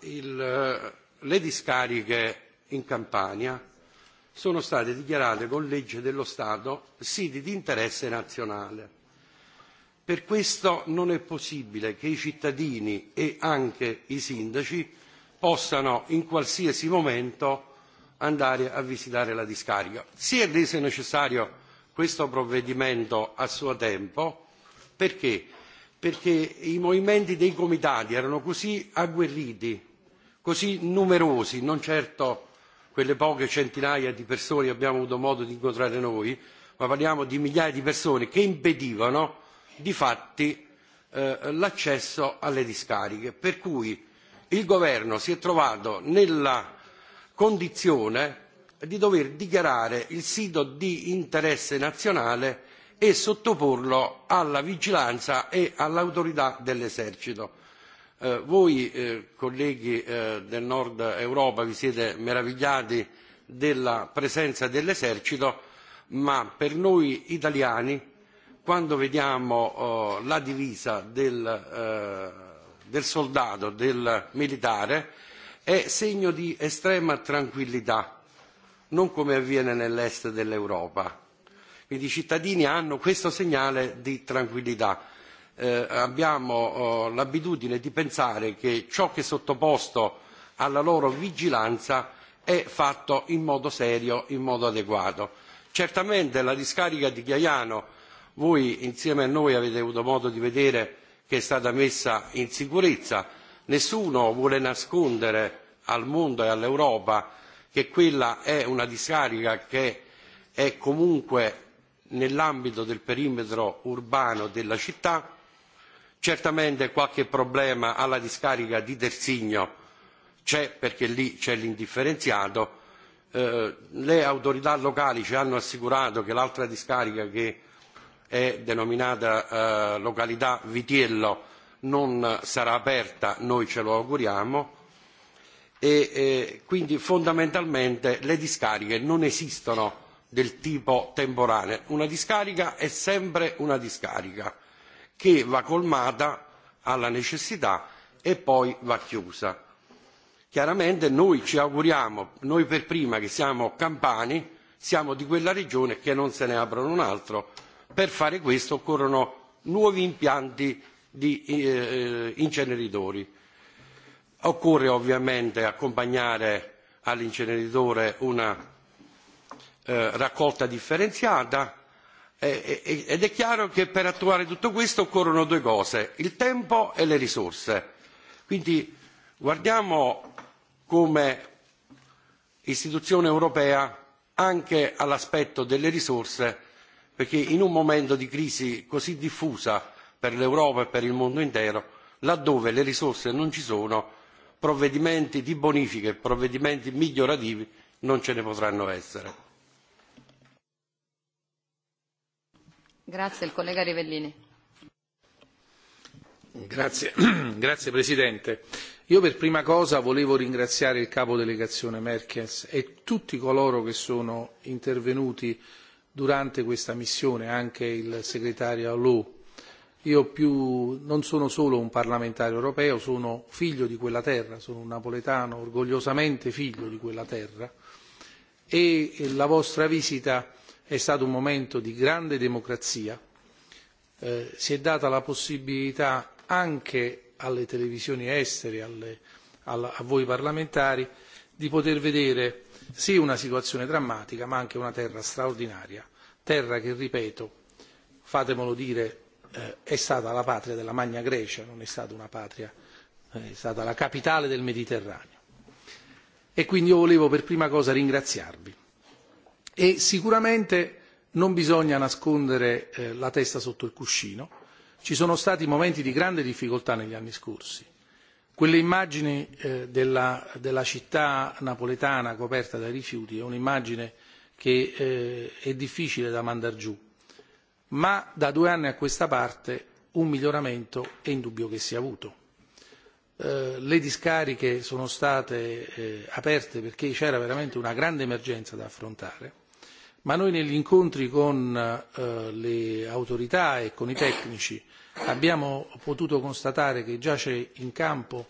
il, eh, le discariche in Campania sono state dichiarate con legge dello Stato siti di interesse nazionale. Per questo non è possibile che i cittadini e anche i sindaci possano in qualsiasi momento andare a visitare la discarica. Si è reso necessario questo provvedimento a suo tempo perché? Perché i movimenti dei comitati erano così agguerriti, così numerosi, non certo quelle poche centinaia di persone che abbiamo avuto modo di incontrare noi, ma parliamo di migliaia di persone che impedivano di fatti eh, l'accesso alle discariche. Per cui il governo si è trovato nella condizione di dover dichiarare il sito di interesse nazionale e sottoporlo alla vigilanza e all'autorità dell'esercito. Eh, voi eh, colleghi eh, del nord Europa vi siete meravigliati della presenza dell'esercito, ma per noi italiani quando vediamo oh, la divisa del eh, del soldato, del militare, è segno di estrema tranquillità, non come avviene nell'est dell'Europa. Quindi i cittadini hanno questo segnale di tranquillità. Eh, abbiamo eh, l'abitudine di pensare che ciò che è sottoposto alla loro vigilanza è fatto in modo serio, in modo adeguato. Certamente la discarica di Chiaiano, voi insieme a noi avete avuto modo di vedere che è stata messa in sicurezza. Nessuno vuole nascondere al mondo e all'Europa che quella è una discarica che è comunque nell'ambito del perimetro urbano della città. Certamente qualche problema alla discarica di Tersigno c'è perché lì c'è l'indifferenziato. Eh, le autorità locali ci hanno assicurato che l'altra discarica che è denominata eh, località Vitiello non sarà aperta, noi ce lo auguriamo, e eh, quindi fondamentalmente le discariche non esistono del tipo temporaneo. Una discarica è sempre una discarica che va colmata alla necessità e poi va chiusa. Chiaramente noi ci auguriamo, noi per prima che siamo campani, siamo di quella regione che non se ne aprono un altro Per fare questo occorrono nuovi impianti di eh, inceneritori. Occorre ovviamente accompagnare all'inceneritore una eh, raccolta differenziata eh, eh, ed è chiaro che per attuare tutto questo occorrono due cose, il tempo e le risorse. Quindi guardiamo come istituzione europea anche all'aspetto delle risorse perché in un momento di crisi così diffusa per l'Europa e per il mondo intero, laddove le risorse non ci sono, provvedimenti di bonifica e provvedimenti migliorativi non ce ne potranno essere. Grazie, il collega Rivellini. Grazie, Grazie Presidente. Io per prima cosa volevo ringraziare il capo delegazione Merkens e tutti coloro che sono intervenuti durante questa missione anche il segretario Lowe. Io più, non sono solo un parlamentare europeo, sono figlio di quella terra, sono un napoletano orgogliosamente figlio di quella terra e la vostra visita è stato un momento di grande democrazia. Eh, si è data la possibilità anche alle televisioni estere, alle, a voi parlamentari, di poter vedere sì una situazione drammatica ma anche una terra straordinaria terra che ripeto fatemelo dire eh, è stata la patria della magna grecia non è stata una patria eh, è stata la capitale del mediterraneo e quindi io volevo per prima cosa ringraziarvi e sicuramente non bisogna nascondere eh, la testa sotto il cuscino ci sono stati momenti di grande difficoltà negli anni scorsi Quelle immagini eh, della, città napoletana coperta dai rifiuti è un'immagine che eh, è difficile da mandar giù, ma da due anni a questa parte un miglioramento è indubbio che sia avuto. Eh, le discariche sono state aperte perché c'era veramente una grande emergenza da affrontare, ma noi negli incontri con le autorità e con i tecnici abbiamo potuto constatare che già c'è in campo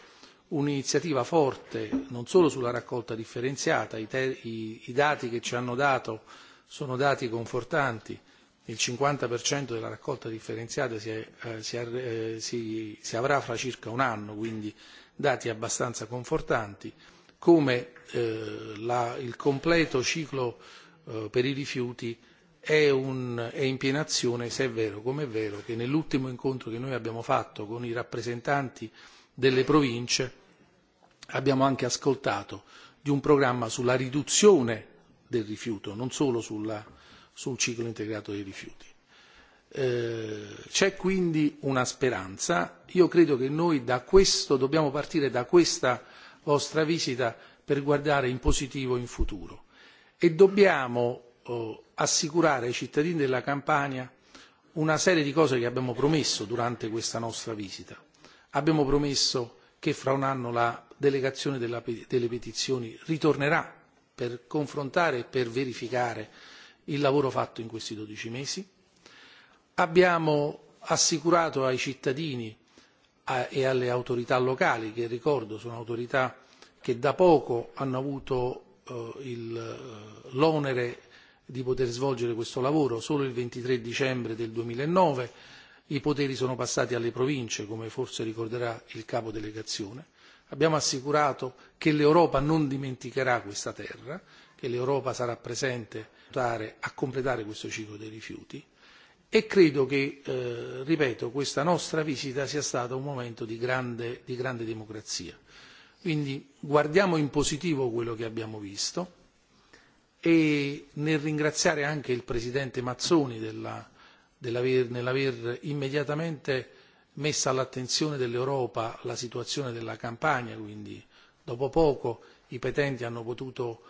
un'iniziativa forte non solo sulla raccolta differenziata i, i, i dati che ci hanno dato sono dati confortanti il 50% della raccolta differenziata si, eh, si, eh, si, si avrà fra circa un anno, quindi dati abbastanza confortanti, come eh, la, il completo ciclo eh, per i rifiuti è, un, è in piena azione se è vero, come è vero, che nell'ultimo incontro che noi abbiamo fatto con i rappresentanti delle province abbiamo anche ascoltato di un programma sulla riduzione del rifiuto, non solo sulla, sul ciclo integrato dei rifiuti. Eh, c'è quindi una speranza. Io credo che noi da questo, dobbiamo partire da questa vostra visita per guardare in positivo in futuro e dobbiamo assicurare ai cittadini della Campania una serie di cose che abbiamo promesso durante questa nostra visita. Abbiamo promesso che fra un anno la delegazione della, delle petizioni ritornerà per confrontare e per verificare il lavoro fatto in questi dodici mesi. Abbiamo assicurato ai cittadini e alle autorità locali, che ricordo sono autorità che da poco hanno avuto eh, eh, l'onere di poter svolgere questo lavoro solo il 23 dicembre del 2009 i poteri sono passati alle province come forse ricorderà il capo delegazione abbiamo assicurato che l'Europa non dimenticherà questa terra che l'Europa sarà presente a completare questo ciclo dei rifiuti e credo che eh, ripeto questa nostra visita sia stata un momento di grande, di grande democrazia quindi guardiamo in positivo quello che abbiamo visto e nel ringraziare anche il presidente Mazzoni della, dell'aver, nell'aver immediatamente messo all'attenzione dell'Europa la situazione della Campania, quindi dopo poco i petenti hanno potuto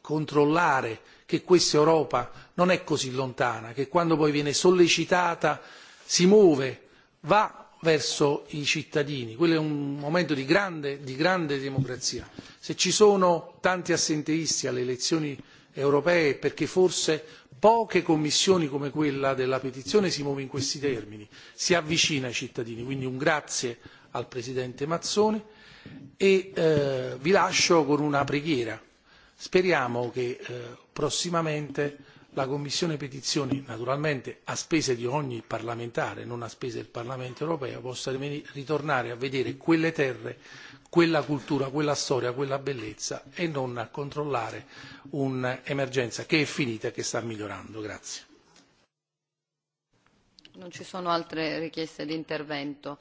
controllare che questa Europa non è così lontana, che quando poi viene sollecitata si muove, va verso i cittadini. Quello è un momento di grande, di grande democrazia. Se ci sono tanti assenteisti alle elezioni europee è perché forse poche commissioni come quella della petizione si muove in questi termini, si avvicina ai cittadini. Quindi un grazie al Presidente Mazzoni e eh, vi lascio con una preghiera. Speriamo che eh, prossimamente la Commissione petizioni, naturalmente a spese di ogni parlamentare, non a spese del Parlamento europeo, possa ritornare a vedere quelle terre, quella cultura, quella storia, quella bellezza e non a controllare un'emergenza che è finita e che sta migliorando. Grazie. Non ci sono altre richieste di intervento,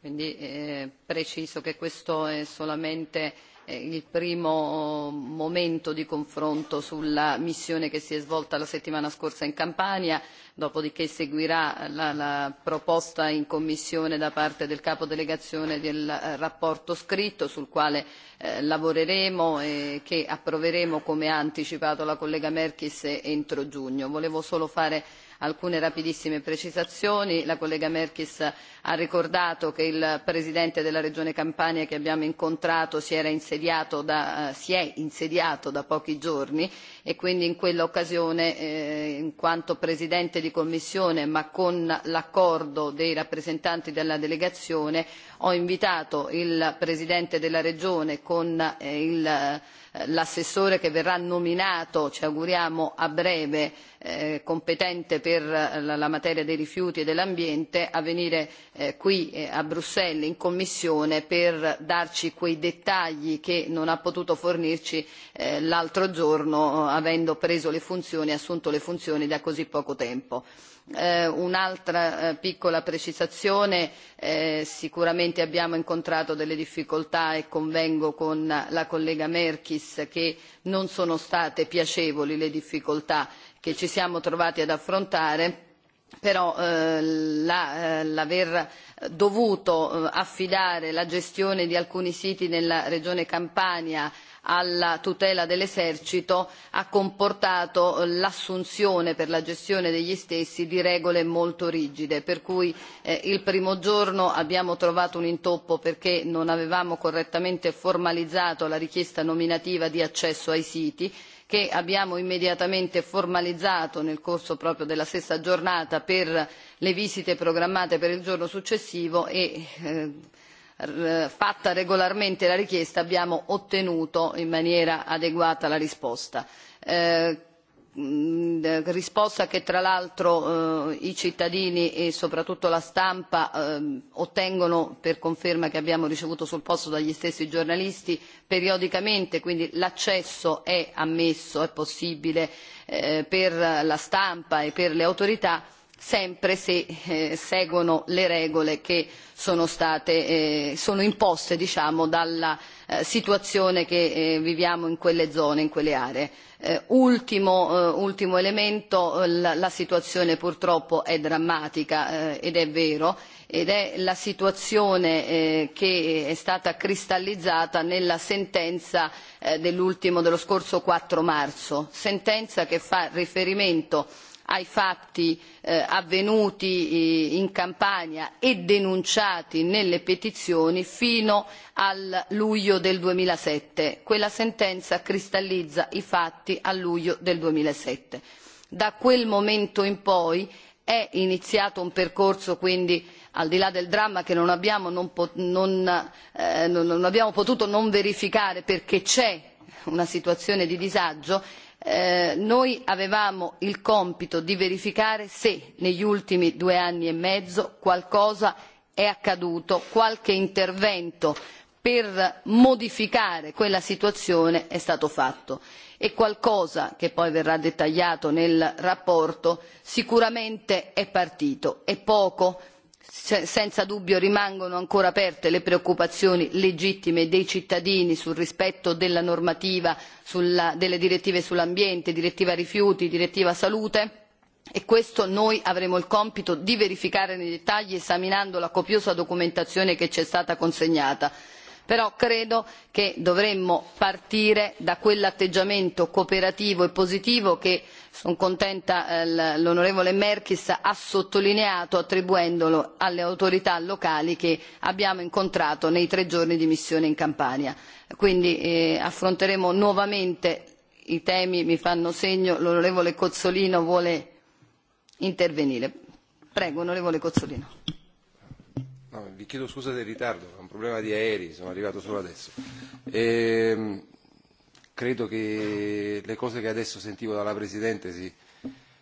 quindi eh, preciso che questo è solamente il primo momento di confronto sulla missione che si è svolta la settimana scorsa in Campania, dopodiché seguirà la, la proposta in commissione da parte del capo delegazione del eh, rapporto scritto sul quale eh, lavoreremo e che approveremo come ha anticipato la collega Merkis entro giugno. Volevo solo fare alcune rapidissime precisazioni la collega merkies ha ricordato che il presidente della regione campania che abbiamo incontrato si eh, è insediato da pochi giorni e quindi in quell'occasione eh, in quanto presidente di commissione ma con l'accordo dei rappresentanti della delegazione ho invitato il presidente della regione con eh, eh, l'assessore che verrà nominato ci auguriamo a breve eh, competente per la, materia dei rifiuti e dell'ambiente a venire qui a Bruxelles in commissione per darci quei dettagli che non ha potuto fornirci l'altro giorno avendo preso le funzioni assunto le funzioni da così poco tempo Eh, un'altra eh, piccola precisazione eh, sicuramente abbiamo incontrato delle difficoltà e convengo con la collega merkies che non sono state piacevoli le difficoltà che ci siamo trovati ad affrontare però eh, eh, l'aver dovuto eh, affidare la gestione di alcuni siti nella regione Campania alla tutela dell'esercito ha comportato l'assunzione per la gestione degli stessi di regole molto rigide per cui il primo giorno abbiamo trovato un intoppo perché non avevamo correttamente formalizzato la richiesta nominativa di accesso ai siti che abbiamo immediatamente formalizzato nel corso proprio della stessa giornata per le visite programmate per il giorno successivo e eh, fatta regolarmente la richiesta abbiamo ottenuto in maniera adeguata la risposta. Eh, Eh, risposta che tra l'altro eh, i cittadini e soprattutto la stampa ehm, ottengono per conferma che abbiamo ricevuto sul posto dagli stessi giornalisti periodicamente quindi l'accesso è ammesso è possibile eh, per la stampa e per le autorità sempre se seguono le regole che sono state sono imposte diciamo dalla Eh, situazione che eh, viviamo in quelle zone, in quelle aree. Eh, ultimo, ultimo elemento, la, la situazione purtroppo è drammatica ed è vero ed è la situazione eh, che è stata cristallizzata nella sentenza eh, dell'ultimo dello scorso 4 marzo, sentenza che fa riferimento ai fatti eh, avvenuti eh, in Campania e denunciati nelle petizioni fino al luglio del duemilasette Quella sentenza cristallizza i fatti a luglio del duemilasette Da quel momento in poi è iniziato un percorso quindi al di là del dramma che non abbiamo, non po- non, eh, non abbiamo potuto non verificare perché c'è una situazione di disagio Eh, noi avevamo il compito di verificare se negli ultimi due anni e mezzo qualcosa è accaduto qualche intervento per modificare quella situazione è stato fatto e qualcosa che poi verrà dettagliato nella relazione sicuramente è partito è poco senza dubbio rimangono ancora aperte le preoccupazioni legittime dei cittadini sul rispetto della normativa sulla, delle direttive sull'ambiente direttiva rifiuti direttiva salute e questo noi avremo il compito di verificare nei dettagli esaminando la copiosa documentazione che ci è stata consegnata però credo che dovremmo partire da quell'atteggiamento cooperativo e positivo che sono contenta eh, l'onorevole merkies ha sottolineato attribuendolo alle autorità locali che abbiamo incontrato nei tre giorni di missione in campania quindi eh, affronteremo nuovamente i temi mi fanno segno l'onorevole cozzolino vuole intervenire. prego onorevole cozzolino. No, vi chiedo scusa del ritardo, è un problema di aerei, sono arrivato solo adesso. Ehm, credo che le cose che adesso sentivo dalla Presidente si,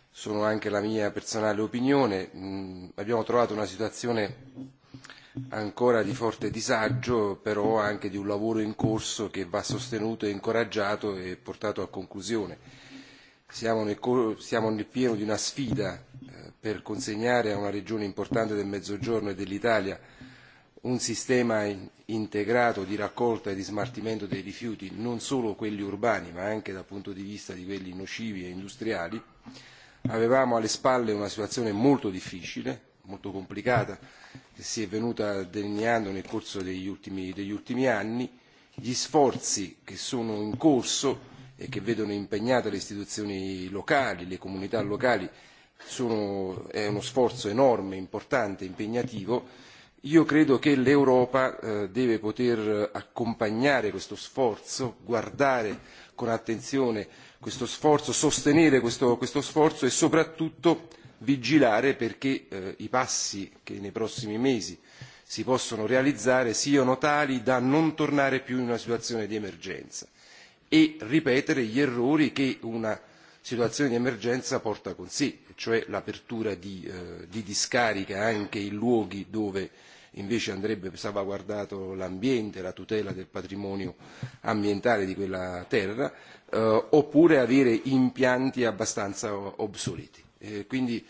sono anche la mia personale opinione. Mm, abbiamo trovato una situazione ancora di forte disagio, però anche di un lavoro in corso che va sostenuto e incoraggiato e portato a conclusione. Siamo nel, siamo nel pieno di una sfida eh, per consegnare a una regione importante del Mezzogiorno e dell'Italia un sistema integrato di raccolta e di smaltimento dei rifiuti, non solo quelli urbani ma anche dal punto di vista di quelli nocivi e industriali. Avevamo alle spalle una situazione molto difficile, molto complicata, che si è venuta delineando nel corso degli ultimi, degli ultimi anni. Gli sforzi che sono in corso e che vedono impegnate le istituzioni locali, le comunità locali, sono, è uno sforzo enorme, importante, impegnativo io credo che l'europa eh, debba poter eh, accompagnare questo sforzo guardare con attenzione questo sforzo sostenere questo, sforzo e soprattutto vigilare perché eh, i passi che nei prossimi mesi si possono realizzare siano tali da non tornare più in una situazione di emergenza e ripetere gli errori che una situazioni di emergenza porta con sé, e cioè l'apertura di, eh, di discariche anche in luoghi dove invece andrebbe salvaguardato l'ambiente, la tutela del patrimonio ambientale di quella terra, eh, oppure avere impianti abbastanza obsoleti. Eh, quindi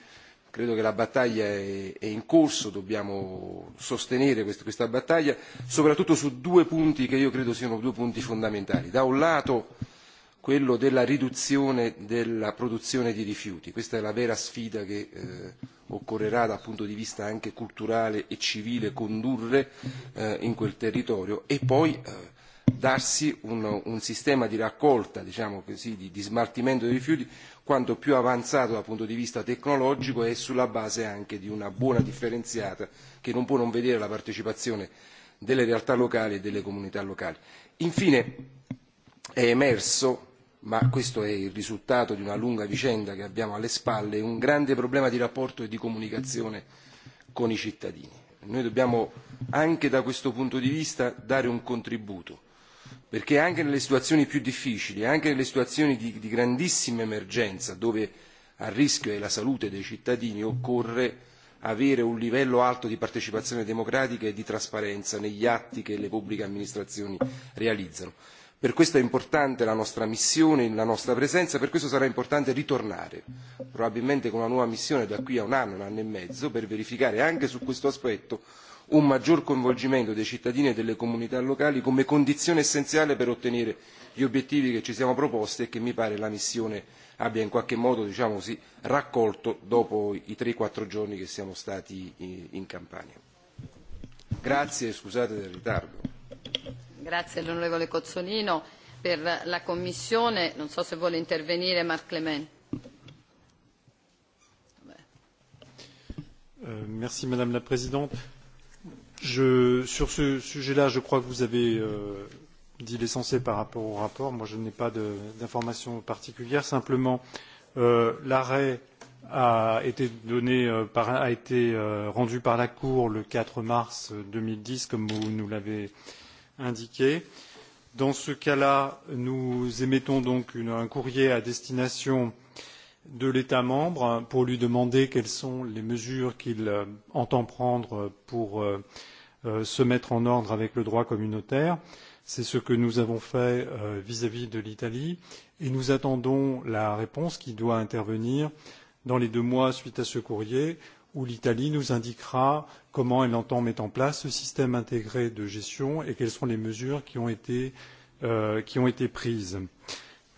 credo che la battaglia è, è in corso, dobbiamo sostenere quest, questa battaglia, soprattutto su due punti che io credo siano due punti fondamentali. Da un lato quello della riduzione della produzione di rifiuti. Questa è la vera sfida che eh, occorrerà dal punto di vista anche culturale e civile condurre eh, in quel territorio e poi eh, darsi un, un sistema di raccolta, diciamo così, di, di smaltimento dei rifiuti quanto più avanzato dal punto di vista tecnologico e sulla base anche di una buona differenziata che non può non vedere la partecipazione delle realtà locali e delle comunità locali. Infine è emerso ma questo è il risultato di una lunga vicenda che abbiamo alle spalle, un grande problema di rapporto e di comunicazione con i cittadini. Noi dobbiamo anche da questo punto di vista dare un contributo, perché anche nelle situazioni più difficili, anche nelle situazioni di, di grandissima emergenza, dove a rischio è la salute dei cittadini, occorre avere un livello alto di partecipazione democratica e di trasparenza negli atti che le pubbliche amministrazioni realizzano Per questo è importante la nostra missione, la nostra presenza, per questo sarà importante ritornare, probabilmente con una nuova missione da qui a un anno, un anno e mezzo, per verificare anche su questo aspetto un maggior coinvolgimento dei cittadini e delle comunità locali come condizione essenziale per ottenere gli obiettivi che ci siamo proposti e che mi pare la missione abbia in qualche modo diciamo così, raccolto dopo i tre quattro giorni che siamo stati eh, in Campania. Grazie e scusate del ritardo. Grazie all'onorevole Cozzolino. Per la Commissione, non so se vuole intervenire Marc Clement. Euh, merci Madame la Présidente. Je, sur ce sujet-là, je crois que vous avez euh, dit l'essentiel par rapport au rapport. Moi, je n'ai pas d'informations particulières. Simplement, euh, l'arrêt a été, donné, euh, par, a été euh, rendu par la Cour le 4 mars 2010, comme vous nous l'avez euh, indiqué. Dans ce cas-là, nous émettons donc une, un courrier à destination de l'État membre pour lui demander quelles sont les mesures qu'il euh, entend prendre pour euh, euh, se mettre en ordre avec le droit communautaire. C'est ce que nous avons fait vis-à-vis -vis de l'Italie et nous attendons la réponse qui doit intervenir dans les deux mois suite à ce courrier où l'Italie nous indiquera comment elle entend mettre en place ce système intégré de gestion et quelles sont les mesures qui ont été, euh, qui ont été prises.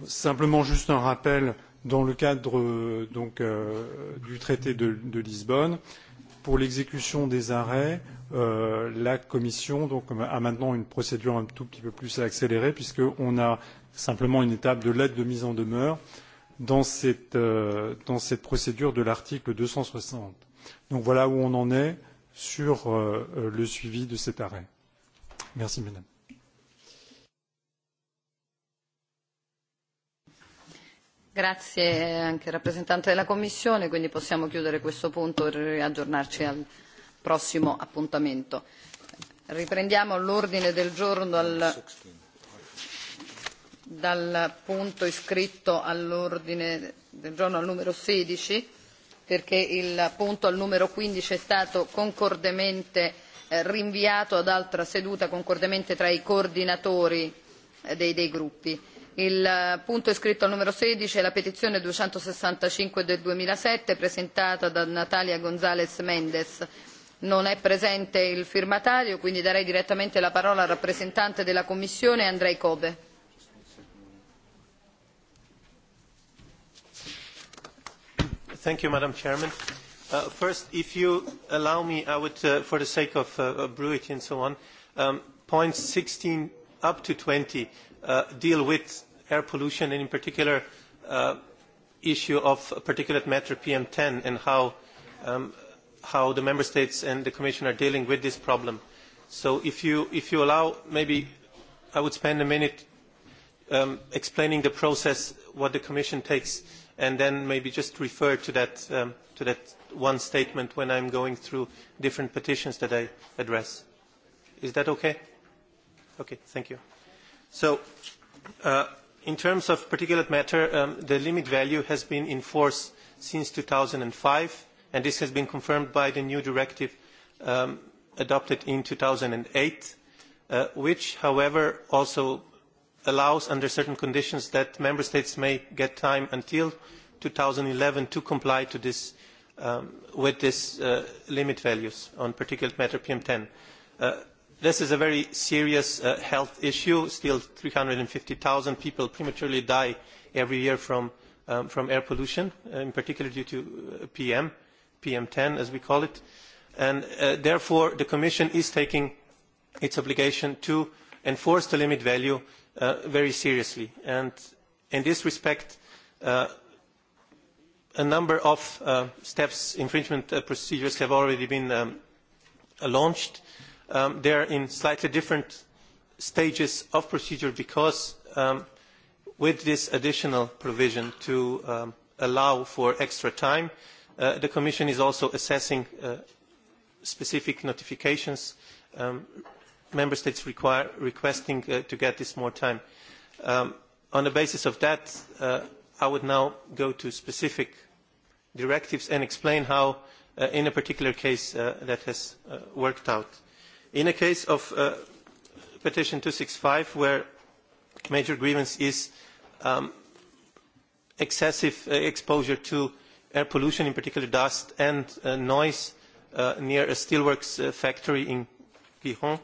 Simplement juste un rappel dans le cadre donc, euh, du traité de, de Lisbonne, pour l'exécution des arrêts, euh, la Commission donc, a maintenant une procédure un tout petit peu plus accélérée puisqu'on a simplement une étape de lettre de mise en demeure dans cette, euh, dans cette procédure de l'article 260 Donc voilà où on en est sur euh, euh, le suivi de cet arrêt. Merci, madame. Grazie anche al rappresentante della Commissione, quindi possiamo chiudere questo punto e aggiornarci al prossimo appuntamento. Riprendiamo l'ordine del giorno dal, dal punto iscritto all'ordine del giorno al numero 16 perché il punto al numero quindici è stato concordemente eh, rinviato ad altra seduta concordemente tra i coordinatori eh, dei, gruppi. Il eh, punto iscritto al numero sedici è la petizione duecentosessantacinque del duemilasette presentata da Natalia González mendez. Non è presente il firmatario, quindi darei direttamente la parola al rappresentante della Commissione, andrej Kobe Thank you, Madam Chairman. Uh, first, if you allow me, I would, uh, for the sake of, uh, of brevity and so on, um, points 16 up to 20 uh, deal with air pollution and in particular uh, issue of particulate matter PM10 and how, um, how the Member States and the Commission are dealing with this problem. So if you, if you allow, maybe I would spend a minute um, explaining the process, what the Commission takes uh, and then maybe just refer to that, um, to that one statement when I'm going through different petitions that I address. Is that okay? Okay, thank you. So, uh, in terms of particulate matter, um, the limit value has been in force since 2005, and this has been confirmed by the new directive um, adopted in 2008, uh, which, however, also allows under certain conditions that member states may get time until 2011 to comply to this, um, with these uh, limit values on particulate matter PM10. Uh, this is a very serious uh, health issue. Still zero people prematurely die every year from, um, air pollution, in particular due to PM, PM10 as we call it. And therefore the Commission is taking its obligation to enforce the limit value Uh, very seriously. And in this respect, uh, a number of uh, steps, infringement procedures have already been um, launched. Um, they are in slightly different stages of procedure because um, with this additional provision to allow for extra time, the commission is also assessing specific notifications member states require, requesting uh, to get this more time. Um, on the basis of that, uh, I would now go to specific directives and explain how, uh, in a particular case, uh, that has uh, worked out. In a case of uh, petition 265, where major grievance is um, excessive uh, exposure to air pollution, in particular dust and uh, noise, uh, near a steelworks uh, factory in Gijón,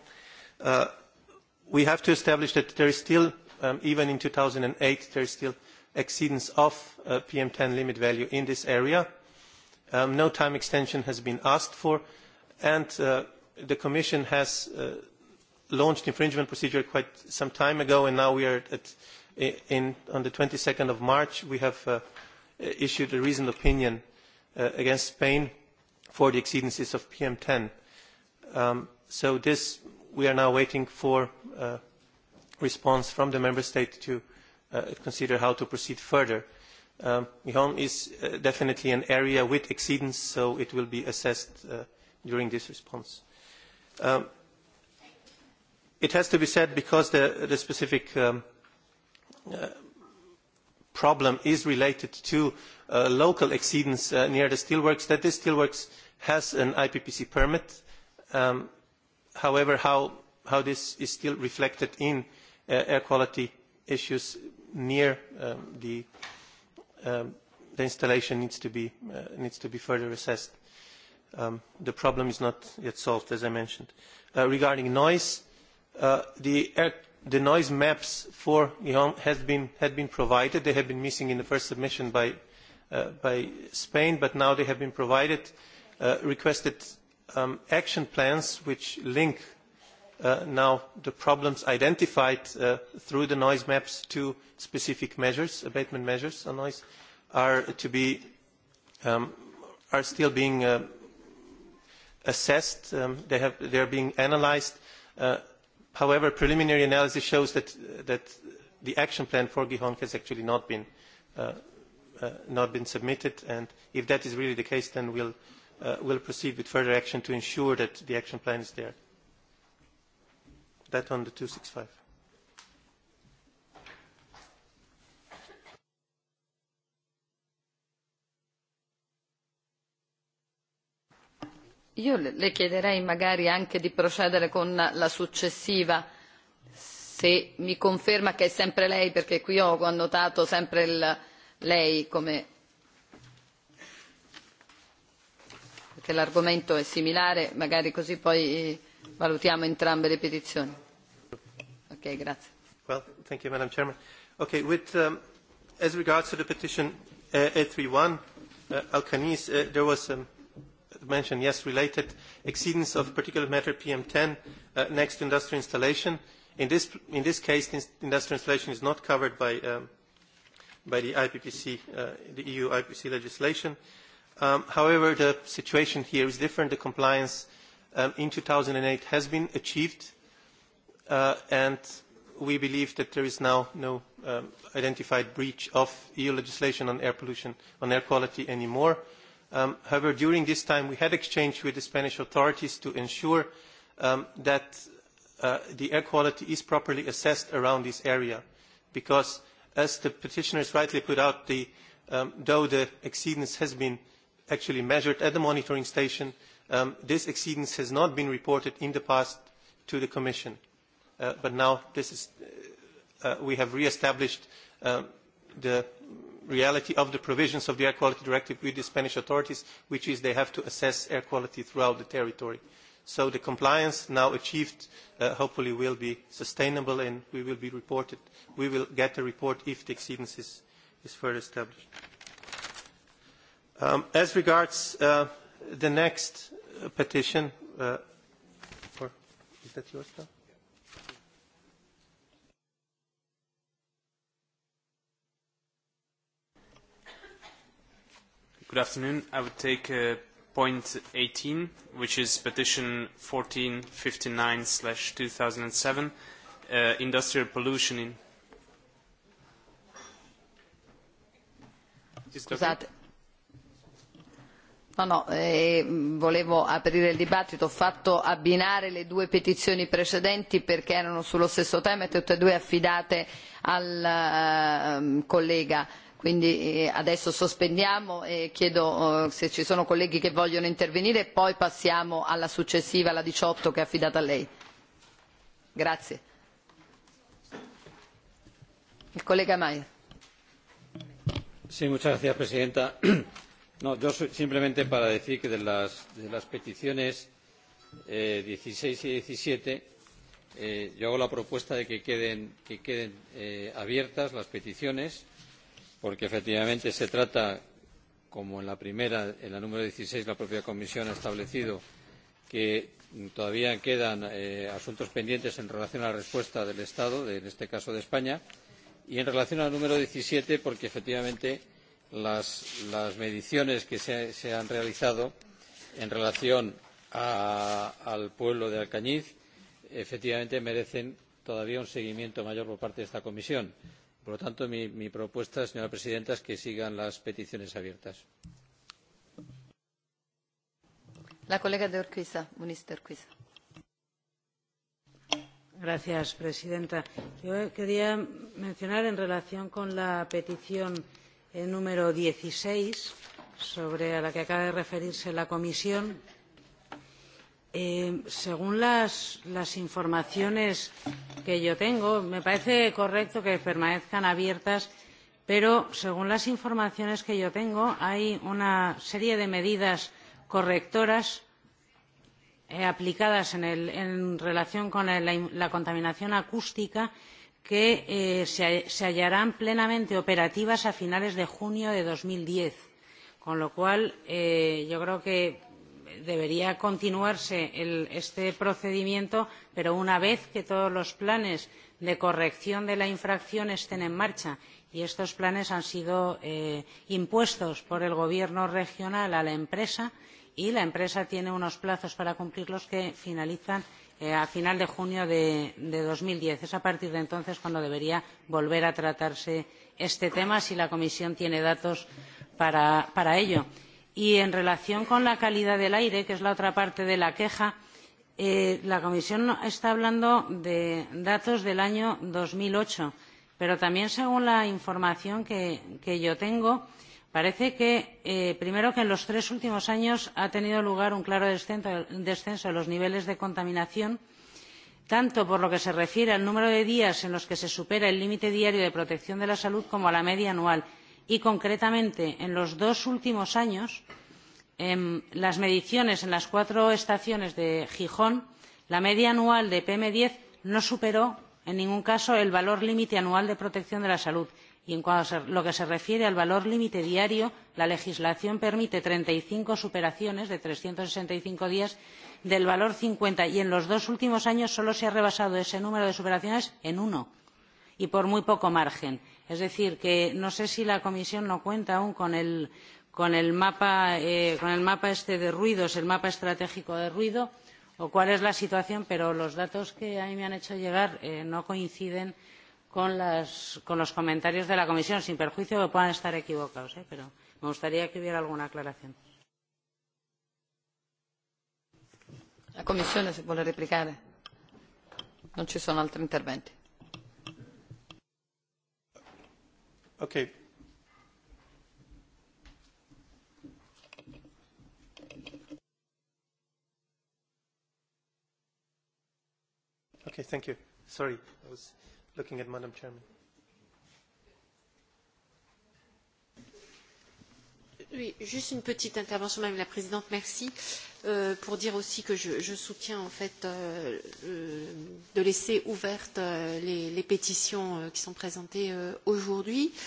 Uh, we have to establish that there is still, um, even in two 2008, there is still exceedance of uh, pm ten limit value in this area. Um, no time extension has been asked for, and uh, the Commission has uh, launched infringement procedure quite some time ago, and now we are on the 22nd of March, we have uh, issued a reasoned opinion against Spain for the exceedances of pm ten um, so this we are now waiting for a uh, response from the member state to uh, consider how to proceed further. gihon um, is uh, definitely an area with exceedance, so it will be assessed during this response. Um, it has to be said because the, specific um, problem is related to local exceedance near the steelworks, that this steelworks has an IPPC permit however, how, this is still reflected in uh, air quality issues near um, um, the, installation needs to be, uh, further assessed. Um, the problem is not yet solved, as I mentioned. Uh, regarding noise, the, noise maps for Lyon had been provided. They had been missing in the first submission by, Spain, but now they have been provided, requested Um, action plans which link uh, now the problems identified uh, through the noise maps to specific measures, abatement measures on noise, are to be um, are still being uh, assessed. Um, they have they are being analysed. however, preliminary analysis shows that that the action plan for Gihon has actually not been uh, uh, not been submitted. And if that is really the case, then we'll Uh, will proceed with further action to ensure that the action plan is there. That on the 265. Io le chiederei magari anche di procedere con la successiva, se mi conferma che è sempre lei, perché qui ho annotato sempre il, lei come che l'argomento è similare, magari così poi eh, valutiamo entrambe le petizioni. Ok, grazie. Well, thank you, Madam Chairman. Okay, with, um, as regards to the petition A31, uh, uh Alcanis, uh, there was um, mentioned, yes, related exceedance of particulate matter PM10 uh, next to industrial installation. In this, in this case, the industrial installation is not covered by, um, by the IPPC, uh, the EU IPPC legislation. Uh, Um, however, the situation here is different. The compliance um, thousand in 2008 has been achieved, uh, and we believe that there is now no um, identified breach of EU legislation on air pollution, on air quality anymore. more. however, during this time, we had exchange with the Spanish authorities to ensure that uh, the air quality is properly assessed around this area, because as the petitioners rightly put out, though the exceedance has been actually measured at the monitoring station, um, this exceedance has not been reported in the past to the Commission. Uh, but now this is, uh, uh, we have re-established um, the reality of the provisions of the air quality directive with the Spanish authorities, which is they have to assess air quality throughout the territory. So the compliance now achieved uh, hopefully will be sustainable and we will be reported. We will get a report if the exceedance is, is further established. Um, as regards uh, the next uh, petition, uh, is that yours now? Good afternoon. I would take uh, point 18, which is petition 1459/2007, uh, industrial pollution in. Scusate, Eh, volevo aprire il dibattito, ho fatto abbinare le due petizioni precedenti perché erano sullo stesso tema e tutte e due affidate al ehm, collega quindi eh, adesso sospendiamo e chiedo eh, se ci sono colleghi che vogliono intervenire e poi passiamo alla successiva la diciotto che è affidata a lei. Grazie. Il collega Mayer. Sì, muchas gracias, Presidenta simplemente para decir que de las, peticiones eh, dieciséis y diecisiete eh, yo hago la propuesta de que queden, eh, abiertas las peticiones porque efectivamente se trata como en la primera en la número dieciséis la propia comisión ha establecido que todavía quedan asuntos pendientes en relación con la respuesta del estado en este caso de españa y en relación con la número diecisiete porque efectivamente las, mediciones que se, se han realizado en relación a, al pueblo de Alcañiz efectivamente merecen todavía un seguimiento mayor por parte de esta comisión. Por lo tanto, mi, mi propuesta, señora presidenta, es que sigan las peticiones abiertas. La colega de Urquiza, minister Urquiza. Gracias, presidenta. Yo quería mencionar en relación con la petición Eh, número dieciséis sobre la que acaba de referirse la comisión eh, según las, informaciones que yo tengo me parece correcto que permanezcan abiertas pero según las informaciones que yo tengo hay una serie de medidas correctoras eh, aplicadas en, relación con la, la contaminación acústica que que eh, se, hallarán plenamente operativas a finales de junio de dos mil diez con lo cual eh, yo creo que debería continuarse este procedimiento pero una vez que todos los planes de corrección de la infracción estén en marcha y estos planes han sido eh, impuestos por el gobierno regional a la empresa y la empresa tiene unos plazos para cumplirlos que finalizan Eh, a final de junio de, dos mil diez Es a partir de entonces cuando debería volver a tratarse este tema, si la Comisión tiene datos para, ello. Y en relación con la calidad del aire, que es la otra parte de la queja, eh, la Comisión está hablando de datos del año dos mil ocho pero también según la información que, yo tengo, eh, parece eh, primero que en los tres últimos años ha tenido lugar un claro descenso de los niveles de contaminación tanto por lo que se refiere al número de días en los que se supera el límite diario de protección de la salud como a la media anual y concretamente en los dos últimos años en las mediciones en las cuatro estaciones de gijón la media anual de pm diez no superó en ningún caso el valor límite anual de protección de la salud y en lo que se refiere al valor límite diario la legislación permite treinta y cinco superaciones de trescientos sesenta y cinco días del valor cincuenta y en los dos últimos años solo se ha rebasado ese número de superaciones en uno y por muy poco margen. es decir que no sé si la comisión no cuenta aún con el, eh, mapa, este de ruidos el mapa estratégico de ruido o cuál es la situación pero los datos que a mí me han hecho llegar eh, no coinciden con con, las, con los comentarios de la comisión sin perjuicio de que puedan estar equivocados ¿eh? pero me gustaría que hubiera alguna aclaración. La se ci altri interventi. thank you. Sorry, I was looking at Madam Chairman. Oui, juste une petite intervention, Madame la Présidente, merci, euh, pour dire aussi que je, je soutiens en fait euh, euh, de laisser ouvertes euh, les, les pétitions euh, qui sont présentées euh, aujourd'hui. Euh,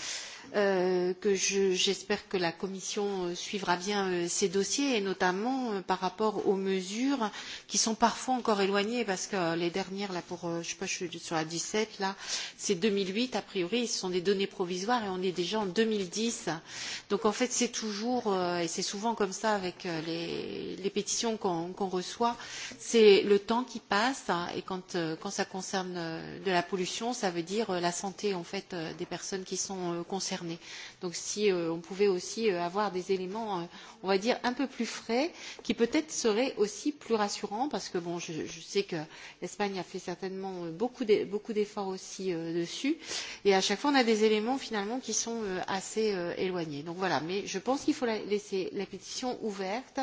Euh, que j'espère je, que la Commission euh, suivra bien euh, ces dossiers et notamment par rapport aux mesures qui sont parfois encore éloignées parce que les dernières, là pour, je sais pas, je suis sur la 17, là, c'est 2008, a priori, ce sont des données provisoires et on est déjà en 2010. Donc en fait, c'est toujours, et c'est souvent comme ça avec les, les pétitions qu'on qu reçoit, c'est le temps qui passe et quand, quand ça concerne de la pollution, ça veut dire la santé en fait des personnes qui sont concernées concernés. Donc si euh, on pouvait aussi euh, avoir des éléments, euh, on va dire, un peu plus frais, qui peut-être seraient aussi plus rassurants, parce que bon, je, je sais que l'Espagne a fait certainement euh, beaucoup d'efforts aussi euh, dessus, et à chaque fois on a des éléments finalement qui sont euh, assez euh, éloignés. Donc voilà, mais je pense qu'il faut la, laisser la pétition ouverte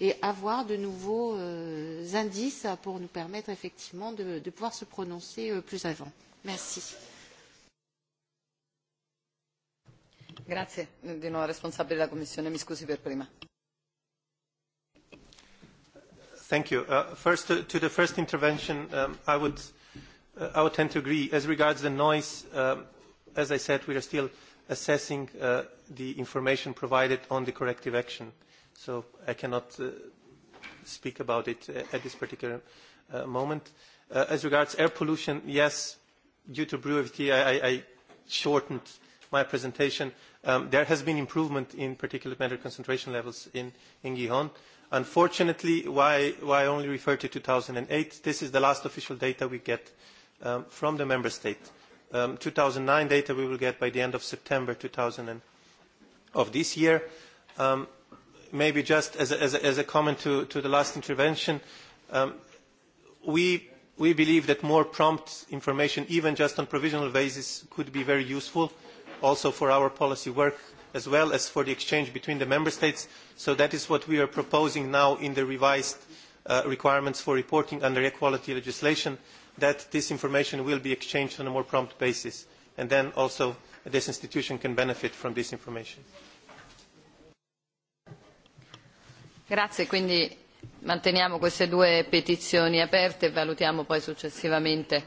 et avoir de nouveaux euh, indices pour nous permettre effectivement de, de pouvoir se prononcer euh, plus avant. Merci. Uh, first, uh, to, the first intervention, um, uh, I, would, tend to agree. As regards the noise, um, as I said, we are still assessing the information provided on the corrective action. So I cannot speak about it at this particular moment. as regards air pollution, yes, due to brevity i brew FT, I, I shortened question my presentation, um, there has been improvement in particulate matter concentration levels in, in Gihon. Unfortunately, why, why I only refer to 2008, this is the last official data we get um, from the member state. Um, 2009 data we will get by the end of September 2000 and, of this year. Um, maybe just as a, as a, as a comment to, to the last intervention, um, we we believe that more prompt information, even just on provisional basis, could be very useful also for our policy work as well as for the exchange between the member states. So that is what we are proposing now in the revised uh, requirements for reporting under equality legislation, that this information will be exchanged on a more prompt basis. And then also this institution can benefit from this information. Grazie, quindi manteniamo queste due petizioni aperte e valutiamo poi successivamente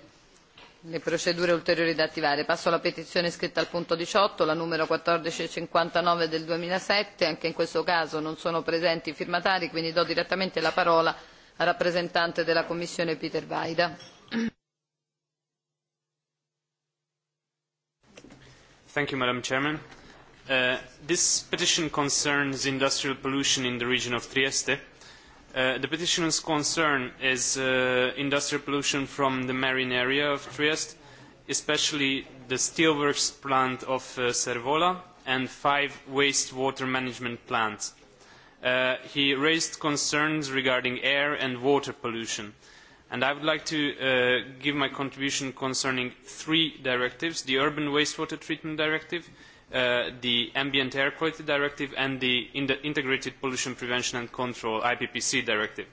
le procedure ulteriori da attivare. Passo alla petizione scritta al punto 18, la numero 1459 del 2007. Anche in questo caso non sono presenti i firmatari, quindi do direttamente la parola al rappresentante della Commissione Peter Vaida. Thank you, Madam Chairman. Uh, this petition concerns industrial pollution in the region of Trieste Uh, the petitioner's concern is uh, industrial pollution from the marine area of Trieste, especially the steelworks plant of uh, and five wastewater management plants. Uh, he raised concerns regarding air and water pollution. And I would like to uh, give my contribution concerning three directives, the Urban Wastewater Treatment Directive, Uh, the Ambient Air Quality Directive and the, Integrated Pollution Prevention and Control IPPC Directive.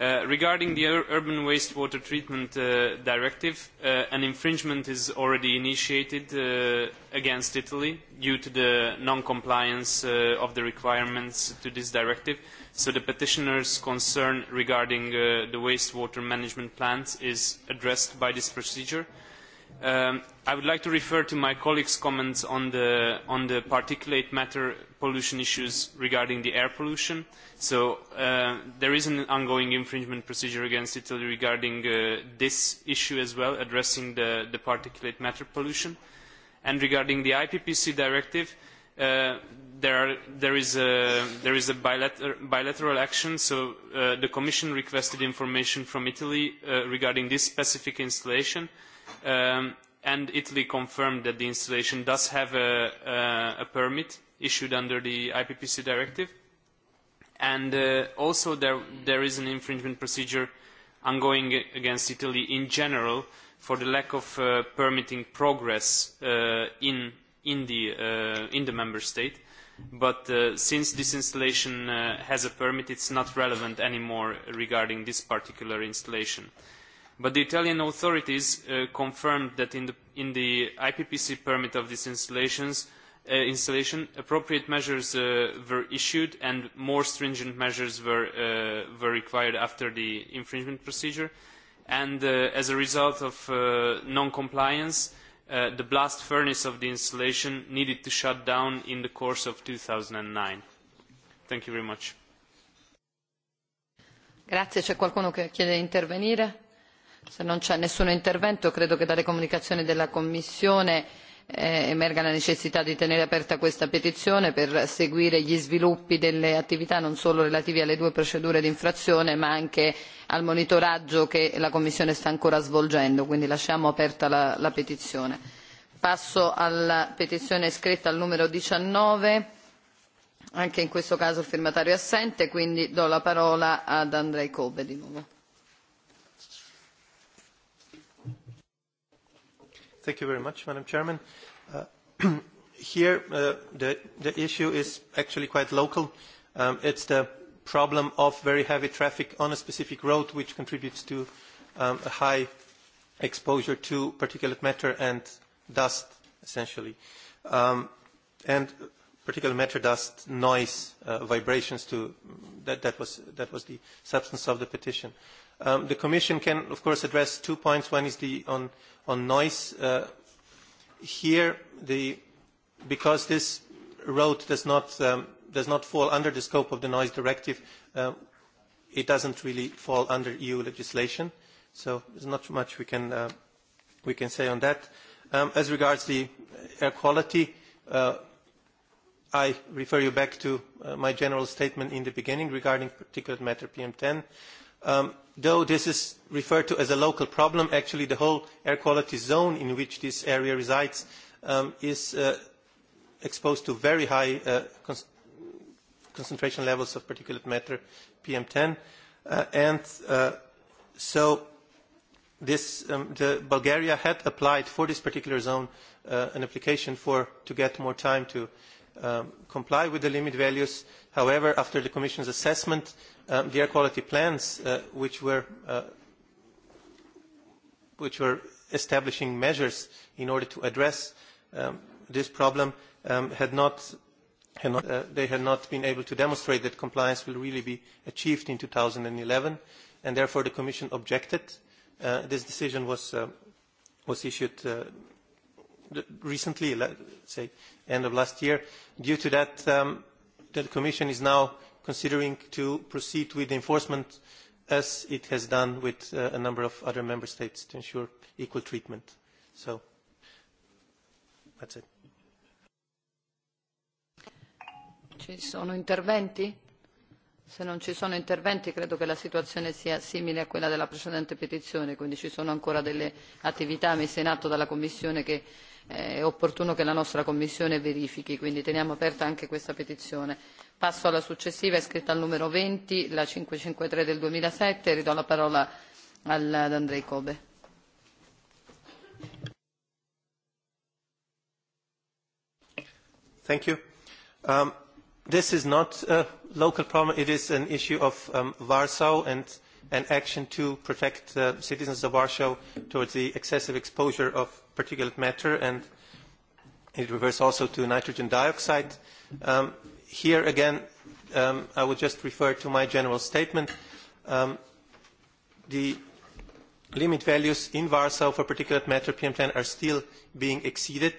Uh, regarding the Ur Urban Wastewater Treatment uh, Directive, uh, an infringement is already initiated against Italy due to the non-compliance of the requirements to this directive. So the petitioner's concern regarding the wastewater management plans is addressed by this procedure Um, I would like to refer to my colleague's comments on the, on the particulate matter pollution issues regarding the air pollution. So uh, there is an ongoing infringement procedure against Italy regarding uh, this issue as well, addressing the, the particulate matter pollution. And regarding the IPPC directive, uh, there, are, there is a, there is a bilater, bilateral action, so uh, the Commission requested information from Italy uh, regarding this specific installation, uh, Um, and Italy confirmed that the installation does have a, a, uh, a permit issued under the IPPC directive. And uh, also there, there is an infringement procedure ongoing against Italy in general for the lack of uh, permitting progress uh, in, in, the, uh, in the member state. But uh, since this installation uh, has a permit, it's not relevant anymore regarding this particular installation. Uh, but the Italian authorities uh, confirmed that in the, IPPC permit of this uh, installation, appropriate measures uh, were issued and more stringent measures were, required after the infringement procedure. And as a result of non-compliance, the blast furnace of the installation needed to shut down in the course of two thousand and nine Thank you very much se non c'è nessun intervento credo che dalle comunicazioni della commissione eh, emerga la necessità di tenere aperta questa petizione per seguire gli sviluppi delle attività non solo relativi alle due procedure di infrazione ma anche al monitoraggio che la commissione sta ancora svolgendo quindi lasciamo aperta la, la petizione. passo alla petizione scritta al numero diciannove anche in questo caso il firmatario è assente quindi do la parola ad andrej kobe di nuovo. Thank you very much, Madam Chairman. Uh, here, uh, the, the issue is actually quite local. Um, it's the problem of very heavy traffic on a specific road, which contributes to um, a high exposure to particulate matter and dust, essentially. Um, and particulate matter, dust, noise, uh, vibrations, to, that, that, was, that was the substance of the petition. Um, the Commission can, of course, address two points. One is the, on on noise, uh, here the, because this road does not, um, does not fall under the scope of the noise directive, uh, it doesn't really fall under EU legislation. So there's not much we can, uh, we can say on that. Um, as regards the air quality, uh, I refer you back to uh, my general statement in the beginning regarding particulate matter PM10. Um, though this is referred to as a local problem, actually the whole air quality zone in which this area resides um, is uh, exposed to very high uh, con concentration levels of particulate matter, PM10. Uh, and uh, so this, um, the Bulgaria had applied for this particular zone uh, an application for, to get more time to um, comply with the limit values. However, after the Commission's assessment, um, the air quality plans uh, which were uh, which were establishing measures in order to address um, this problem um, had not, had not uh, they had not been able to demonstrate that compliance will really be achieved in 2011 and therefore the commission objected uh, this decision was uh, was issued uh, recently let's say end of last year due to that um, the commission is now considering to proceed with enforcement as it has done with uh, a number of other member states to ensure equal treatment. So that's it. Ci sono interventi? Se non ci sono interventi credo che la situazione sia simile a quella della precedente petizione, quindi ci sono ancora delle attività messe in atto dalla Commissione che eh, è opportuno che la nostra Commissione verifichi, quindi teniamo aperta anche questa petizione passo alla successiva è iscritta al numero venti la cinquecentocinquantatré del duemilasette e ridò la parola ad kobe. Thank you. Um, this is not a local problem. It is an issue of um, Warsaw and an action to protect uh, citizens of Warsaw towards the excessive exposure of particulate matter and it refers also to nitrogen dioxide. Um, here again, um, I would just refer to my general statement. Um, the limit values in Warsaw for particulate matter PM10 are still being exceeded.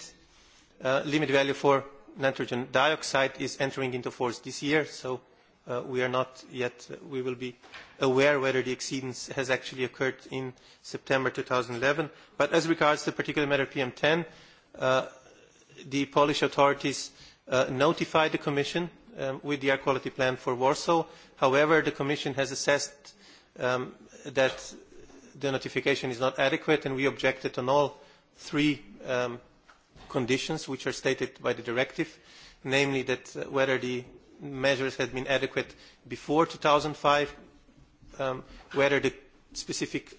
Uh, limit value for nitrogen dioxide is entering into force this year, so uh, we are not yet, uh, we will be aware whether the exceedance has actually occurred in September 2011. But as regards the particulate matter PM10, uh, the Polish authorities Uh, notify the Commission um, with the air quality plan for Warsaw. However, the Commission has assessed um, that the notification is not adequate and we objected on all three um, conditions which are stated by the directive, namely that uh, whether the measures had been adequate before 2005, five whether the specific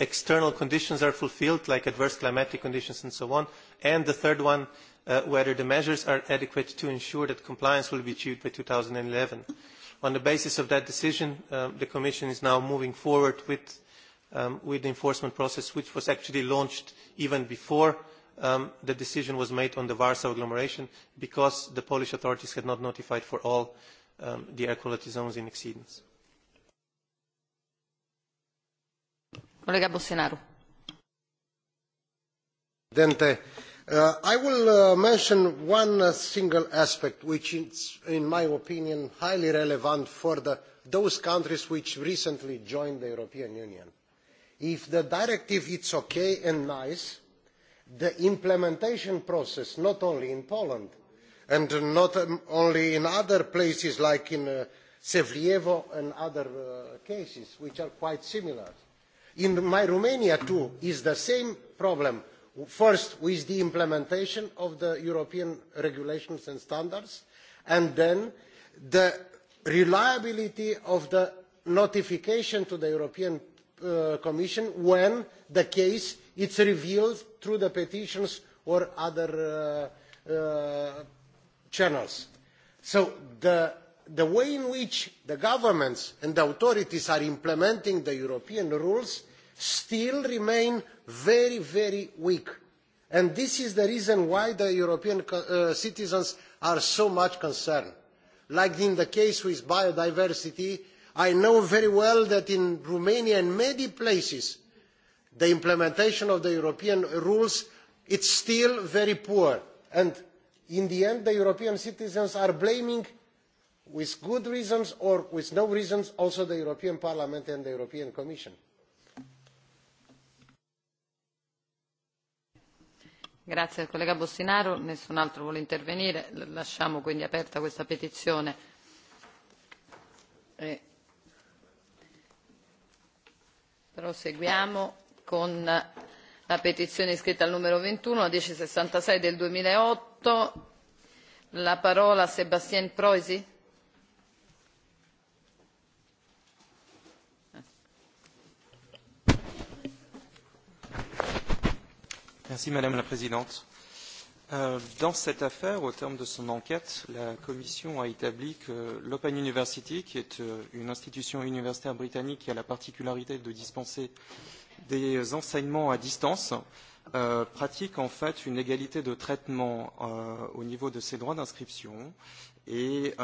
external conditions are fulfilled, like adverse climatic conditions and so on, and the third one Uh, whether the measures are adequate to ensure that compliance will be achieved by two thousand and eleven On the basis of that decision, um, the Commission is now moving forward with, um, with the enforcement process, which was actually launched even before um, the decision was made on the Warsaw agglomeration, because the Polish authorities had not notified for all um, the air quality zones in exceedance. Collega Bolsonaro. Uh, i will uh, mention one uh, single aspect which is in my opinion highly relevant for those countries which recently joined the european union. if the directive is ok and nice the implementation process not only in poland and not um, only in other places like in sevlievo and other cases which are quite similar in my romania too is the same problem first with the implementation of the european regulations and standards and then the reliability of the notification to the european uh, commission when the case is revealed through the petitions or other uh, uh, channels. so the, the way in which the governments and the authorities are implementing the european rules still remain very very weak and this is the reason why the european uh, citizens are so much concerned. like in the case with biodiversity i know very well that in romania and many places the implementation of the european rules is still very poor and in the end the european citizens are blaming with good reasons or with no reasons also the european parliament and the european commission. grazie al collega botinaru nessun altro vuole intervenire lasciamo quindi aperta questa petizione e proseguiamo con la petizione iscritta al numero ventiuno millasessantasei del duemilaotto la parola sébastien preuss Merci Madame la Présidente. Euh, dans cette affaire, au terme de son enquête, la Commission a établi que l'Open University, qui est euh, une institution universitaire britannique qui a la particularité de dispenser des enseignements à distance, euh, pratique en fait une égalité de traitement au niveau de ses droits d'inscription et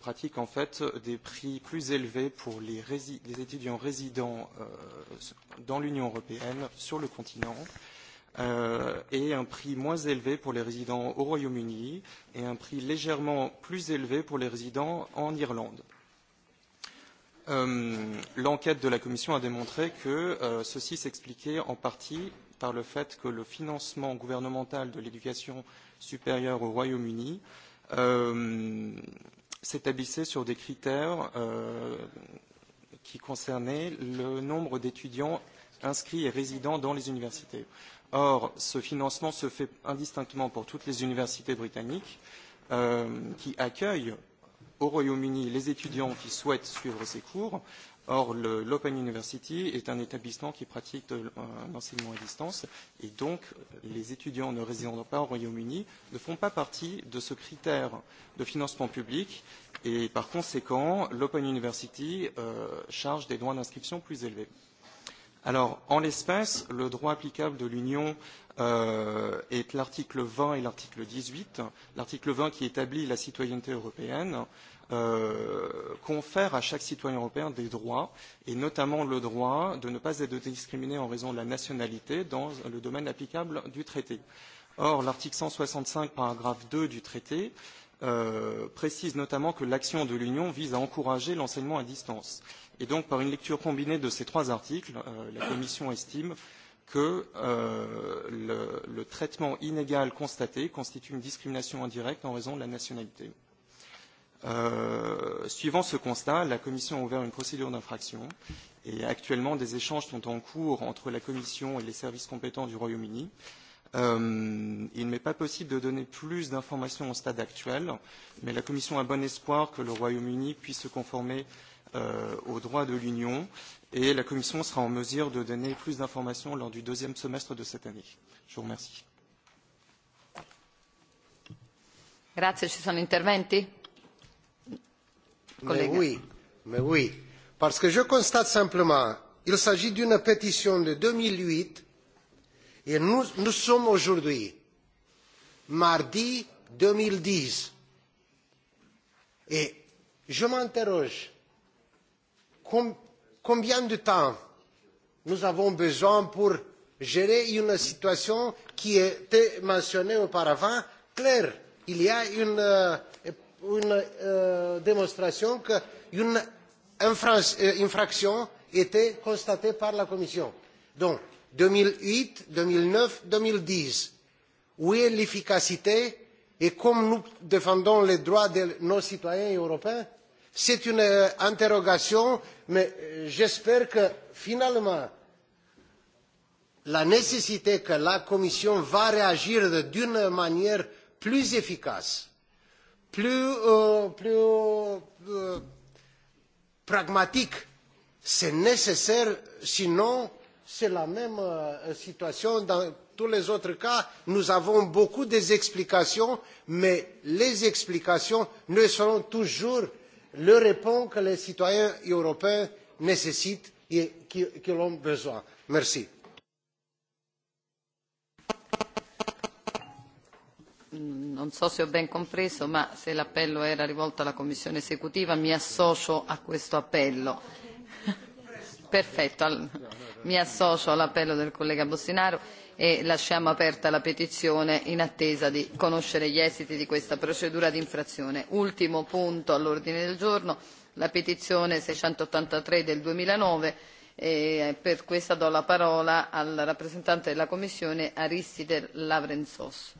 pratique en fait des prix plus élevés pour les, étudiants résidents dans l'Union européenne sur le continent euh, et un prix moins élevé pour les résidents au Royaume-Uni et un prix légèrement plus élevé pour les résidents en Irlande. Euh, L'enquête de la Commission a démontré que euh, ceci s'expliquait en partie par le fait que le financement gouvernemental de l'éducation supérieure au Royaume-Uni euh, s'établissait sur des critères euh, qui concernaient le nombre d'étudiants inscrits et résidents dans les universités. Or, ce financement se fait indistinctement pour toutes les universités britanniques euh, qui accueillent au Royaume-Uni les étudiants qui souhaitent suivre ces cours. Or, l'Open University est un établissement qui pratique de, euh, l'enseignement à distance et donc les étudiants ne résidant pas au Royaume-Uni ne font pas partie de ce critère de financement public et par conséquent, l'Open University euh, charge des droits d'inscription plus élevés. Alors, en l'espèce, le droit applicable de l'Union euh, est l'article 20 et l'article 18. L'article 20 qui établit la citoyenneté européenne euh, confère à chaque citoyen européen des droits, et notamment le droit de ne pas être discriminé en raison de la nationalité dans le domaine applicable du traité. Or, l'article 165, paragraphe 2 du traité, euh, précise notamment que l'action de l'Union vise à encourager l'enseignement à distance. Euh, Et donc, par une lecture combinée de ces trois articles, euh, la Commission estime que euh, le, le traitement inégal constaté constitue une discrimination indirecte en raison de la nationalité. Euh, suivant ce constat, la Commission a ouvert une procédure d'infraction et actuellement des échanges sont en cours entre la Commission et les services compétents du Royaume-Uni. Euh, il n'est pas possible de donner plus d'informations au stade actuel, mais la Commission a bon espoir que le Royaume-Uni puisse se conformer euh, euh, au droit de l'Union et la Commission sera en mesure de donner plus d'informations lors du deuxième semestre de cette année. Je vous remercie. Grazie, ci sono interventi? Mais oui, mais oui, parce que je constate simplement, il s'agit d'une pétition de 2008 et nous, nous sommes aujourd'hui mardi 2010. Et je m'interroge, combien de temps nous avons besoin pour gérer une situation qui était mentionnée auparavant claire il y a une, euh, une euh, démonstration qu'une euh, infraction était constatée par la commission. donc deux mille huit deux mille neuf deux mille dix où est l'efficacité et comme nous défendons les droits de nos citoyens européens c'est une euh, interrogation mais euh, j'espère que finalement la nécessité que la commission va réagir d'une manière plus efficace plus, euh, plus euh, pragmatique c'est nécessaire sinon c'est la même euh, situation dans tous les autres cas. nous avons beaucoup d'explications mais les explications ne seront toujours le répond que les citoyens européens nécessitent et qu'ils ont besoin. merci. non so se ho ben compreso ma se l'appello era rivolto alla commissione esecutiva mi associo a questo appello. perfetto mi associo all'appello del collega botinaru e lasciamo aperta la petizione in attesa di conoscere gli esiti di questa procedura di infrazione. ultimo punto all'ordine del giorno la petizione seicentottantatre del duemilanove e eh, per questa do la parola al rappresentante della commissione aristide lavrentsos.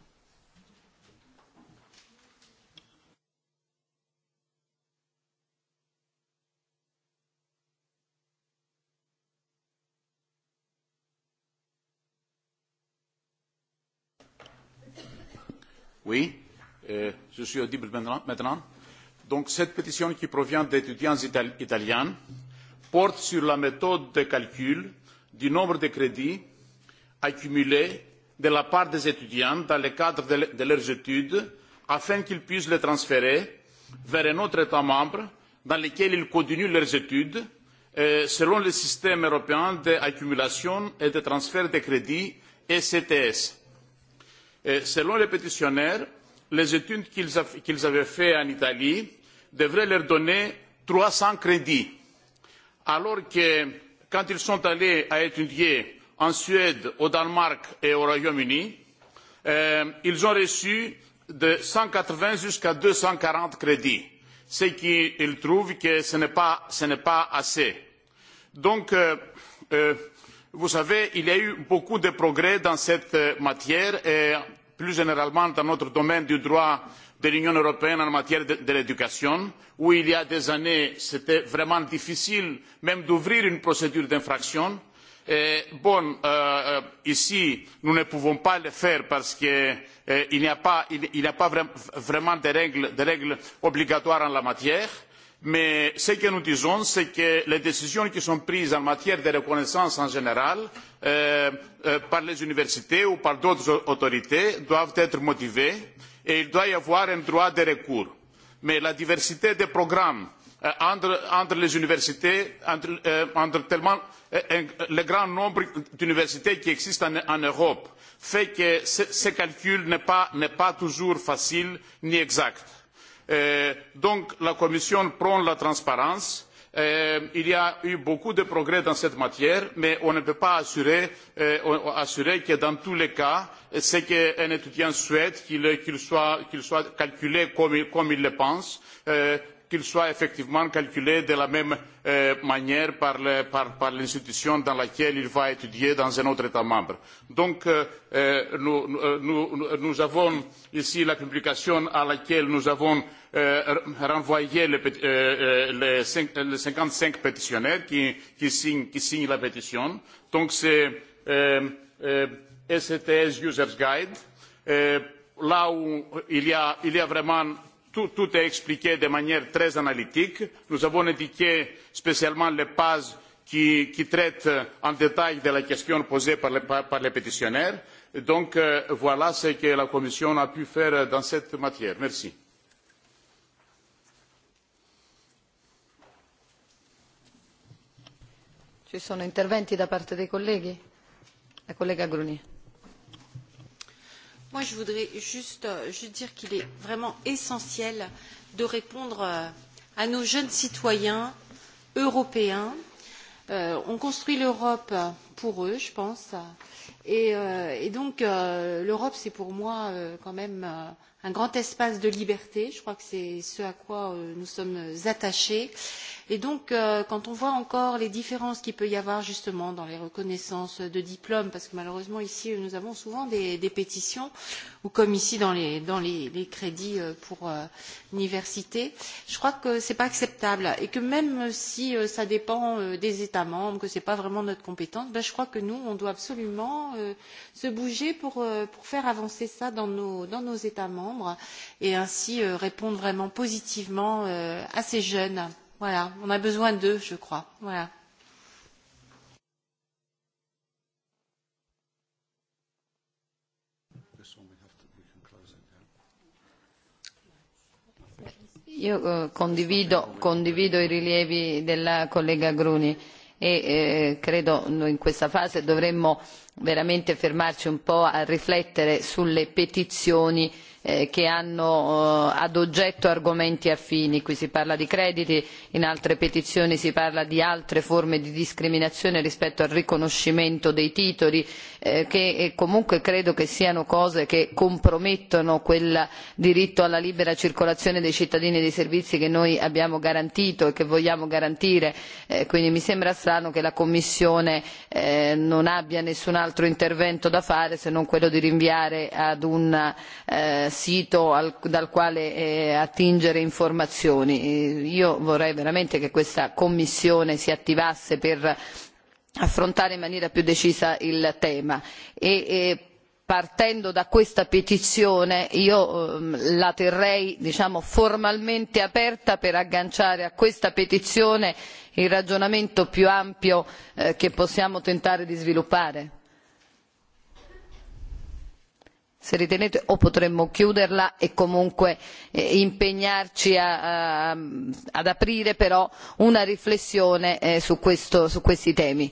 Oui, euh, je suis audible maintenant. maintenant. Donc cette pétition qui provient d'étudiants itali italiens porte sur la méthode de calcul du nombre de crédits accumulés de la part des étudiants dans le cadre de, le de leurs études afin qu'ils puissent les transférer vers un autre État membre dans lequel ils continuent leurs études euh, selon le système européen d'accumulation et de transfert de crédits ECTS Euh, selon les pétitionnaires, les études qu'ils avaient faites en Italie devraient leur donner 300 crédits, alors que quand ils sont allés à étudier en Suède, au Danemark et au Royaume-Uni, euh, ils ont reçu de 180 jusqu'à 240 crédits, ce qu'ils trouvent que ce n'est pas, ce n'est pas assez. Donc, euh, euh, vous savez, il y a eu beaucoup de progrès dans cette euh, matière et plus généralement dans notre domaine du droit de l'Union européenne en matière de, de l'éducation, où il y a des années, c'était vraiment difficile même d'ouvrir une procédure d'infraction. Eh, bon, euh, euh, ici, nous ne pouvons pas le faire parce qu'il euh, eh, n'y a pas, il, il a pas vra vraiment de règles, de règles obligatoires en la matière. Euh, mais ce que nous disons, c'est que les décisions qui sont prises en matière de reconnaissance en général euh, euh, par les universités ou par d'autres autorités doivent être motivées et il doit y avoir un droit de recours. Mais la diversité des programmes euh, entre, entre les universités, entre, euh, entre tellement euh, le grand nombre d'universités qui existent en, en Europe, fait que ce, ce calcul n'est pas, pas toujours facile ni exact E, donc la Commission prône la transparence. E, il y a eu beaucoup de progrès dans cette matière, mais on ne peut pas assurer, e, que dans tous les cas, ce qu'un étudiant souhaite, qu'il soit, calculé comme, il le pense, qu'il soit effectivement calculé de la même euh, manière par, le, par, par l'institution dans laquelle il va étudier dans un autre État membre. Donc euh, euh nous, euh, nous, nous avons ici la publication à laquelle nous avons euh, renvoyé les, euh, euh, les, les 55 pétitionnaires qui, qui, signent, qui signent la pétition. Donc c'est euh, euh, STS Users Guide. Euh, là où il y a, il y a vraiment tout, est expliqué de manière très analytique. Nous avons indiqué spécialement les pages qui, traitent en détail de la question posée par les, par pétitionnaires. donc euh, voilà ce que la Commission a pu faire en cette matière. Merci. Moi, je voudrais juste, euh, juste dire qu'il est vraiment essentiel de répondre euh, à nos jeunes citoyens européens. Euh, on construit l'Europe pour eux, je pense. Et, euh, et donc, euh, l'Europe, c'est pour moi euh, quand même euh, un grand espace de liberté je crois que c'est ce à quoi euh, nous sommes euh, attachés et donc euh, quand on voit encore les différences qu'il peut y avoir justement dans les reconnaissances de diplômes parce que malheureusement ici nous avons souvent des, des pétitions on ou comme ici dans les, dans les, les crédits euh, pour euh, l'université. Je crois que ce n'est pas acceptable et que même si euh, ça dépend euh, des États membres, que ce n'est pas vraiment notre compétence, ben, je crois que nous, on doit absolument euh, se bouger pour, euh, pour faire avancer ça dans nos, dans nos États membres et ainsi euh, répondre vraiment positivement euh, à ces jeunes. Voilà, on a besoin d'eux, je crois. Voilà. Io eh, condivido, i rilievi della collega gruny e eh, credo che in questa fase dovremmo veramente fermarci un po' a riflettere sulle petizioni eh, che hanno ad oggetto argomenti affini. Qui si parla di crediti, in altre petizioni si parla di altre forme di discriminazione rispetto al riconoscimento dei titoli Eh, che eh, comunque credo che siano cose che compromettono quel diritto alla libera circolazione dei cittadini e dei servizi che noi abbiamo garantito e che vogliamo garantire eh, quindi mi sembra strano che la commissione non abbia nessun altro intervento da fare se non quello di rinviare ad un sito dal quale attingere informazioni. io vorrei veramente che questa commissione si attivasse per affrontare in maniera più decisa il tema e, e partendo da questa petizione io ehm, la terrei diciamo formalmente aperta per agganciare a questa petizione il ragionamento più ampio eh, che possiamo tentare di sviluppare se ritenete o potremmo chiuderla e comunque eh, impegnarci a, a, ad aprire però una riflessione eh, su, questo, su questi temi.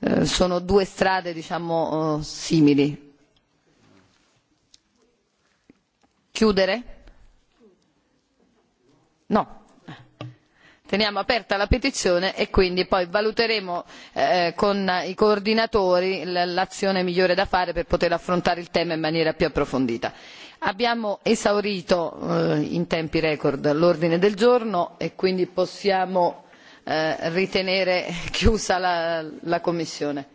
Eh, sono due strade diciamo simili. Chiudere? No teniamo aperta la petizione e quindi poi valuteremo eh, con i coordinatori l'azione migliore da fare per poter affrontare il tema in maniera più approfondita. abbiamo esaurito eh, in tempi record l'ordine del giorno e quindi possiamo eh, ritenere chiusa la commissione.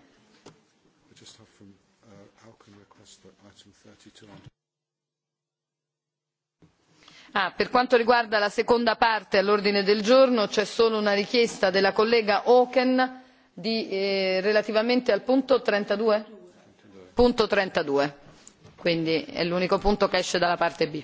Ah, per quanto riguarda la seconda parte all'ordine del giorno c'è solo una richiesta della collega auken eh, relativamente al punto trentadue quindi è l'unico punto che esce dalla parte b.